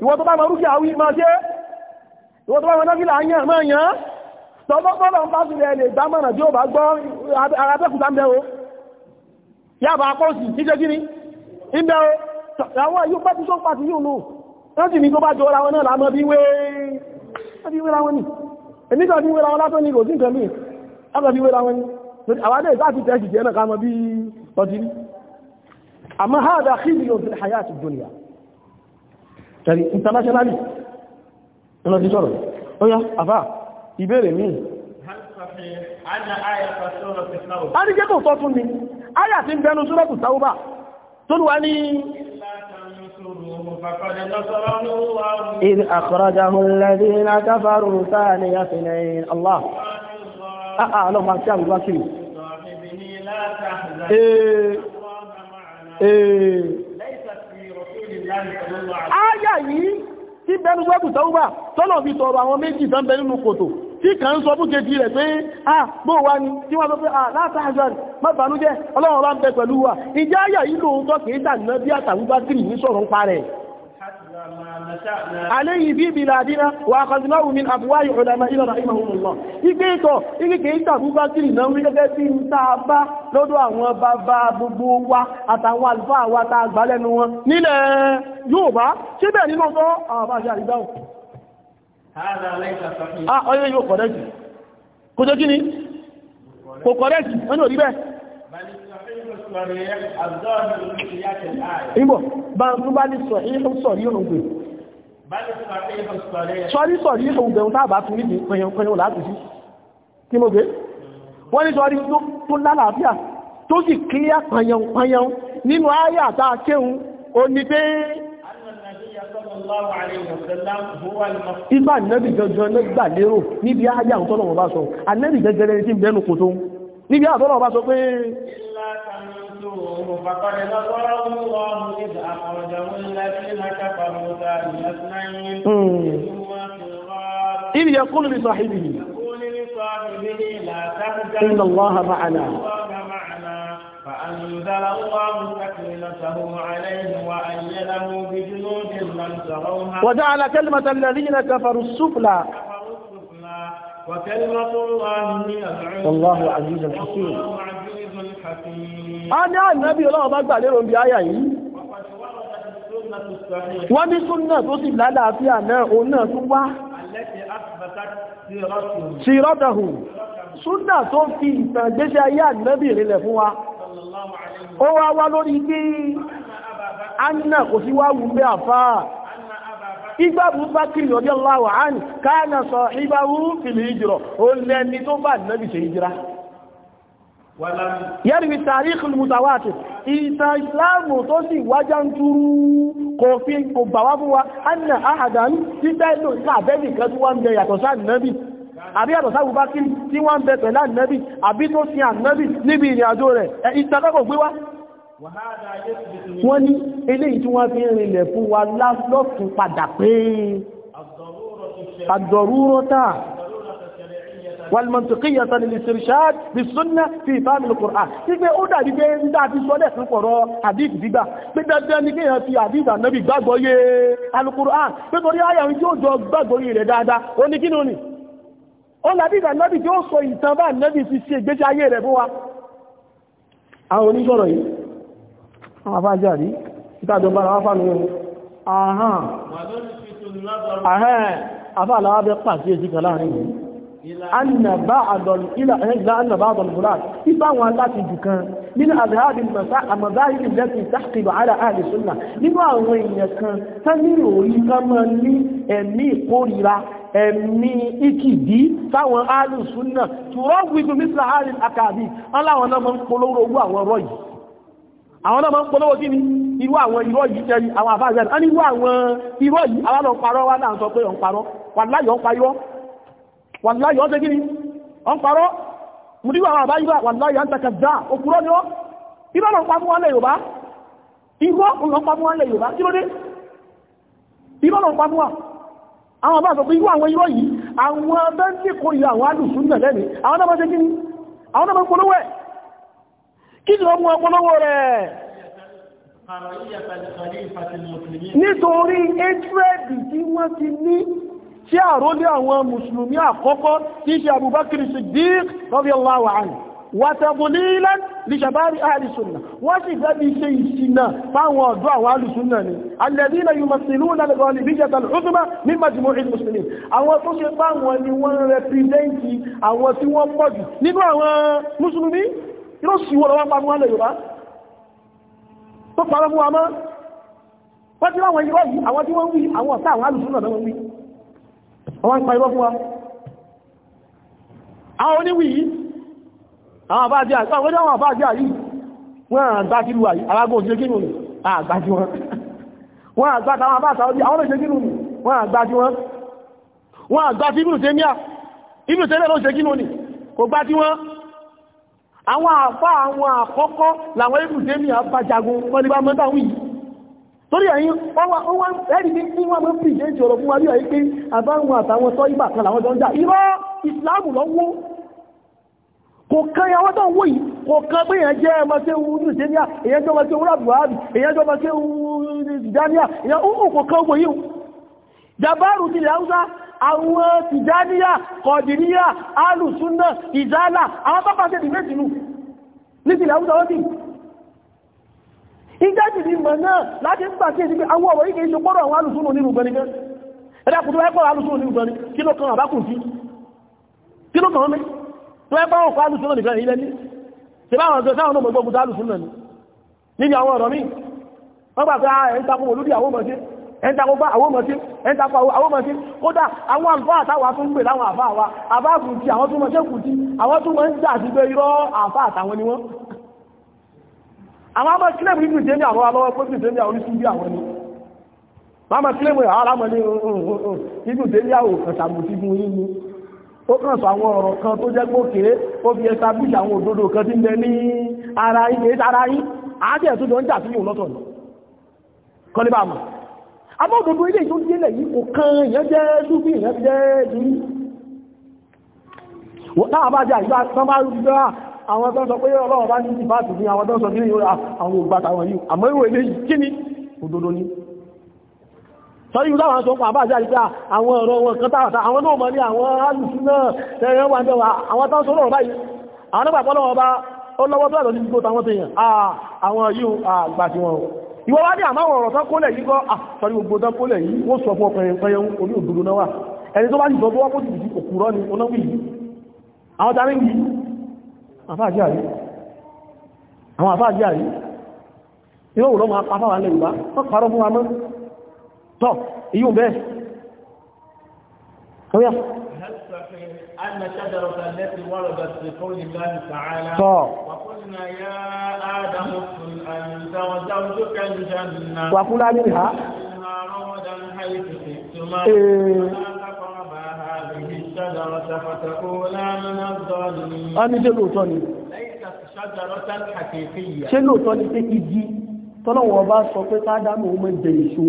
ìwọ tó bá mọ rúkì àwí máa ṣe ìwọ tó bá mọ nọ́fìlà yàn máa yàn tọ́gbọ́n bọ́lọ̀ ń bá fi lẹ̀ lè dámọ̀ràn tí ó bá gbọ́ ara tẹ́kùtà ń bẹ́ o yàbá akọ́sì níjẹ́ gíní ń bẹ́ o àwọn yóò pẹ́ tí tó pàtí yóò lò wọ́n sì ní tó bá jọ ara wọn náà lámọ́ bí wé láwọn ni èmi kan bí wé láwọn látọ́ ní kò sí tẹ̀rí internationally nínú ti sọ̀rọ̀ ó yá àfá ìbéèrè míì a ní jẹ́ kò sọ tún ni ayà tí ń bẹnu súrọ́tù ní إذ أخرجه الذين كفروا Áyà yìí tí bẹnu sọ́tù tọ́wọ́bà tọ́lọ̀ fi tọrọ àwọn méjì tán bẹ nínú kòtò tí kàn ń sọ fún kejì rẹ̀ pé ah bó wá ní tí wọ́n sọ pé ah láta àjọ́rì má bànújẹ́ ọlọ́run bá ń bẹ pẹ̀lú wa ìjẹ́ áyà yìí lóòótọ́ kìí dà náà bí àtàwúgbá tìrì ní sọ̀rọ̀ ń parẹ̀ àléyìn bí bìlàdínà wà àkọsíláwò min àbúwáyì ọ̀lẹ́mà ilẹ̀ rahimahumullah ipé ìtọ̀ ibi kìí tàbúbákìrì náà wí gẹ́gẹ́ bí ń tàà bá lọ́dọ̀ àwọn bàbá gbogbo wa àtàwọn àlùfáà wa tàà gbálẹ́nu wọn nílẹ̀ Yorùbá síbẹ̀ yóò Ìbọ̀, bá ń tún bá ní sọ̀ríhùn sọ̀ríhùn gbè. Sọ̀rí sọ̀ríhùn gbè ń tábà tún ní pẹ̀yànpẹ̀yàn láti sí. Kí mo gbé? Wọ́n ní sọ̀rí tó lálàáfíà tó sì kílíà pẹ̀yànpẹ̀yàn nínú ayà àtà kéhun ó ní pé Ibá ìnẹ́bì jọjọ lẹ́gbà lérò níbi ayà àtọ́lọ̀wọ̀ bá sọ. Ànẹ́bì jẹjẹrẹ tí ń bẹ́nu kò tó. Níbi àtọ́lọ̀wọ̀ bá sọ pé قتلوه فقد نصره الله إذ أخرجه الذين كفروا ثاني اثنين إذ يقول لصاحبه يقول لصاحبه لا تخجل إن الله معنا فأنزل الله سكينته عليه وأيده بجنود لم تروها وجعل كلمة الذين كفروا السفلى وكلمة الله هي العليا والله عزيز حكيم a ní ànábì ọlọ́wọ́ bá gbà lérò bí áyà yìí wọ́n ní súnnà tó sì lálàáfíà náà òun náà tún wá tó fi ìtàngbéṣẹ́ ayé ànábì rílẹ̀ fún wa ó wá wá lórí pé anna kò sí wá wù pé àfáà igbá bukakiri ọdí aláwọ̀ àní káà náà sọ ìbáwú fìlì ìjìrọ̀ yẹ́rìwì tàríkì mùsàwátì ìtàn ìsìláàmù tó sì wájá ń túrú kò fi kò bà wá fún wa anna ahadan títẹ́ ìlò ìsàbẹ́bì kan tí wọ́n ń bẹ yàtọ̀ sáà nẹ́bì àbí yàtọ̀ sáà bùbá kí tí wọ́n bẹ pẹ̀lá nẹ́bì àbí tó sin ànẹ́bì níbi ìrìn rẹ̀ ìtàkọ́kọ̀ والمنطقية للاسترشاد بالسنة في فهم القرآن ipe ó dàbí pé ń dá àti sọ́lẹ̀ fún pọ̀rọ̀ hadith gbígbà pé dandan ni kéèyàn fi hadith ànábì gbàgbọ́yé alukur'an pé torí àyà ń tí ó jọ gbàgbọ́yé rẹ̀ dáadáa ó ní kí ni ó ní ó làbí ànábì tí ó sọ ìtàn bá ànábì fi ṣe ìgbésí ayé rẹ̀ fún wa àwọn oníṣọ́rọ̀ yìí àwọn afájá rí ìtajọba àwọn afánu wọn ahán àfáà làwọn abẹ́ pàṣẹ ìjìkà láàrin yìí annabáàdọ̀l bulat ipá wọn aláti jù kan nínú àdáhàbí àmàbáyìí lẹ́sìn tàkìlọ̀ àrà àrì súnà nínú àwọn èèyàn kan tán ní òòrí kan mọ́ ní ẹ̀mí ìkórira ẹ̀mí ìkìdí táwọn àrì súnà tí wọ́n wíjú mísìlá àrì àkàbí aláwọn náà mọ́ ń polówó owó àwọn ọ̀rọ̀ yìí àwọn náà mọ́ ń polówó kí ni irú àwọn irọ́ yìí tẹ́rí àwọn àfáàzẹ́ wàláyé ọ́ tẹ́ gíní ọ́n parọ́ múdíwà àwọn àbáyíwà wàláyé à ń takà dá òkúrọ́ ni ọ́ irọ́ lọ pa fún wọn lẹ Yorùbá irọ́ lọ pa fún wọn lẹ Yorùbá kí ló dé irọ́ lọ pa fún wa àwọn àbá sọ pé irú àwọn irọ́ yìí àwọn nítorí ẹ́tírẹ́dì tí wọ́n ti ní tí àrólé àwọn mùsùlùmí àkọ́kọ́ tí ṣe Abubakar Siddiq radiyallahu anhu wàtàbùlílán lè ṣàbárí àìsùnà wọ́n sì gẹ́bí ṣe ìṣìnà fáwọn ọ̀dọ́ àwọn alùsùnà ni alẹ́dínà yíò masìlú lálẹ́gbọ́n ní bíjẹta lọ́dúnmá ní majmọ́ ìlú musulmi àwọn tó ṣe fáwọn ni wọ́n rẹpìdẹ́ntì àwọn tí wọ́n pọ̀jù nínú àwọn mùsùlùmí yóò sì wọ́n wọ́n pàmò alẹ́ yorùbá tó parọ́ fún wa àwọn tí wọ́n wí àwọn ọ̀tá àwọn alùsùnà náà wọ́n wí wọ́n ń pa irọ́ fún wa àwọn oníwì yìí àwọn àbájá àwọn àwọn àbájá yìí wọ́n àgbá kí lù àyí alágbó òṣèré kí lùnù àgbá kí wọ́n wọ́n àgbá tàwọn àbáta ọdí àwọn òṣèré kí lùnù wọ́n àgbá kí wọ́n wọ́n àgbá kí inú tẹ́míà inú tẹ́lẹ̀ ló ṣe kí lùnù kò gbá kí wọ́n àwọn àfá àwọn àkọ́kọ́ làwọn inú tẹ́míà bá jagun wọ́n ní bá mọ́ta wíyìí torí ẹ̀yìn ọwọ́ ẹ̀rí bí kí wọ́n mọ́ sí ìdéjì ọ̀rọ̀ fún wa ní ọ̀yí pé àbáwọn àtàwọn sọ ìgbà kan làwọn jọ ń irọ́ ìsìláàmù lọ́wọ́ kò kán ya wọ́n tán wó yìí kò kán pé èyàn jẹ́ ẹmọ tí ó wú ní ìdíníà èyàn jọmọ tí ó wúrà buhari èyàn jọmọ tí ó wú ní ìdáníà èyàn ó kò kán àwọn tìjáníà kọ̀dìníà alùsúnà ìzálà àwọn pápá tẹ́lẹ̀ méjìlú ní ti ilẹ̀ haúsá ìjáde ní ìmọ̀ náà láti ń pàṣẹ sí pé àwọn ọ̀rọ̀ ìkẹ́ ìṣòpọ̀rọ̀ àwọn alùsùn ní ìrùgbọ́n nìkan ẹ̀dàkùn tó ẹ́pọ̀ alùsùn ní ìrùgbọ́n ní kí ló kan àbákùn sí kí ló kan mẹ́ tó ẹ́pọ̀ ọkọ̀ alùsùn nìkan ilẹ̀ ní ṣe bá wọn sáwọn ọmọ gbogbo alùsùn náà níbi àwọn ọ̀rọ̀ míì wọ́n gbà pé ah, ẹ̀ ń takò olórí àwọn ọmọdé ẹ̀ ń takò bá àwọn ọmọdé ẹ̀ ń takò àwọn ọmọdé kódà àwọn àlùfáà àtàwà tó ń pè ni wọ́n àwọn àmà sílẹ̀ mú ìgbìtẹ́ ní àwọn alọ́wọ́ pé ìgbìtẹ́ ní àwọn orísun bí àwọn ẹni máa ma sílẹ̀ mú ara mọ̀ ní ìgbìtẹ́ ní àwọn òkàtàmùsí fún yín ni ó kàn sọ àwọn ọ̀rọ̀ kan tó jẹ́ gbókèrè ó fi ẹta bí àwọn òdodo kan ti ń bẹ ní ara yín kìí sára yín àwọn tó ń sọ pé ọlọ́run bá ní ìfàtù ní àwọn tó ń sọ ní àwọn ògbàtàwọn yìí àmọ́ ìwò ilé yìí kí ni òdodo ni sọ́rí ìdáwọn sọ pàbá àti àríkà àwọn ọ̀rọ̀ wọn kan tààtà àwọn náà mọ̀ ní àwọn alùsù náà tẹ́rẹ wà jẹ́wà àwọn tán sọ lọ́rọ̀ báyìí àwọn nígbà pọ́lọ́ ọba ó lọ́wọ́ tó ẹ̀lọ́ nígbò táwọn tèèyàn àwọn yíò àgbà tí wọn ìwọ wá ní àmáwọn ọ̀rọ̀ tán kólẹ̀ yìí kọ́ sọ́rí gbogbo tán kólẹ̀ yìí wọ́n sọ fún ọkùnrin pẹ́yẹun orí òdodo náà wà ẹni tó bá sì sọ fún ọkùnrin òkúrọ́ ni onáwì yìí àwọn tàbí yìí àwọn àfáàjá rí inú òwúrọ̀ ma pa fáwà lẹ́yìn bá wọ́n parọ́ fún wa mọ́ tọ́ èyí ò bẹ́ẹ̀ kọ́yá أن شجرة التي وردت في قول الله تعالى وقلنا يا آدم اسكن أنت وزوجك الجنة وقل منها رودا حيث شئتما الشجرة فتكونا من الظالمين أنا جلو توني ليست شجرة حقيقية جلو توني تكيجي tọ́lọ́wọ́ bá sọ pé kádámù ó mọ́ jẹ èso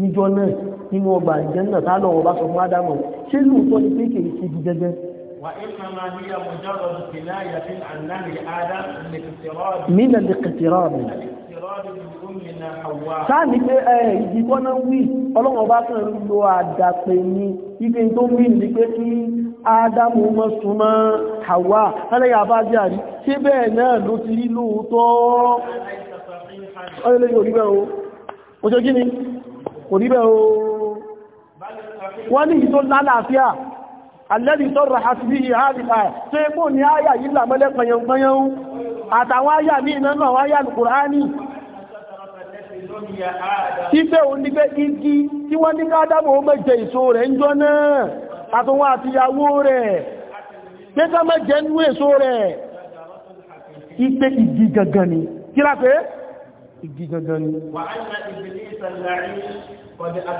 níjọ náà nínú ọgbà ìjẹ́nà tálọ́wọ́ bá sọ fún ádámù ṣé ni pé kìí ṣe di jẹjẹ. mí nà lè kẹtìrọ́ọ̀bù sáà ní pé ẹ ìdíkọ́nà wí ọlọ́wọ́ bá kàn lo àdàpè ní ibi tó wí ní pé kí ádámù mọ́ súnmọ́ Hawa ẹlẹ́yà bá jẹ́ àrí ṣé bẹ́ẹ̀ náà ló ti rí lóòótọ́ ọlọ́lẹ́ yóò rí o ó ṣe gíní kò o wọ́n ní ìtò lálàáfíà alẹ́bí tó rà àti bí ìhàrìta tó ẹgbò ní áyà yìí làmọ́lẹ́ pẹ̀yẹ̀pẹ̀yẹ̀ àtàwọn áyà Ife òun ní pé igi tí wọ́n ní káádámù ó mẹ́jẹ èso rẹ̀ ń jọ náà, àtúnwọ́n àti ìyàwó rẹ̀, pé ká mẹ́jẹ nú èso rẹ̀. Ipe igi gangan ni, kí láfẹ́? Igi gangan ni. Wà á ní ìbìlísà láàrin, ọlá pé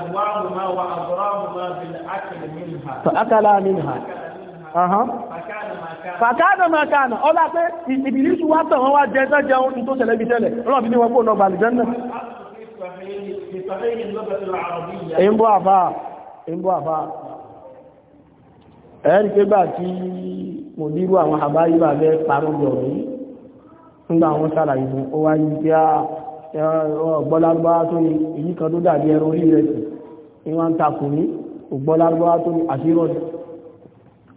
ìbìlísù wá wọ́n wá jẹ́ tán jẹun tó tẹ̀lẹ̀ bí tẹ́lẹ̀, ọlọ́bí wọn kó lọ gbàlìjẹ́ náà ń bọ́ àbá ń bọ́ àbá ẹ̀rí pé gbà tí mo dírú àwọn àbá yíba bẹ́ parọ́ bí ọ̀rọ̀ yìí nígbà wọn ṣàlàyé fún ó wá yí pé ọgbọ́lárúbá tó ní èyí kan tó dàbí ẹran orí rẹ̀ sí ni wọ́n ń takò ní ọgbọ́lárúbá tó ní àṣírọ́dì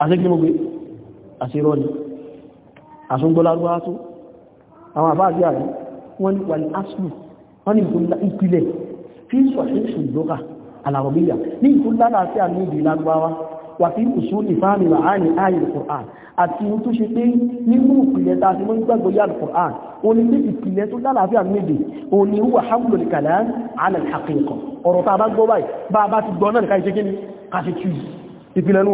àṣíkímọ̀gbé àṣírọ́dì àṣúgbọ́lárúbá tó àwọn àbá àti àrí wọ́n ní wà ní asùlù wọ́n ní ìkúnlá ìpìlẹ̀ fi sọ̀ṣẹ́sù lókà alàrọ̀bíyà ní ìkúnlá láti àmì ìdí lágbáwá wà sí ìṣún ìfáàmì àárín ààyè Qur'an àti ohun tó ṣe pé nínú ìpìlẹ̀ tá a ti mọ́ gbàgbọ́ yà Qur'an o ní ìpìlẹ̀ tó lálàáfíà méje o ní wà hamlu al-kalam ala al-haqiqa ọ̀rọ̀ ni ká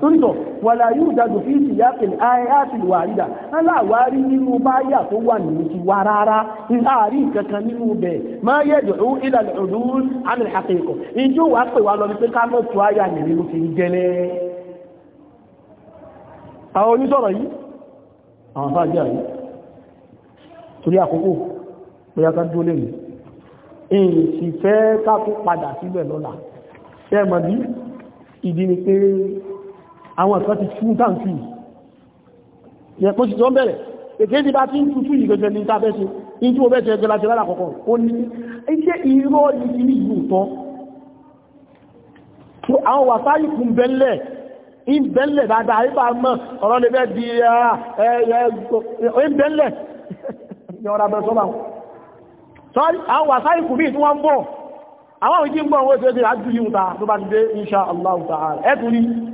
torítọ̀ wàlá yóò dájú fi ti yá pẹ̀lú ayáti wàrídà aláwárí nínú báyà tó wà nínú ti wà rárá láàrí kankan nínú bẹ̀ máa yẹ dùn ilà lọ́dún àmì àkẹ́kọ̀ọ́ ìjọ wà pè wá lọ wípé ká mọ̀ tó ayà nìyí ló fi ń gẹ́lẹ́ àwọn onítọ̀rọ̀ yìí àwọn fàájá yìí torí àkókò bóyá ká lè ká tó padà lọ́la ìdí ni pé àwọn ìkan ti fún tàǹtì yẹn kó sì tó ń bẹ̀rẹ̀ èké ti bá ti ń tutù yìí gẹ́gẹ́ ní tábẹ́ ṣe ní tí mo bẹ́ ṣe ẹgbẹ́ láti lára kọ̀kọ́ ó ní iṣẹ́ ìrọ́ yìí ti ní ìlú tọ́ àwọn wàsáyì kún bẹ́lẹ̀ ìbẹ̀lẹ̀ dáadáa ìbá mọ́ ọ̀rọ̀ lè bẹ́ di ẹgbẹ̀lẹ̀ yọ̀rọ̀ abẹ́ sọ́bà sọ́rí àwọn wàsáyì kù bí tí wọ́n bọ̀ àwọn òjí ń bọ̀ wọ́n tí ó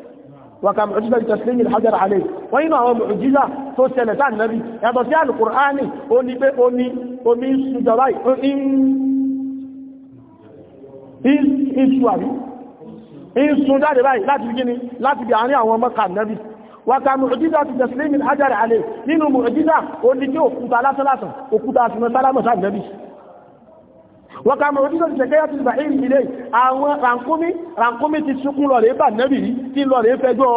وكان معجزة لتسليم الحجر عليه وإنه هو معجزة توسل عن النبي يضع في القرآن أني أني أني سجلاي أني ìṣùwàrí ìṣùn jáde báyìí láti bí gíní láti bí àárín àwọn mọ́kà nẹ́bí wàkà mùsùlùmí ti tẹ̀sílẹ̀ ìmìlì hajjari alẹ́ nínú mùsùlùmí ó ní kí òkúta lásánlásán òkúta àti mẹ́sálàmọ̀sá nẹ́bí wọ́n ká mọ̀ òjíṣẹ́ ìṣẹ̀kẹ́ yàtí ìgbà ìrìn ilé àwọn ràǹkúmí ràǹkúmí ti sunkún lọ rẹ̀ bà nẹ́bì rí tí lọ rẹ̀ fẹ́jọ́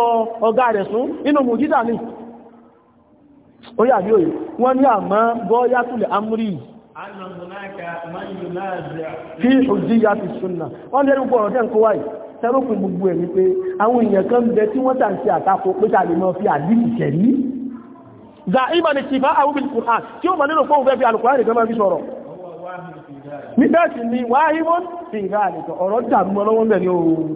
ọgá rẹ̀ sún inú mùjídà ní ó yà bí òye wọ́n ní àmọ́ bọ́ yàtùlẹ̀ amúrí kí òjí yàtì súnà wọ́n lẹ́rù pọ̀ ọ̀dẹ́ nǹkan wáyìí tẹ́rùkùn gbogbo ẹ̀mí pé àwọn èèyàn kan bẹ tí wọ́n tàn sí àtakò pé tàbí mọ́ fi àdìsì ni tìfà àwọn obìnrin kùnà níbẹ̀ẹ̀sì ni wáhíwọ́n sí ìráàlìkọ̀ ọ̀rọ̀ dàmú ọlọ́wọ́n bẹ̀ ní oòrùn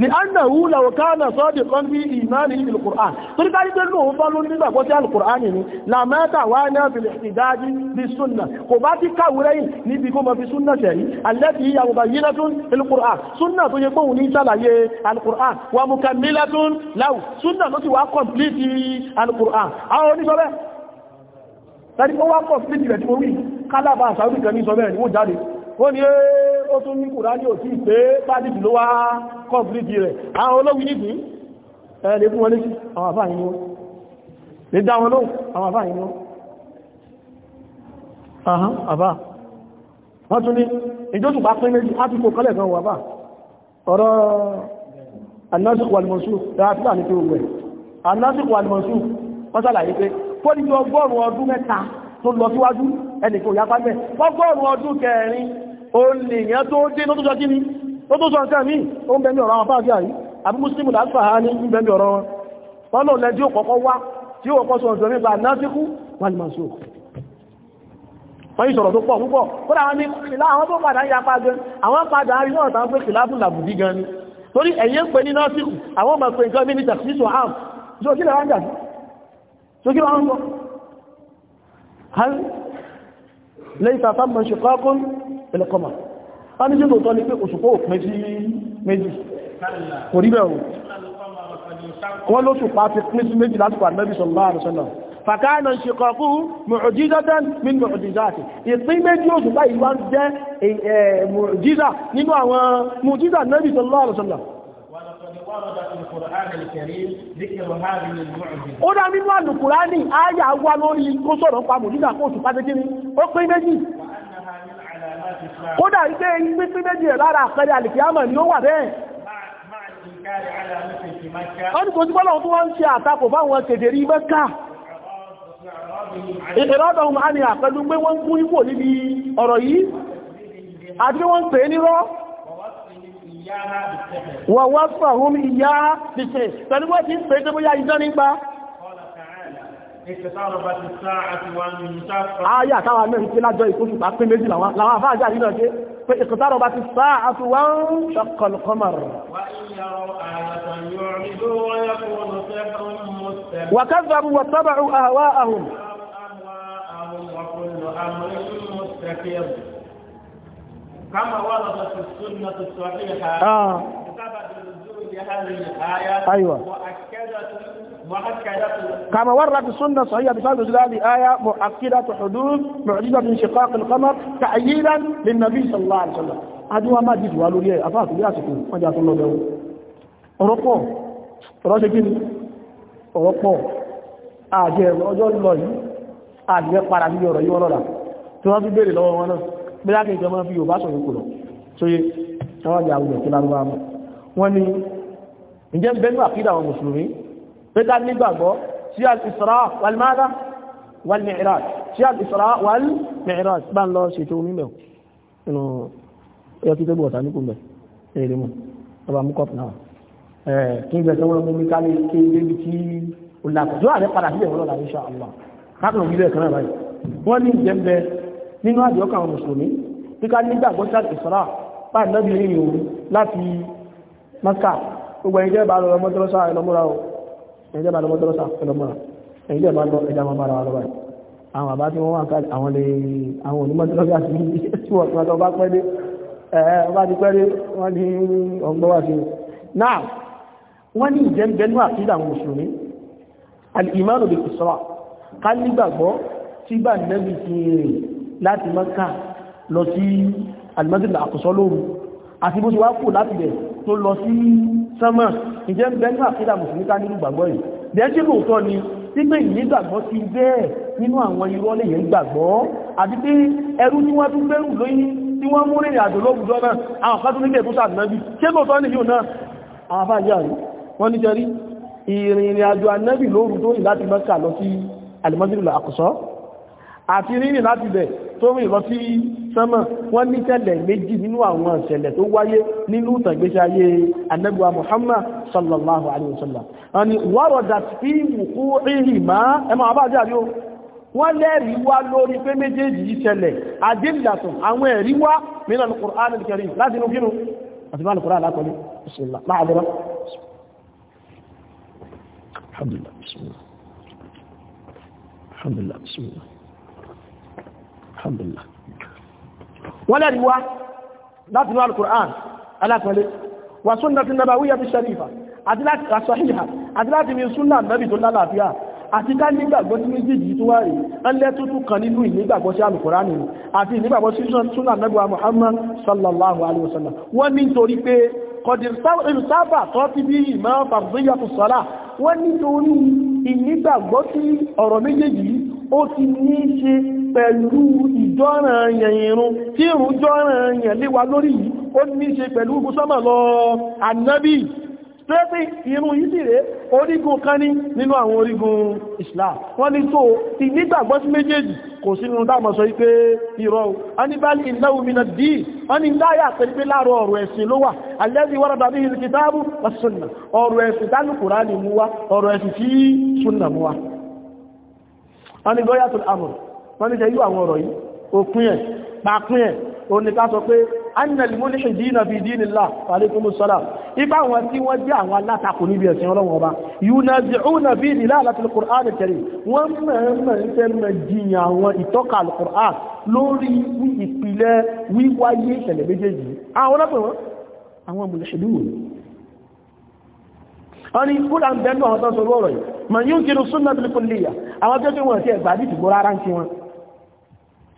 ni annahu law kana sadiqan bi imanihi bil qur'an to ri dari denu o ba lo ni gbàgbọ́ ti al qur'an ni la ma ta wa na bil ihtidaji bi sunnah ko ba ti ka wure yin ni bi ko ma fi sunnah seri allati hiya mubayyinatun lil qur'an sunnah tó yẹ ko ni ṣàlàyé al qur'an wa mukammilatun law sunnah tàbí ó wá pọ̀ sí ìjìnlẹ̀ tí mo rí kálábà àṣàrí kan ní sọmẹ́rin wọ́n jáde ó ní ó tún ní kùrá ní òtí pé pàdìsì ló wá kọ́bìlìtì rẹ̀ àwọn ológun nìdí ẹ̀lẹ́ fún wọn léṣì àwọn àbáyìn wọn lè dá wọn lóhùn àwọn àbáyìn wọn ahán àbá wọ́n tún ní ìjọ́sùn bá pín méjì ápìkò kọ́lẹ̀ kan wà bá ọ̀rọ̀ anásìkò alìmọ̀sù kó níbi ọgọ́rùn-ún ọdún mẹ́ta tó lọ síwájú ẹnìkan òyà pàmẹ́ ọgọ́rùn-ún ọdún kẹrin ó lè yẹn tó dé tó tó sọ kíní tó tó sọ nǹkan míì ó ń bẹ̀mí ọ̀rọ̀ àwọn fáàfíà yìí àbí múslímù láfàá ní ń bẹ̀mí ọ̀rọ̀ wọn wọn lò lẹ́dí òkọ̀kọ́ wá tí ó kọ́ sọ ni màá sọ wọ́n yìí sọ̀rọ̀ tó pọ̀ púpọ̀ ó dáwọn ní ìlà àwọn tó padà ń yapa gan àwọn padà ń rí náà tán pé kìláàbù làbùdí sókè wọn sọ hàn lẹ́yìn tàbí mọ̀ ṣe kọ́kún ilẹ̀kọ́mà a ní jẹ́ lóòtọ́ ní pé òṣùpá òpin sí méjì kò rí bẹ̀rù wọ́n ló ṣùpá ti pín sí méjì láti pàdé mẹ́bí sọ̀rọ̀ láàrín sọ́lọ̀ fàkáànà ṣe kọ̀ọ̀kú mùjíjọ́tẹ́ min mùjíjọ́ àti ìpín ó dá nínú àlùkùránì ayà wá lórí kó sọ̀rọ̀ pa mùsùlùmí kó sùpá tẹ́kí ní ó pín méjì ó dá ipé pín méjì rẹ̀ lára àpẹẹrẹ àlìkìyàmọ̀ ni ó wà bẹ́ẹ̀ wọ́n ni kò sí bọ́lọ̀ tó wọ́n ṣe àtakò fáwọn kèdèrí Mẹ́kà ìrọ̀dọ̀hùn wà wá fàhún ìyá pìṣẹ̀ pẹ̀lú wọ́n ti ń pè tó bóyá ìjọ́ nípa Ayà mẹ́rin tí lájọ ìkúrù bá pín méjì làwọn afáàjá yìí ṣe pé ìkùtàrọ̀ bá ti sáà àti wọ́n ń ṣọkọ̀lù kọmọ̀rọ̀. كما وردت السنة الصحيحة آه. سبب نزول هذه الآية أيوة مؤكدة كما وردت السنة الصحيحة بسبب نزول هذه الآية مؤكدة حدوث معجزة شقاق القمر تأييدا للنبي صلى الله عليه وسلم àdúwà ما jìdù wà lórí ẹ̀ àfáàkù bí àsìkò wọ́n jà tó lọ́dọ̀ ọ̀rọ̀ pọ̀ ọ̀rọ̀ ṣe kí ni ọ̀rọ̀ pọ̀ àjẹ́ ọjọ́ lọ yìí àjẹ́ para ní ọ̀rọ̀ yìí lọ́la tí wọ́n fi béèrè lọ́wọ́ wọn náà bí láti ìjọba fi yóò bá sọ̀rọ̀ kò lọ sóyé àwọn ìyàwó rẹ̀ tí lárúbá mọ̀ wọ́n ni ǹjẹ́ bẹ́nu àkídà àwọn mùsùlùmí pé dá nígbàgbọ́ sí al-isra wal-mada wal-mi'raj sí al-isra wal-mi'raj bá ń lọ ṣètò omi mẹ́ inú ẹyọ kí tó bọ̀ tánú kú wọ́n ní ìjẹ́ nínú àdìọ́kà àwọn mùsùlùmí tí ká nígbàgbọ́ sáà ìsọ́rà bá ìnábi rí ìhòòrú láti maka gbogbo ẹ̀jẹ̀ bá lọ mọ́tọ́lọ́sà ẹlọmọ́ra o ẹ̀jẹ̀ bá lọ mọ́tọ́lọ́sà ẹlọmọ́ra ẹ̀jẹ̀ bá lọ ẹja máa bára wa lọ́wọ́ àwọn àbá tí wọ́n wà káàdì àwọn lè àwọn onímọ́tọ́lọ́sà sí tí wọ́n tún bá pẹ́ dé ẹ̀ bá ti pẹ́ dé wọ́n ní ọgbọ́n wà sí náà wọ́n ní ìjẹ́mbẹ́nú àkídà láti mọ́ká lọ sí alimọ́dìlá àkùsọ́ lóru àti bó ti wá kù láti bẹ̀ tó lọ sí sánmà ìjẹ́ bẹ́ńkà àkídà mùsùlùmí ká nínú gbàgbọ́ yìí dẹ́jẹ́ lóòótọ́ ni nígbè yìí gbàgbọ́ sí bẹ́ẹ̀ nínú àwọn irọ́ lè yẹn gbàgbọ́ àti pé ẹrú tí wọ́n tún gbẹ́rù lóyìn tí wọ́n mú rìnrìn àjò lóògùjọ́ náà àwọn kan tún nígbè tó sàdínábì ni wọ́n ní jẹ́rí ìrìnrìn àjò ànábì lóòrù tó rìn láti lọ sí alimọ́sílùlọ àkùsọ́ àti rírìn láti bẹ̀ tó rìn lọ sí sánmọ̀ wọ́n ní tẹ́lẹ̀ méjì nínú àwọn ìṣẹ̀lẹ̀ tó wáyé nínú ìtàgbésí ayé anẹ́gbà Muhammad sallallahu alaihi wasallam àni wọ́rọ̀dà sí ìwùkú rírìn máa ẹmọ àbájá yóò wọ́n lẹ́rìí wá lórí pé méjèèjì ìṣẹ̀lẹ̀ adílàtùn alhamdulillah wọ́n lẹ́rí wá láti ní al-Qur'an alápẹ̀lẹ́ wà súnnà tí nàbà wíyà fi ṣarífà àti láti àṣàhíhà àti láti ní súnnà nàbì tó lálàáfíà àti ká nígbàgbọ́ sí méjìjì tó wà rí ẹlẹ́ tuntun kan nínú ìnígbàgbọ́ sí al ni àti ìnígbàgbọ́ sí súnnà nàbì Muhammad sallallahu alaihi wasallam wọ́n ní torí pé kọ̀dìrìsáàbà tó ti bí ìmọ̀ fàrdíyàtù sọ́lá wọ́n ní torí ìnígbàgbọ́ sí ọ̀rọ̀ méjèèjì ó ti ní ṣe pẹ̀lú ìjọ́ràn yẹn irun tí ìrùn jọ́ràn yẹn léwa lórí yìí ó ní ṣe pẹ̀lú gúsọ́mà lọ ànábì pẹ́pẹ́ irun yìí sì rẹ̀ orígun kan ní nínú àwọn orígun Islam wọ́n ní tó ti nígbàgbọ́ sí méjèèjì kò sí nínú dámọ̀ sọ wípé irọ́ a ní bá lè náwó mi náà dáyà pẹ̀lú pé láàrọ̀ ọ̀rọ̀ ẹ̀sìn ló wà alẹ́bí wọ́n dàbí ìlú kìtàbù lọ́sùnà wọ́n ní ṣe irú àwọn ọ̀rọ̀ yìí òpin ẹ̀ pàpín ẹ̀ òní ká sọ pé annal múlẹ̀ dínà bí dínà lá fàríkúnmù sọ́lá ipá wọn tí wọ́n jẹ́ àwọn alátakò níbi ẹ̀sìn ọlọ́wọ́ ọba yúnàbíúnà bí nílá àlàtí al-Qur'an al-Karim wọ́n mẹ́rẹ̀mẹ́ ìfẹ́mẹ́ jiyàn àwọn ìtọ́ka al-Qur'an lórí ìpìlẹ̀ wíwáyé ìṣẹ̀lẹ̀ méjèèjì àwọn ọlọ́pẹ̀wọ́n àwọn mùlẹ̀ṣẹ̀dúwò ọni kúrò àbẹ́nu àwọn tó sọ lọ́rọ̀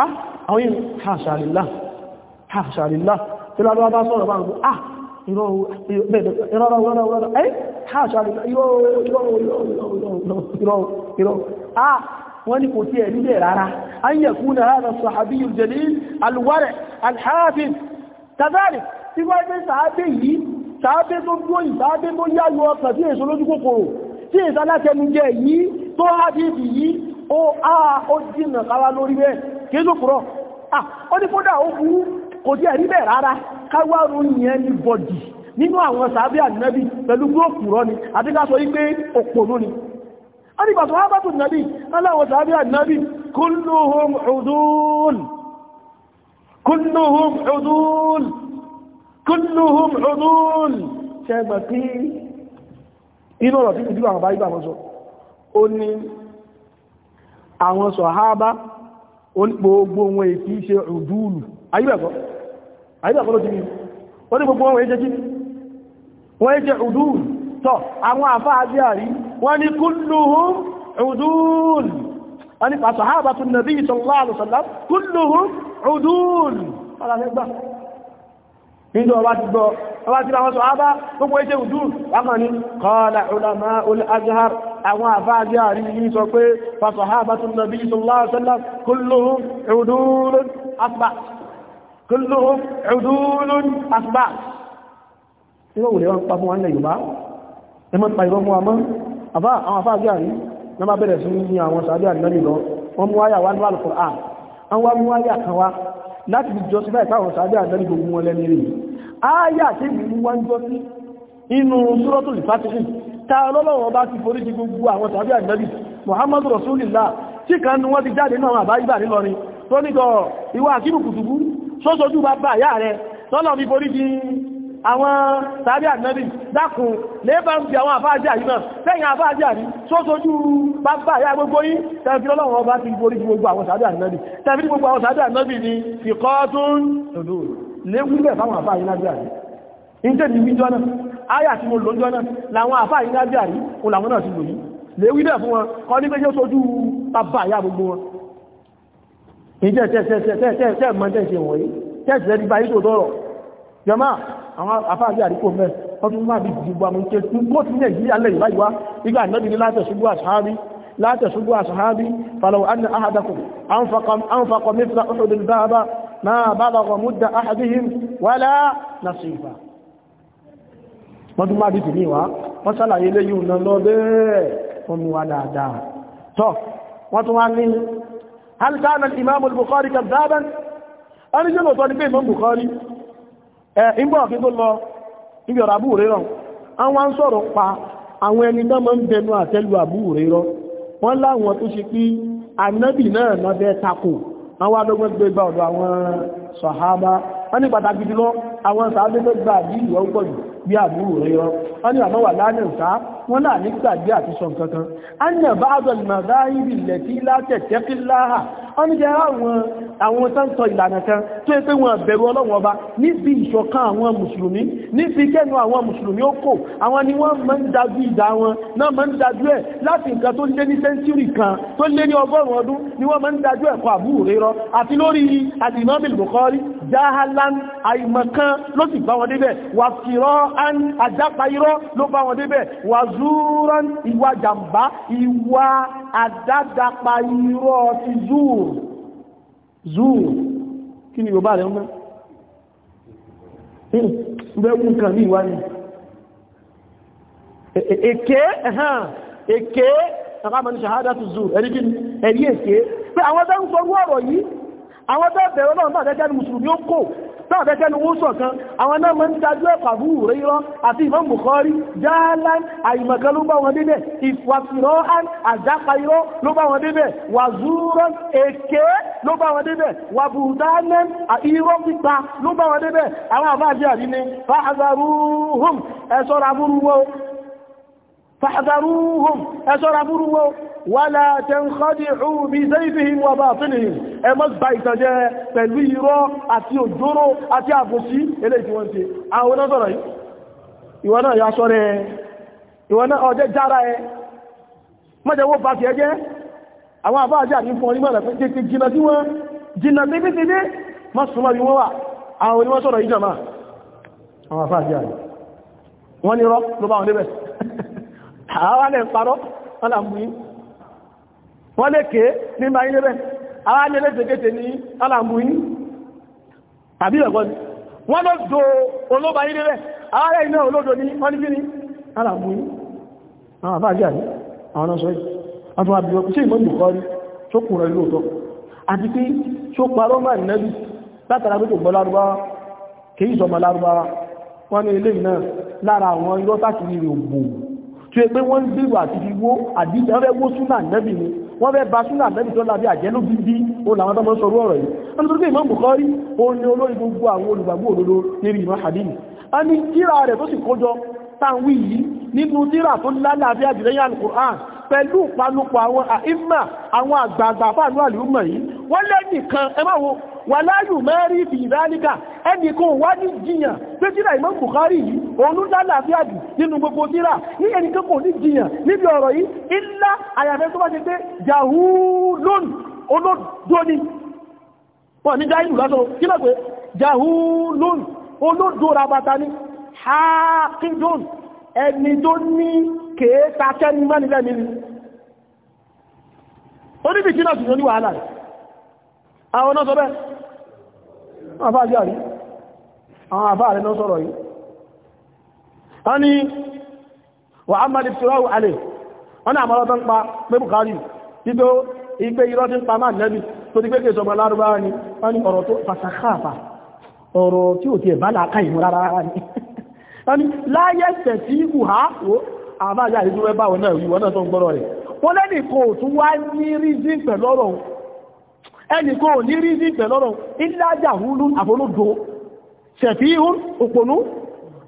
Ah, àwọn yìí hàṣàrìlá hàṣàrìlá tí lábá bá sọ̀rọ̀ bá ń gbọ́ ah ìrọ̀rọ̀rọ̀rọ̀ ẹ́ hàṣàrìlá ìrọ̀rọ̀rọ̀rọ̀ wọ́n ni kò tí ẹ̀ nílẹ̀ rárá an yẹ kúnà hádà sọ̀hábí jalil alwarẹ̀ alhafin tàbí tí wọ́n gbé sàábé yìí sàábé tó gbóyìn sàábé tó yáyọ ọkà tí èso lójú kòkòrò tí ìsálátẹnujẹ yìí tó hádìí yìí ó á ah, ó jìnà káwà lórí bẹ́ẹ̀ kìí ló ah ó ní kódà ó burú kò jẹ́ rí bẹ́ẹ̀ rárá káwárò yẹn ní bọ́dì nínú àwọn sàábí ànábì pẹ̀lú gbóòkùrọ̀ ni àti ká sọ wípé òpònú ni a nígbà tó wá bá tó nàbí aláwọ̀ sàábí ànábì kulluhum udul kulluhum udul kulluhum udul ṣẹgbẹ̀ pé inú ọ̀rọ̀ tí gbogbo wọn èkì ṣe rùdúùlù ayíbẹ̀kọ́ ayíbẹ̀kọ́ ló ti ní wọ́n ní gbogbo wọn èjẹ́ kí wọ́n èjẹ́ rùdúùlù tọ́ àwọn àfáà bí àrí wọ́n ní kulluhum rùdúùlù wọ́n ní sàhábàtu nàbí sallallahu alaihi wasallam kulluhum rùdúùlù nínú ọba ti gbọ́ ọba ti ra àwọn àfáàjí àríwí yìí sọ pé fasahabatun nabi sallallahu alaihi wasallam kulluhum udulun asba kulluhum udulun asba tí wọ́n wùlé wọn pa fún wọn lẹ́yìn bá ẹmọ́ pa ìrọ́ mú àmọ́ àwọn àfáàjí àríwí na máa bẹ̀rẹ̀ sí ní àwọn sàájú àríwí lọ wọ́n mú àyà wá ní al-Qur'an an wá mú àyà ta ọlọ́lọ́wọ́ bá ti forí ti gbogbo àwọn tàbí ànábì muhammadu rasulillah tí kan ní wọ́n ti jáde náà àbáyíbà nílọrin tó nítọ̀ ìwà àkínú kùtùkú sóṣojú bá bá yà rẹ̀ tọ́lọ̀ fi forí ti àwọn tàbí ànábì dákùn lẹ́bà ń fi àwọn àfáàjá yìí náà fẹ́yìn àfáàjá rí sóṣojú bá bá yà gbogbo yìí tẹ́fì ọlọ́run ọba ti forí gbogbo àwọn tàbí ni fìkọ́ tó áyà tí mo lò ń jọ náà làwọn àfáà yìí lábí àrí òun làwọn náà ti lò yìí lè wí dẹ̀ fún wọn kọ́ ní pé yóò sojú bàbá àyà gbogbo wọn ìjẹ́ tẹ́ẹ̀tẹ́ẹ̀tẹ́ẹ̀tẹ́ẹ̀ mọ́ tẹ́ẹ̀ṣẹ̀ wọ̀nyí tẹ́ẹ̀ṣẹ̀ ti bá yí tó tọ́rọ̀ jọmá àwọn àfáàbí àríkò mẹ́ ọdún máa bí gbogbo àmú tẹ́ tún kó tí nàìjíríà lẹ́yìn báyìí wá nígbà náàbí ní látẹ̀ṣúgbó àṣáábí látẹ̀ṣúgbó àṣáábí falau an wọ́n tún máa dìtì níwá wọ́n sálàyé lé yíò náà lọ bẹ́ẹ̀ omi wa dáadáa tọ́ wọ́n tún wá ní alkana imam al-bukhari kadhaban ẹni jẹ́ lọ́tọ́ ní pé imam bukhari ẹ ìgbọ́ ọ̀fin tó lọ ibi ọ̀rọ̀ àbúrò pa àwọn ẹni náà máa ń bẹnu àtẹ́lu àbúrò rẹ̀ wọ́n láwọn tó ṣe pé ànábì náà lọ́bẹ̀ẹ́ takò àwọn wọ́n ní pàtàkì jùlọ àwọn sàádé tó gbà bí ìwọ̀ pọ̀ jù bí àbúrò rẹ̀ yọ wọ́n ní àmọ́wà lánàá wọ́n náà ní gbàgbé àti sọ nǹkankan anna ba'dal madhahibi allati la tattaqillaha wọ́n ní jẹ́ àwọn àwọn tán sọ ìlànà kan tó yẹ pé wọ́n bẹ̀rù Ọlọ́run Ọba níbi ìṣọ̀kan àwọn mùsùlùmí níbi kẹ́nu àwọn mùsùlùmí ó kò àwọn ni wọ́n máa ń dájú ìdá wọn náà máa ń dájú ẹ̀ láti nǹkan tó lé ní sẹ́ńtúrì kan tó lé ní ọgọ́rùn-ún ọdún ni wọ́n máa ń dájú ẹ̀kọ́ àbúrò rírọ àti lórí àdìmọ́bìlì Bukhari jahalan àìmọ̀kan ló sì bá wọn débẹ̀ wà fìrọ́ ló bá wọn débẹ̀ wà zúúrán ìwà jàmbá ìwà àdádapa irọ́ ti zúúr zúúr kí ni yorùbá rẹ̀ ń mẹ́ kan ní ìwà ni e, e, èké ẹ̀hàn èké àkámọ̀ ní ṣàhádà tó zúúr ẹ̀rí kí ẹ̀rí èké pé àwọn tẹ́ ń sọ ọ̀rọ̀ yìí àwọn tẹ́ bẹ̀rẹ̀ náà náà náà fẹ́ kẹ́nu wó sọ̀kan àwọn náà mọ́ ń dájú ẹ̀kọ́ Abu Hurairah àti Imam Bukhari jahalan àìmọ̀kan ló bá wọn débẹ̀ ìfàfirọ́hán àdápayọ́ ló bá wọn débẹ̀ wàzúrán èké ló bá wọn débẹ̀ wàbùdánán irọ́ wàlá tẹ́ǹkọ́dì òbí zẹ́ìfihìn wà bá fínihìn ẹ mọ́ gba ìtànjẹ pẹ̀lú irọ́ àti òjòrò àti àbòsí eléyìí tí wọ́n ṣe àwọn náà sọ̀rọ̀ yìí ìwọ náà yá sọ́rẹ́ ẹ ìwọ náà ọjẹ́ jára ẹ mọ́jẹ̀wó bá ti ẹjẹ́ àwọn àbá àjá ní fún onímọ̀ ẹ̀fẹ́ tètè jìnà sí wọn jìnà wọ́n wà rọ́ ló wọn débẹ̀ àwọn alẹ́ parọ́ wọ́n là ń bú yín wọ́n lè ní bá yí lébẹ̀ ara ní ẹlẹ́sẹ̀kẹ́sẹ̀ ní alàmù yí tàbí ẹ̀kọ́ ni wọ́n ló do olóba yí lébẹ̀ ara iná olódo ní wọ́n ní kíní alàmù yí àwọn àbájá ní àwọn ọ̀sọ́ yìí wọ́n tún wá bí wọ́n sí ìmọ̀ ìbùkọ́ rí tó kùnrọ̀ ilé òtọ́ àti pé tó parọ́ mà nẹ́bí látara pé kò gbọ́ lárúbáwá kìí sọmọ lárúbáwá wọ́n ní ilé náà lára àwọn irọ́ tákìrí rẹ̀ ògbò tí ó pé wọ́n ń gbèrò àti fi àdíjẹ́ wó súnà nẹ́bì wọ́n fẹ́ bá súnà àbẹ́bì tó lábí àjẹ́lú gidi o làwọn tó mọ́ sọ̀rọ̀ ọ̀rọ̀ yìí wọ́n tó gbé Imam Bukhari o ní olórí gbogbo àwọn olùgbàgbọ́ òdodo nírí ìmọ̀ hadith a ní tíra rẹ̀ tó sì kójọ táwí yìí nínú tíra tó lálàáfíà al-Qur'an pẹ̀lú ìpanupọ̀ àwọn àìmà àwọn àgbààgbà fáànú àlùmọ̀ yìí wọ́n lẹ́nìkan ẹ máa wo wà láyù mẹ́rin fi ìdáníkà ẹni kò wá ní jiyàn pé tíra Imam Bukhari yìí òun lálàáfíà jù nínú gbogbo tíra ní ẹnìkan kò ní jiyàn níbi ọ̀rọ̀ yìí ilá àyàfẹ́ tó bá ṣe pé jahulun olódóni wọ́n ní jáìlù lásán kí lọ jahulun olódóra bàtà ní haakidun ẹni tó ní kèéta kẹ́ni mẹ́nilẹ́mi ni oníbìtí náà sì ní wàhálà àwọn náà sọ bẹ́ẹ̀ àfáà jàrí àwọn àfáà rẹ̀ lọ sọ̀rọ̀ yìí a ní wà á máa dìtìrọ̀ alẹ́ wọ́n ní àmọ́lọ́ tó ń pa pé Bukhari gbígbó igbe irọ́ tí ń pa máa nẹ́bí tó ti gbégbé ìṣọ̀gbọ̀n lárúbáwá ni wọ́n ní ọ̀rọ̀ tó fàṣàkáàfà ọ̀rọ̀ tí ò ti ẹ̀bá làákà ìmú rárá ni ẹnìkan ò ní rí sí ìpẹ̀lọ́rọ̀ ìlàjà húlú àfolódò ṣẹ̀fí hún òpònú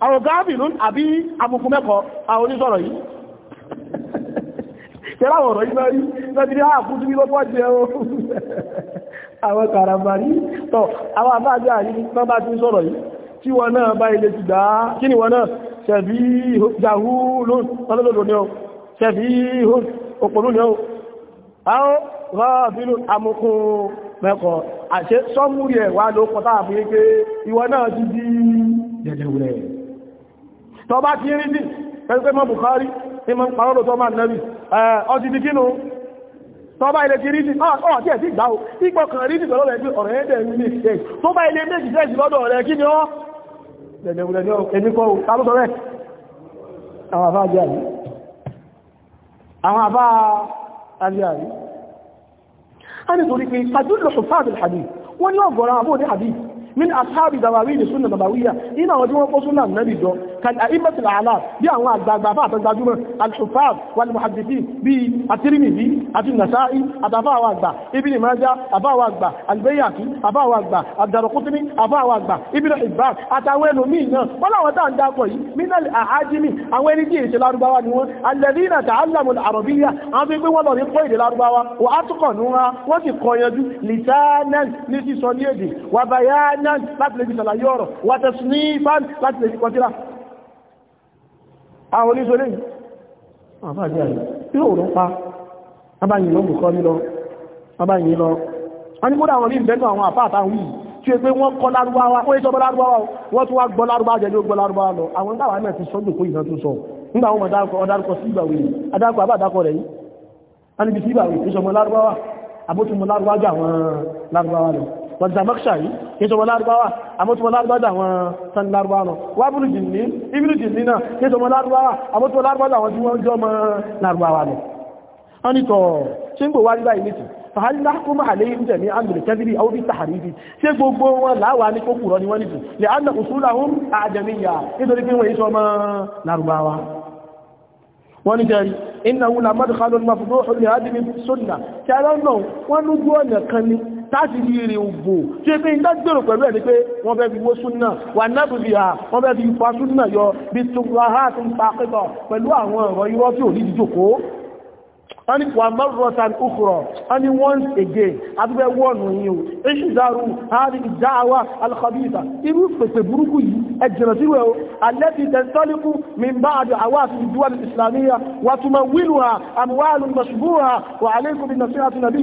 àwọ̀gáàbìlú àbí amukúmẹ́kọ̀ àwọn onísọ̀rọ̀ yìí tẹ́láwọ̀rọ̀ yìí lọ́rí lọ́tí ní àkútú bí lọ́pọ̀ jẹ́ o àwọn kàràmàrí tọ́ àwọn àbájá yìí tán bá ti sọ̀rọ̀ yìí tí wọn náà bá ilé ti dáa kí ni wọn náà ṣẹ̀fí jàhú lóòrùn ni ó ṣẹ̀fí rọ́ọ̀bínú amukun mẹ́kọ̀ àṣẹ sọ́múrí ẹ̀ wà ló kọta àfihàn pé ìwọ náà ti di jẹjẹrẹ rẹ̀ tó bá ti rí sí pẹ́sẹ́ mọ́ Bukhari ní mọ́ parọ́lò tó máa nẹ́bì ọdí ti kínú tó bá ilẹ̀ ti rí sí ọ̀tí ẹ̀ sí ìgbà ó ipò kan rí sí pẹ̀lọ́lẹ̀ pé ọ̀rẹ́ ẹ̀dẹ̀ ní ní ìṣẹ́ tó bá ilẹ̀ méjì fẹ́ẹ̀sì lọ́dọ̀ rẹ̀ kí ni ó jẹjẹrẹ ní ẹ̀mí kọ́ ta ló sọ rẹ̀ àwọn àbá àjẹ́ àrí àwọn àbá àjẹ́ àrí a nítorí pé àdúlò ṣùfáàdì hadith wọ́n ní ọ̀gọ̀rọ̀ àbóde hadith min ashabi dawawi ni sunna dawawiya ina wajen wọn kó sunna nabi jọ kan a ibatul ala bí àwọn àgbààgbà fa àtàgbàjúmọ̀ al-hufaz wal muhaddithin bí at-tirmidhi àti nasa'i àtàfà àwọn àgbà ibn majah àfàwọn àgbà al-bayhaqi àfàwọn àgbà ad-darqutni àfàwọn àgbà ibn hibban àtàwọn ẹlòmíì náà wọ́n láwọn tá à ń dákọ̀ yìí min al ni wọ́n alladhina ta'allamu al-arabiyya àwọn tó gbé wọ́n lọ ní kọ́ èdè lárúbáwá wọ́n á túkọ̀ nù wọn wọ́n sì bayanan láti lè fi ṣàlàyé ọ̀rọ̀ wàtẹ̀sùn ní ìfán láti lè fi kọtíra àwọn oníṣòrí àbájẹ́ àyè tí ó rọ pa abáyìn lọ bùkọ́ nílọ abáyìn lọ wọ́n ni kódà àwọn ní ìbẹ́nu àwọn àpá àtàwọn yìí tí ó pé wọ́n kọ́ lárúbáwá ó yẹ́ sọ́bọ́ lárúbáwá wọ́n tún wá gbọ́ lárúbá jẹ́ ló gbọ́ lárúbá lọ àwọn dáwà náà ti sọ́dún kó ìran tó sọ nígbà wọn ọdárúkọ sí ìgbà wèrè adárúkọ àbá àdákọ rẹ̀ yìí wọ́n níbi sí ìgbà wèrè tó sọmọ lárúbáwá àbótúmọ lárúbáwá jẹ́ àwọn lárúbáwá lọ wọ́n zamakṣà yìí kéṣọ wọn lárúbáwà àmótúwọ́ lárúbáwà àwọn tán lárúbáwà lọ wà búrú jìnlẹ̀ ibùrú jìnlẹ̀ náà kéṣọ wọn lárúbáwà àmótúwọ́ lárúbáwà àwọn tí wọ́n jọ mọ́ lárúbáwà lọ wọ́n ni tọ̀ ṣe ń gbò wá rí báyìí nìtì fàhálí lákùnmọ̀ àléyìn jẹ̀mí àmìlì kẹ́bìrì àwọn bí tàhàríbì ṣe gbogbo wọn láwà ní kó kùrọ ni wọ́n nìtì lè ánà òṣùláhùn àjẹmíyà nítorí pé wọ́n yí sọ lárúbáwá wọ́n ní jẹ́rí táàsì ní ìrì ògbò tí pé ń dágbèrò pẹ̀lú ẹ̀ ní pé wọ́n fẹ́ fi wó súnà wà nábùbì à wọ́n fẹ́ fi fa súnà yọ bí tuwahá tó ń pa pẹ́tọ̀ pẹ̀lú àwọn ọ̀rọ̀ irọ́ tí ò ní ìdíjòkó wọ́n ni wà mọ́rọ̀tàn òkúrọ̀ wọ́n ni once again abúgbẹ́ wọ́nù yíò ìṣìdáru àárí ìdáwà alkhabita irú pèsè burúkú yìí ẹjìnà sí we o alẹ́bí tẹ́ntọ́líkú mímbá àdó àwà fi duwal islamiyya wà túnmọ̀ wílùwà àmúwàlù mọ̀ṣùgbùwà wà alẹ́kùnrin nàfíà tún nàbí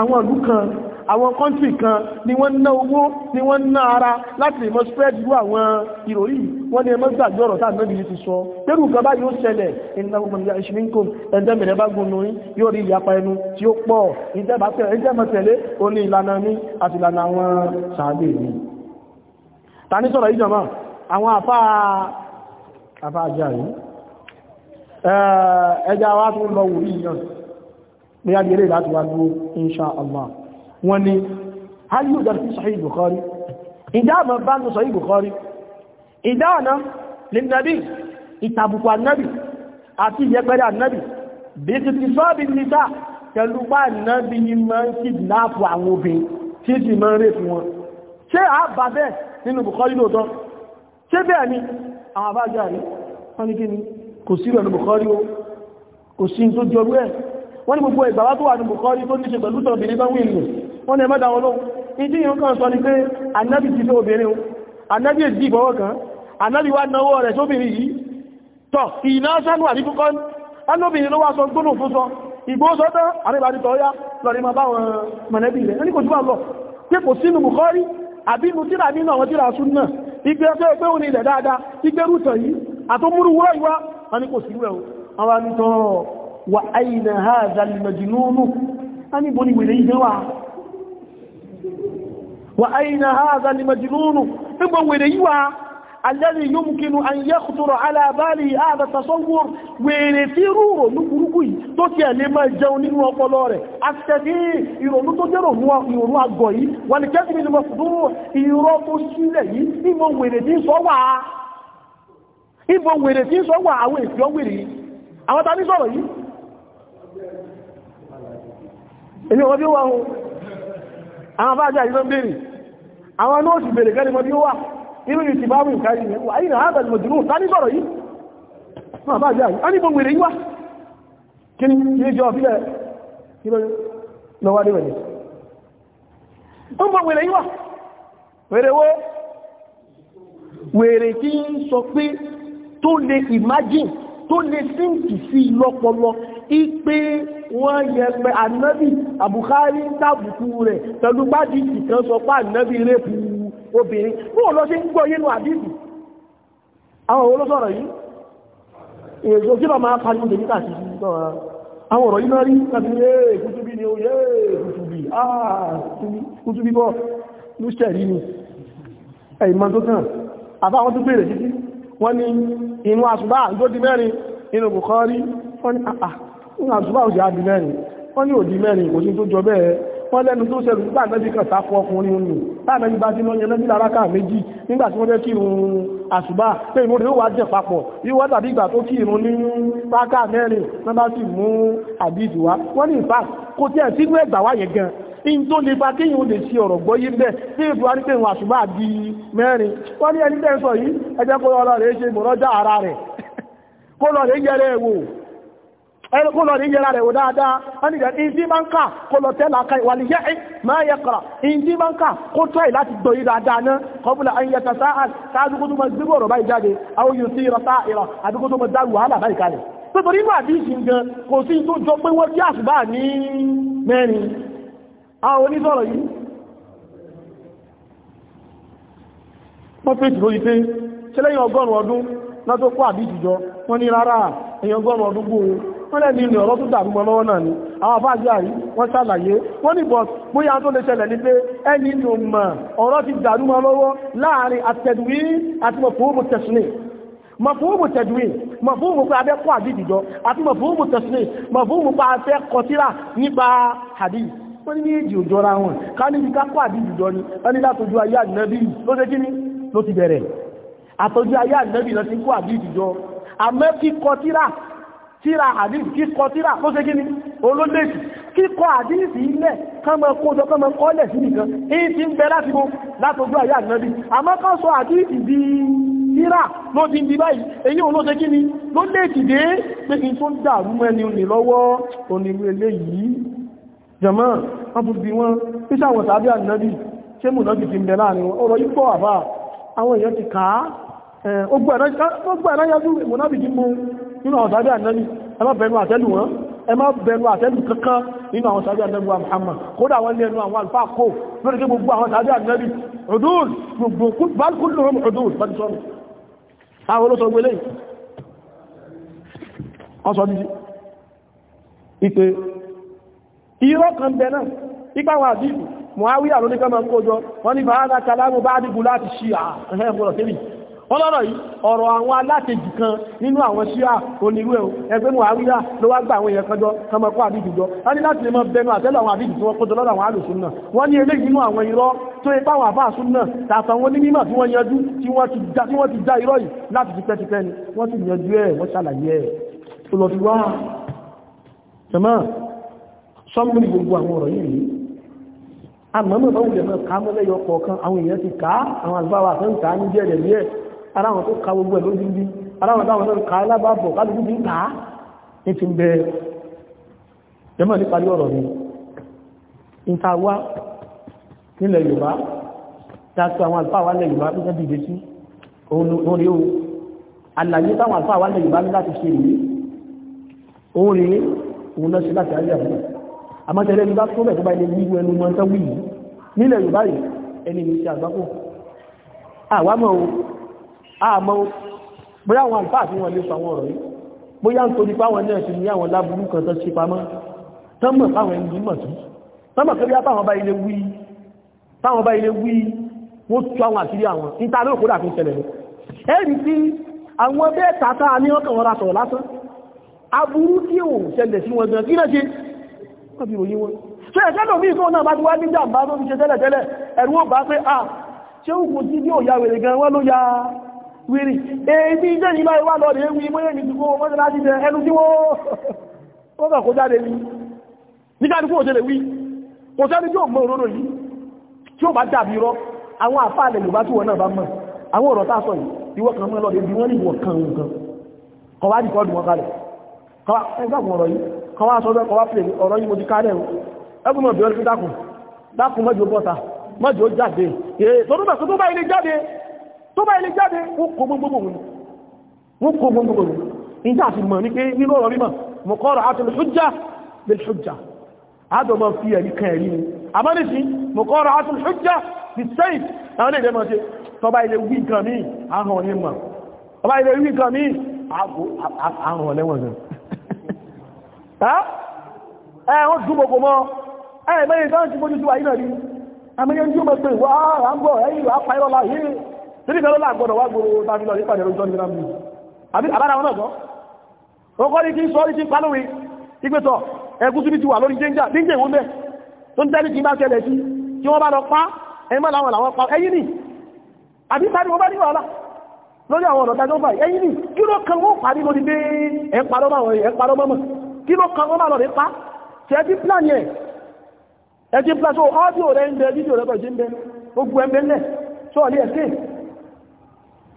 àwọn ìlú kan àwọn kọ́ntì kan ni wọ́n ná owó ni wọ́n ná ara láti lè mọ́ spread irú àwọn ìròyìn wọ́n ní ẹmọ́ gbàgbé ọ̀rọ̀ táà mẹ́bìí ti sọ pẹ̀lú nǹkan báyìí ó ṣẹlẹ̀ iná ọmọ ìyá ìṣìmínkò ẹ̀jẹ̀ mẹ̀rẹ̀ bá gùn lórí yóò rí ìyapa ẹnu tí ó pọ̀ ẹ̀jẹ̀ mọ̀tẹ̀lé ó ní ìlànà mi àti ìlànà àwọn sàádé bóyá bí eré láti wá dúró insha Allah wọ́n ní hal yudar fi sahih Bukhari ìdáàmà bá ń sahih Bukhari ìdáàna linnabi ìtàbùkù annabi àti ìyẹpẹrẹ annabi bí ti ti sọ́ọ̀bì nìta pẹ̀lú bá annabi ni máa ń kí láàpù àwọn obìnrin tí ti máa ń rè fún kò sí rẹ̀ Bukhari o kò sí tó ẹ̀ wọ́n ní gbogbo ìgbàwá tó wà ní Bukhari tó níṣe pẹ̀lú tọ̀bìnrin tán wí nù wọ́n ní ẹmẹ́ta wọn lóhun ìdí yìí kan sọ ni pé anábì ti fẹ́ obìnrin anábì èdè ìbọwọ́ kan anábì wá náwó rẹ̀ sóbìnrin yìí tọ̀ ìná sánú àti fúkọ́ anóbìnrin ló wá sọ gbónù fún sọ ìgbó sọ tán àríbà ti tọ́yá lọ́rí ma báwọn mọ̀lẹ́bí rẹ̀ ní kò túbà lọ pé kò sínú Bukhari àbí inú tíra nínú àwọn tíra sún náà igbe ọjọ́ ìpé òní ilẹ̀ dáadáa igbe rútọ̀ yìí àtúmúrú wúrọ̀ ìwá wọn ni kò sínú ẹ̀ wà áyìnà ha zalimajinúnú a níbo ni wèrè ìjẹ́ wà wà áyìnà ha zalimajinúnú níbo wèrè yí wà alẹ́rì yóò mú kínú an yẹ́ kùtùrọ̀ alábáàlì àbàtàsọ́wọ́ wèrè tí rúrò ní burúkú yìí tó ti ẹ̀lẹ́ máa jẹun nínú ọpọlọ rẹ̀ àtẹ̀dí ìrònú tó jẹ́rò ìrònú àgọ̀ yìí wà ní kẹ́sìmì ni mo fùdúrò ìrọ́ tó sílẹ̀ yìí níbo wèrè tí sọ wà àwọn èsì ọwèrè àwọn tàbí sọ̀rọ̀ yìí èmi ọmọ bí ó àwọn àbájá ìlú bèèrè àwọn náà sì bèèrè gẹ́lẹ́mọ́ bí ó wà inú yìí bá mú ìkárí ìwà ayé náà àbẹ̀lẹ̀ mọ̀jùlù ta sọ̀rọ̀ yìí wọ́n àbájá ní ni imagine ipe wọ́n yẹpẹ̀ ànábì àbùkárí tàbùkú rẹ̀ pẹ̀lú gbájìtì kan sọ pá ànábì rẹ̀pù obìnrin fún olóṣe ń gbọ́ yínú àdìsì àwọn olóṣọ̀rọ̀ yìí èso kí máa pariwo dèmí kàṣí àwọn ọ̀rọ̀ yìí náà rí tàbí ah kútúbí bọ́ lúṣẹ̀rí ni ẹ̀yìnmọ́ tó kàn àbáwọn tó bèèrè títí wọ́n ní inú àṣùgbà Bukhari wọ́n ní àà ah, ah, ní àṣùbà òjò àdì mẹ́rin wọ́n ní òdì mẹ́rin kò sí tó jọ bẹ́ẹ̀ wọ́n lẹ́nu tó ṣẹlù nígbà mẹ́bí kan sáfọ́ ọkùnrin nù láàmẹ́bí bá ti lọ́yẹ mẹ́bí láráká méjì nígbà tí wọ́n jẹ́ kí irun àṣùbà pé ìrun rẹ̀ ó wá jẹ́ papọ̀ ìwọ́ tàbí ìgbà tó kí irun ní ráká mẹ́rin wọ́n bá sì mú àbíjù wá wọ́n ní ìfà kò ẹni kó lọ ní yẹra rẹ̀ wò dáadáa wọ́n ni ìdí ìdí máa ń kà kó lọ tẹ́lá ka ìwà nìyẹ́ ẹ̀ máa yẹ kọ̀rọ̀ ìdí máa ń kà kó tọ́ ì láti dòyí dáadáa náà kọ́bùlà ayẹyẹ tàṣà àti kó tó máa gbígbó ọ̀rọ̀ báyìí jáde àwọn yóò sí ìrọ̀ máa dá wàhálà báyìí kalẹ̀ nítorí inú àdíjì gan kò sí tó jọ pé wọ́n kí àṣùbà ní mẹ́rin àwọn onísọ̀rọ̀ yìí wọ́n fèsì lórí pé ṣẹlẹ́yìn ọgọ́rùn ọdún kó àdíjì jọ wọ́n ní rárá wọ́n lẹ́ni ilẹ̀ ọ̀rọ̀ tó dàrú mọ́ lọ́wọ́ náà ni àwọn àbájá rí wọ́n ṣàlàyé wọ́n ní bọ̀ bóyá tó lè ṣẹlẹ̀ ní pé ẹni tó mọ̀ ọ̀rọ̀ ti dàrú mọ́ lọ́wọ́ láàrin àtẹ̀dùwí àti mọ̀fóòmù tẹ̀sùnì mọ̀fóòmù tẹ̀dùwí mọ̀fóòmù pé abẹ́ kọ́ àdìdì jọ àti mọ̀fóòmù tẹ̀sùnì mọ̀fóòmù pé afẹ́ kọtíra nípa hadith wọ́n ní méjì ò ni ẹni látọjú ayé àdìnẹ́bí ló ṣe kí ni ló ti bẹ̀rẹ̀ àtọjú ayé àdìnẹ́bí lọ ti kọ́ àdìdì tíra tíra hadith kíkọ tíra kó ṣe gíní olóòdèjì kíkọ hadith ilẹ̀ kánmọ̀ kójọ kánmọ̀ kọ́lẹ̀ sí nìkan èyí tí ń bẹ láti bó látojú àyà ànábì àmọ́ ká sọ hadith di tíra ló ti ń di báyìí èyí olóòdè gíní lóòdèjì dé pé kí tó ń dàrú ẹni òní lọ́wọ́ onílú eléyìí jọmọ́ wọ́n tún bí wọ́n písàwọ̀ sábẹ́ ànábì ṣé mùnà ti gbogbo eh, ẹ̀rọ eh, yájú ìmúnábìdí mú nínú àwọn sàábí ànẹ́lì ẹ má bẹnu àtẹ́lù wọn ẹ má bẹnu àtẹ́lù kankan nínú àwọn sàábí ànẹ́lì Muhammad kódà wọ́n lé ẹnu àwọn alfáà kó lórí gbogbo àwọn sàábí ànẹ́lì ọdún gbogbo bálkúlù rọm ọdún bá ti sọ́rọ̀ àwọn olóṣogbo eléyìí ọsọ ní ipe irọ́ kan bẹ náà ipa wà bí wọ́n lọ́rọ̀ yìí ọ̀rọ̀ àwọn alátejì kan nínú àwọn ṣíà onírú ẹ̀ ẹgbẹ́ mọ̀ àríyá ló wá gba àwọn èèyàn kanjọ kọmọkọ́ àbíjì jọ wọ́n ní láti lè mọ bẹnu àtẹ́lẹ̀ àwọn àbíjì tí wọ́n kójọ lọ́dọ̀ àwọn alùsùn wọ́n ní eléyìí nínú àwọn irọ́ tó ipá àwọn àbá àsùn tàtàwọn onímọ̀ tí wọ́n yanjú tí wọ́n ti já irọ́ yìí láti ti pẹ́tipẹ́ ni wọ́n sì yanjú ẹ̀ wọ́n ṣàlàyé ẹ̀ tó lọ fi wá jẹmọ́ sọ́mùnì gbogbo àwọn ọ̀rọ̀ yìí àmọ́mọ́ báwọn jẹ̀mọ́ ká mọ́lẹ́yọ kọ̀ọ̀kan àwọn èèyàn ti ká àwọn àlùfáà wà fẹ́ ń ká ní jẹ́rẹ̀ bí aláwọn tó ka gbogbo ẹ̀ lójú bí aláwọn táwọn náà ka alábàbọ̀ kálukú bí ń kà á ní ti bẹ jẹmọ́ ní parí ọ̀rọ̀ ni ìta wá nílẹ̀ Yorùbá dáàtú àwọn àlùfáà wà nílẹ̀ Yorùbá tó jẹ́ dìde sí òun rí o àlàyé táwọn àlùfáà wà nílẹ̀ Yorùbá ní láti ṣe rèé òun rí òun lọ sí láti àmọ́ bóyá àwọn àlùfáà tí wọ́n lè sọ àwọn ọ̀rọ̀ yìí bóyá ń torí páwọn náà ti ní àwọn láburú kan tó ṣe pamọ́ tánmọ̀ páwọn ẹni mọ̀ sí tánmọ̀ kí táwọn bá bá ilé wí wọ́n tú àwọn àṣírí àwọn níta ló kódà fi ṣẹlẹ̀ ẹ̀rí tí bá ti wá ṣe tẹ́lẹ̀ tẹ́lẹ̀ ẹ̀rú ah, ní òyà gan wọ́n ló ya wírí èébí jẹ́ ìlà ìwà lọ́dẹ̀ ewu imọ́yẹ́ mi dùgbò mọ́sí láti jẹ ẹnu tí wọ́n kà kó jáde ní nígbàdùkú òjèlè wí kò sẹ́ni tí ó mọ́ òróró yìí tí ó bá dàbí rọ àwọn àfáàlẹ̀ ló bá tí wọ́n náà bá mọ̀ àwọn ọ̀rọ̀ tàà tó bá ilé jáde wọ́n kó gbogbo wọn wọ́n kó gbogbo wọn ìjà àti mọ̀ ní pé nínú ọ̀rọ̀ mímọ̀ mọ̀kọ́rọ̀ àtìlẹ̀ ṣújá lè ṣújá àádọ́mọ̀ fi ẹ̀rí kan ẹ̀rí ni àmọ́nìsí mọ̀kọ́rọ̀ àtìlẹ̀ ṣújá ti sẹ́yìn àwọn ilé ìdẹ́mọ̀ ṣe tọba ilé wí torí kan ló là gbọ́dọ̀ wá gbòòrò tàbí lọ nípa ìròjọ́ ní rámi àbí àbára wọn náà ó kọ́ ní kí sọ ní kí pálówé ìgbésọ̀ ẹgúsù bí ti wà lórí jẹ́ńjà níjẹ́ ìwọ́n bẹ́ tó ń tẹ́lì kí bá ṣẹlẹ̀ sí kí wọ́n bá lọ pa ẹmọ́ làwọn làwọn pa ẹ̀yin ni àbí parí wọ́n bá ní wàhálà lórí àwọn ọ̀nà tàbí ọba ẹ̀yin ni kí ló kan wọ́n parí lórí pé ẹ̀ parọ́ máa ẹ̀ parọ́ mọ́mọ́ kí ló kan wọ́n bá lọ rí pa ṣe ẹjí plan yẹn ẹjí plan so ọ́dí òrẹ́ ń bẹ fídíò rẹ̀ bẹ̀ ṣe ń bẹ gbogbo ẹ̀ ń bẹ lẹ̀ sọ́ọ̀lì ẹ̀sìn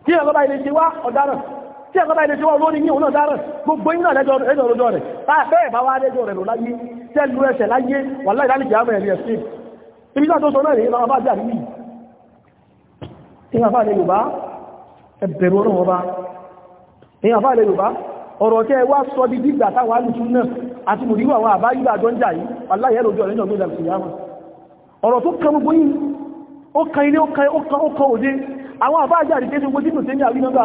tí ẹ̀lọ́bá ilé ṣe wá ọ̀daràn tí ẹ̀lọ́bá ilé ṣe wá olórin ní òun ọ̀daràn gbogbo iná ẹjọ́ ọjọ́ rẹ̀ bẹ́ẹ̀ bá wá ẹjọ́ rẹ̀ lò láyé tẹ́lu ẹsẹ̀ láyé wà láì láti jàmọ̀ ẹ̀rí ẹ̀sìn ibi tó sọ náà rí ma bá jà níbi tí wọ́n fà lè Yorùbá ẹ̀bẹ̀rù ọ̀rọ̀ wọn bá ní wọ́n fà lè Yorùbá ọ̀rọ̀ tẹ́ wá sọ di dìgbà táwọn alùsùn náà àti mùdíwà àwọn àbá yígbà jọ ń jà yìí wà láì ẹ̀rọ ojú ọ̀rẹ́jọ́ gbé ọ̀rọ̀ tó kan gbogbo yìí ó kan ilé ó kan òde àwọn àbá àjáàrí kéjì ogun tínú sí ní àwínọ́gbà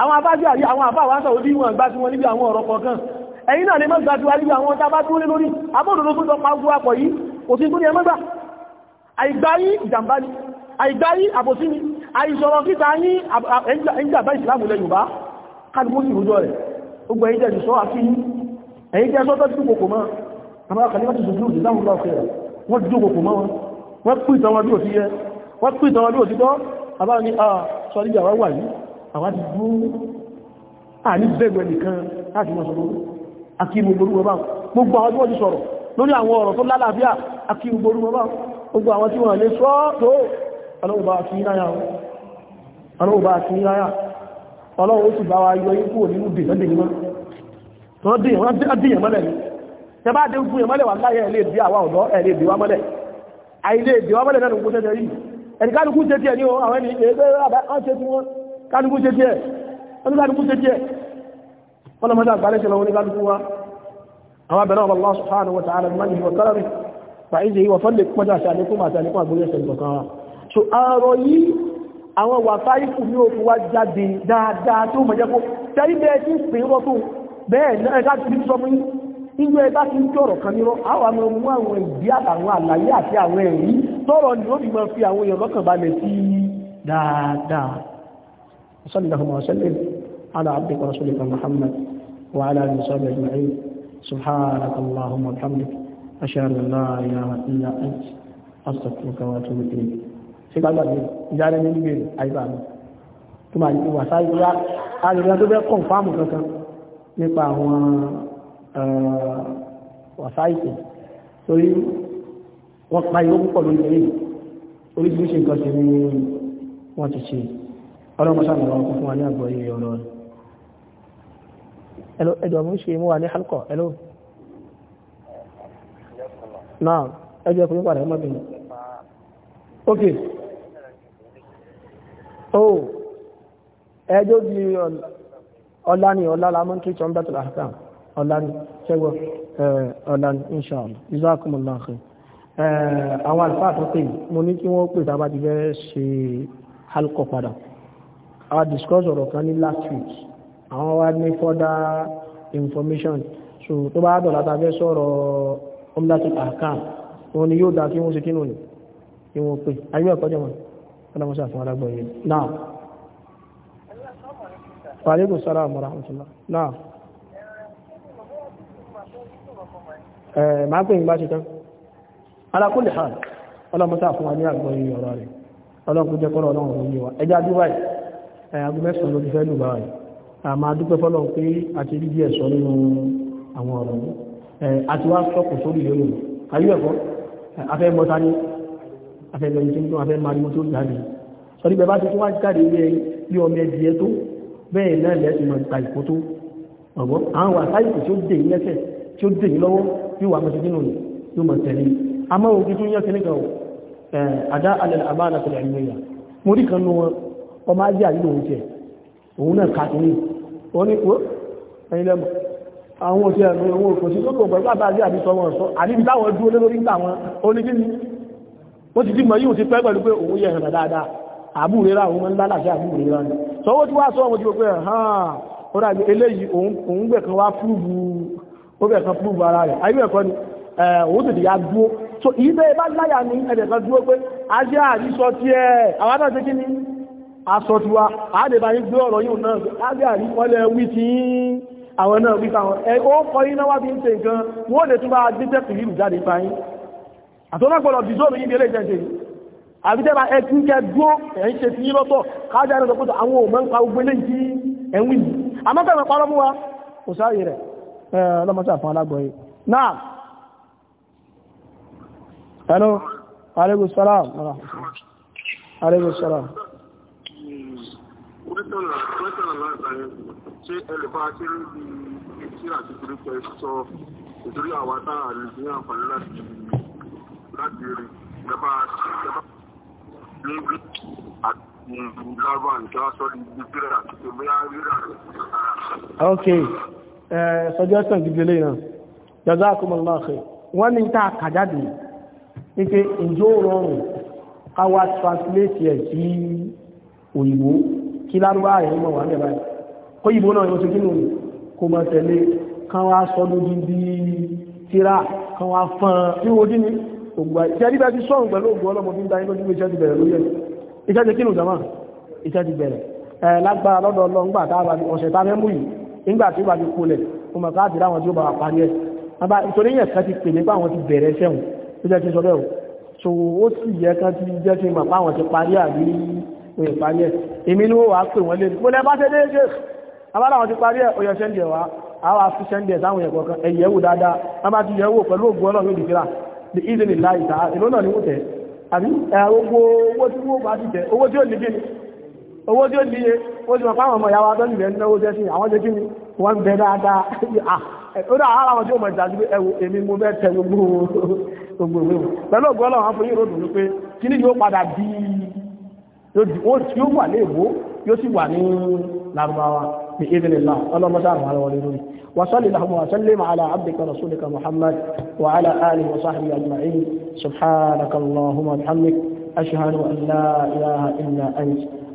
àwọn àbá àjáàrí àwọn àbá àwọn àṣà òdí wọn gbá sí wọn níbi àwọn ọ̀rọ̀ kọ̀ọ̀kan ẹ̀yìn náà lè mọ́ gbá sí wá níbi àwọn tábá tó lé lórí abóòdòdó tó tọpa ogun apọ̀ yìí kò sí tó ní ẹmọ́gbà àìgbáyí ìjàmbá ni àìgbáyí àbòsí ni àìsọ̀rọ̀ kíta yí ẹ̀yìnjàmbá ìsìlámù lẹ Yorùbá kálùmọ́sì rújọ rẹ̀ ogun ẹ̀yìn jẹ́ ìṣọ́ àfi ẹ̀yìn jẹ́ sọ́tọ́ tí kòkò mọ́ àwọn akàlẹ́mọ́sì sùgbùrù ìsìlámù lọ́fẹ́ rẹ̀ wọ́n dúkòkò mọ́ wọn wọ́n pù ìtàwọn bí òsì yẹ wọ́n pù ìtàwọn bí òsì tọ́ àbá ní à ah, sọ́rí àwọn wà ní àwọn ti bú à ní bẹ̀rẹ̀ nìkan láti mọ́ sọ́rọ̀ akíru gbogbo ọba gbogbo àwọn tí wọ́n ti sọ̀rọ̀ lórí àwọn ọ̀rọ̀ tó lálàáfíà akíru gbogbo ọba gbogbo àwọn tí wọ́n lè sọ́ tó ọlọ́ọ̀bá àti ìráyà ọlọ́wọ́ ó sì bá wa yọ ikú nínú dìyàndì ní máa tọ́ dìyàn mọ́lẹ̀ ní tẹbá dé fún ìyàn mọ́lẹ̀ wà láyé ẹ̀lẹ́ ìdí ọ̀dọ́ ẹ̀lẹ́ ìdí mọ́lẹ̀ àìlẹ́ ìdí mọ́lẹ̀ náà ní ogún tẹ́tẹ́ yìí ẹni kálukú ṣe tiẹ̀ ní o àwọn ẹni ẹgbẹ́ wọn ṣe tí wọ́n kálukú ṣe tiẹ̀ wọ́n kálukú ṣe tiẹ̀ wọ́n lọ mọ́ta àgbálẹ̀ ṣẹlẹ̀ wọn ní kálukú wa àwọn abẹ̀rẹ̀ ọba Allah subhanahu wa ta'ala mani wa karami nígbà ẹ bá ti ń tọrọ kan nírọ́ àwọn àmọ́ mú àwọn ìdí àtàwọn àlàyé àti àwọn ẹ̀rí tọrọ ni ó fi máa fi àwọn èèyàn lọ́kàn balẹ̀ sí dáadáa صلى الله وسلم على عبدك ورسولك محمد وعلى tó máa ní kankan nípa àwọn wàsáìtì torí wọ́n pa ìwọ́ púpọ̀ lórí ilé oríṣiríṣi nǹkan ṣe ní wọ́n ti ṣe ọlọ́mọṣàmì àwọn ọkọ̀ fún wa ní àgbọ̀ ilé ọ̀rọ̀ ẹ̀lọ́ ẹ̀dọ̀ mú ṣe mú wa ní halkọ̀ ẹ̀lọ́ náà ẹjọ́ ìpínlẹ̀ padà oh ẹjọ́ di ọ̀la ni ọ̀la la mọ́ kí chọ́mbẹ́tò ọ̀lànì ṣẹ́gbọ́ ọ̀lànì inṣàlá jazakumullah khair. àwọn àlùfáà tó pè mo ní kí wọ́n pè tá a bá ti fẹ́ ṣe halkọ̀ padà our discuss ọ̀rọ̀ kan ní last week àwọn wá ní further information so tó bá dọ̀lá ta fẹ́ sọ̀rọ̀ umdatul ahkam wọn ni yóò dá kí wọ́n ṣe kínú ni kí wọ́n pè ayé ẹ̀kọ́ jẹ́ wọn wọ́n mọ́ sàfihàn alágbọ̀n yìí náà. Wa alaikum salaam wa náà. máa pè ń bá ṣe tán alákùnlé hàn ọlọ́mọta fún wa ní àgbọ̀ yìí ọ̀rọ̀ rẹ̀ ọlọ́kùn jẹ́ kọ́rọ̀ ọlọ́run yìí wa ẹjá dúbà yìí agun mẹ́sàn-án ló ti fẹ́ lù báyìí àmà dúpẹ́ fọ́lọ́run pé a ti rí díẹ̀ sọ nínú àwọn ọ̀rọ̀ yìí àti wá sọ́kù sórí lórí ayé ẹ̀kọ́ afẹ́ mọ́ta ní afẹ́ lẹ́yìn tí ń tún afẹ́ máa ní mọ́tò jáde sọ ní bẹ́ẹ̀ bá ti tún wá jáde ilé bí ọmọ ẹdìyẹ tó bẹ́ẹ̀ náà lẹ́sìn mọ̀ ta ìkótó ọ̀gbọ́n àwọn wàsáìkò tó dé lẹ́sẹ̀ tí ó dè yí lọ́wọ́ yóò wà mẹ́sẹ̀ nínú yóò mọ̀ tẹ̀lé àmọ́ òkú tó yẹ́ kìnnìkan ò àdá alẹ́ àmàlà tó lẹ́yìn mẹ́yà mo rí kan nú wọn ọmọ ajé àyílò oúnjẹ òun náà ká kìíní ó ní kó ẹyin lẹ́mọ̀ àwọn òṣèlú ẹ̀rọ owó kò sí tó kò pẹ̀lú bàbá ajé àbí sọ wọn sọ àníbi táwọn dúró ó bẹ̀rẹ̀ kan fún ara rẹ̀ ayé ẹ̀kọ́ ni òun tètè ya dúó so èyí tẹ́ láyà ní ẹ̀dẹ̀ kan dúó pé ajé àrísọ tí ẹ àwọn náà kí ni aṣọ ti wa àádẹ́bà ní gbé ọ̀rọ̀ yóò náà ajé àríkọ́lẹ̀ wí ti àwọn náà wí káwọn ẹ ó kọ iná wá bí ń ṣe nǹkan wọ́n lè tún bá gbé tẹ́kù yìí jáde Eh, ọlọ́mọṣà fún alágbọ̀nyé náà hello aleykum salaam aleykum salaam. ṣé ẹlẹ́fà ṣe ń bí okay. Eh, suggestion gidi lè náà jazakumullahu khair wọ́n ní tá kàjáde ní pé ìjó rọrùn káwà translate ẹ̀ sí òyìnbó kí lárúbá rẹ̀ mọ̀ wà ní ẹ̀báyìí kó ìbò náà yóò ti kí nù kó mọ̀ tẹ̀lé kan wá sọ lójú bí tíra kan wá fán ní ojú ní ògbà tí a rí bá ti sọ́run pẹ̀lú ògbà ọlọ́mọ bí ń darí lójú iṣẹ́ ti bẹ̀rẹ̀ lórí ẹ̀ iṣẹ́ ti kí nù jama iṣẹ́ ti bẹ̀rẹ̀ eh, lágbára lọ́dọ̀ ọlọ́ngbà tá a bá ọ̀sẹ̀ tá a nígbà tí ó bá fi kó lẹ̀ kó mọ̀ káàdì láwọn tí ó bá wà parí ẹ̀ bàbá ìtòrí yẹn kan ti pè nípa àwọn ti bẹ̀rẹ̀ sẹ́wọ̀n tó jẹ́ kí sọ bẹ́ẹ̀ o so ó sì yẹ kan ti jẹ́ kí n mọ̀ páwọn ti parí àbí oyè parí ẹ̀ èmi ni ó wàá pè wọ́n lé mo lẹ bá ṣe déédéé abára àwọn ti parí ẹ̀ oyè sẹ́ndì ẹ̀ wá àwọn afi sẹ́ndì ẹ̀ sáwọn ẹ̀kọ́ kan ẹ̀yẹ̀ wò dáadáa wọ́n bá ti yẹ̀ wò pẹ̀lú ògùn ọlọ́run ìdí kíra the easy life ìlú náà ni wọ́n tẹ̀ àbí ẹ̀ owó tí ó níye ó ti mọ̀ fáwọn ọmọ ìyá wa tó nílẹ̀ náwó jẹ́ sí àwọn jẹ́ kí ni wọ́n bẹ dáadáa ó dá ara wọn tí ó mọ̀ ìdájú pé ẹwù èmi mo bẹ́ tẹ gbogbo gbogbo ìwé pẹ̀lú ògbó ọlọ́run á fún yín ròdùn wípé kí ni yóò padà bí yóò wà ní èbó yóò sì wà ní Lárúbáwá bí ìdílé náà ọlọ́mọdé àwọn ará wọlé lórí وصل اللهم وسلم على عبدك رسولك محمد وعلى آله وصحبه أجمعين سبحانك اللهم وبحمدك أشهد أن لا إله إلا أنت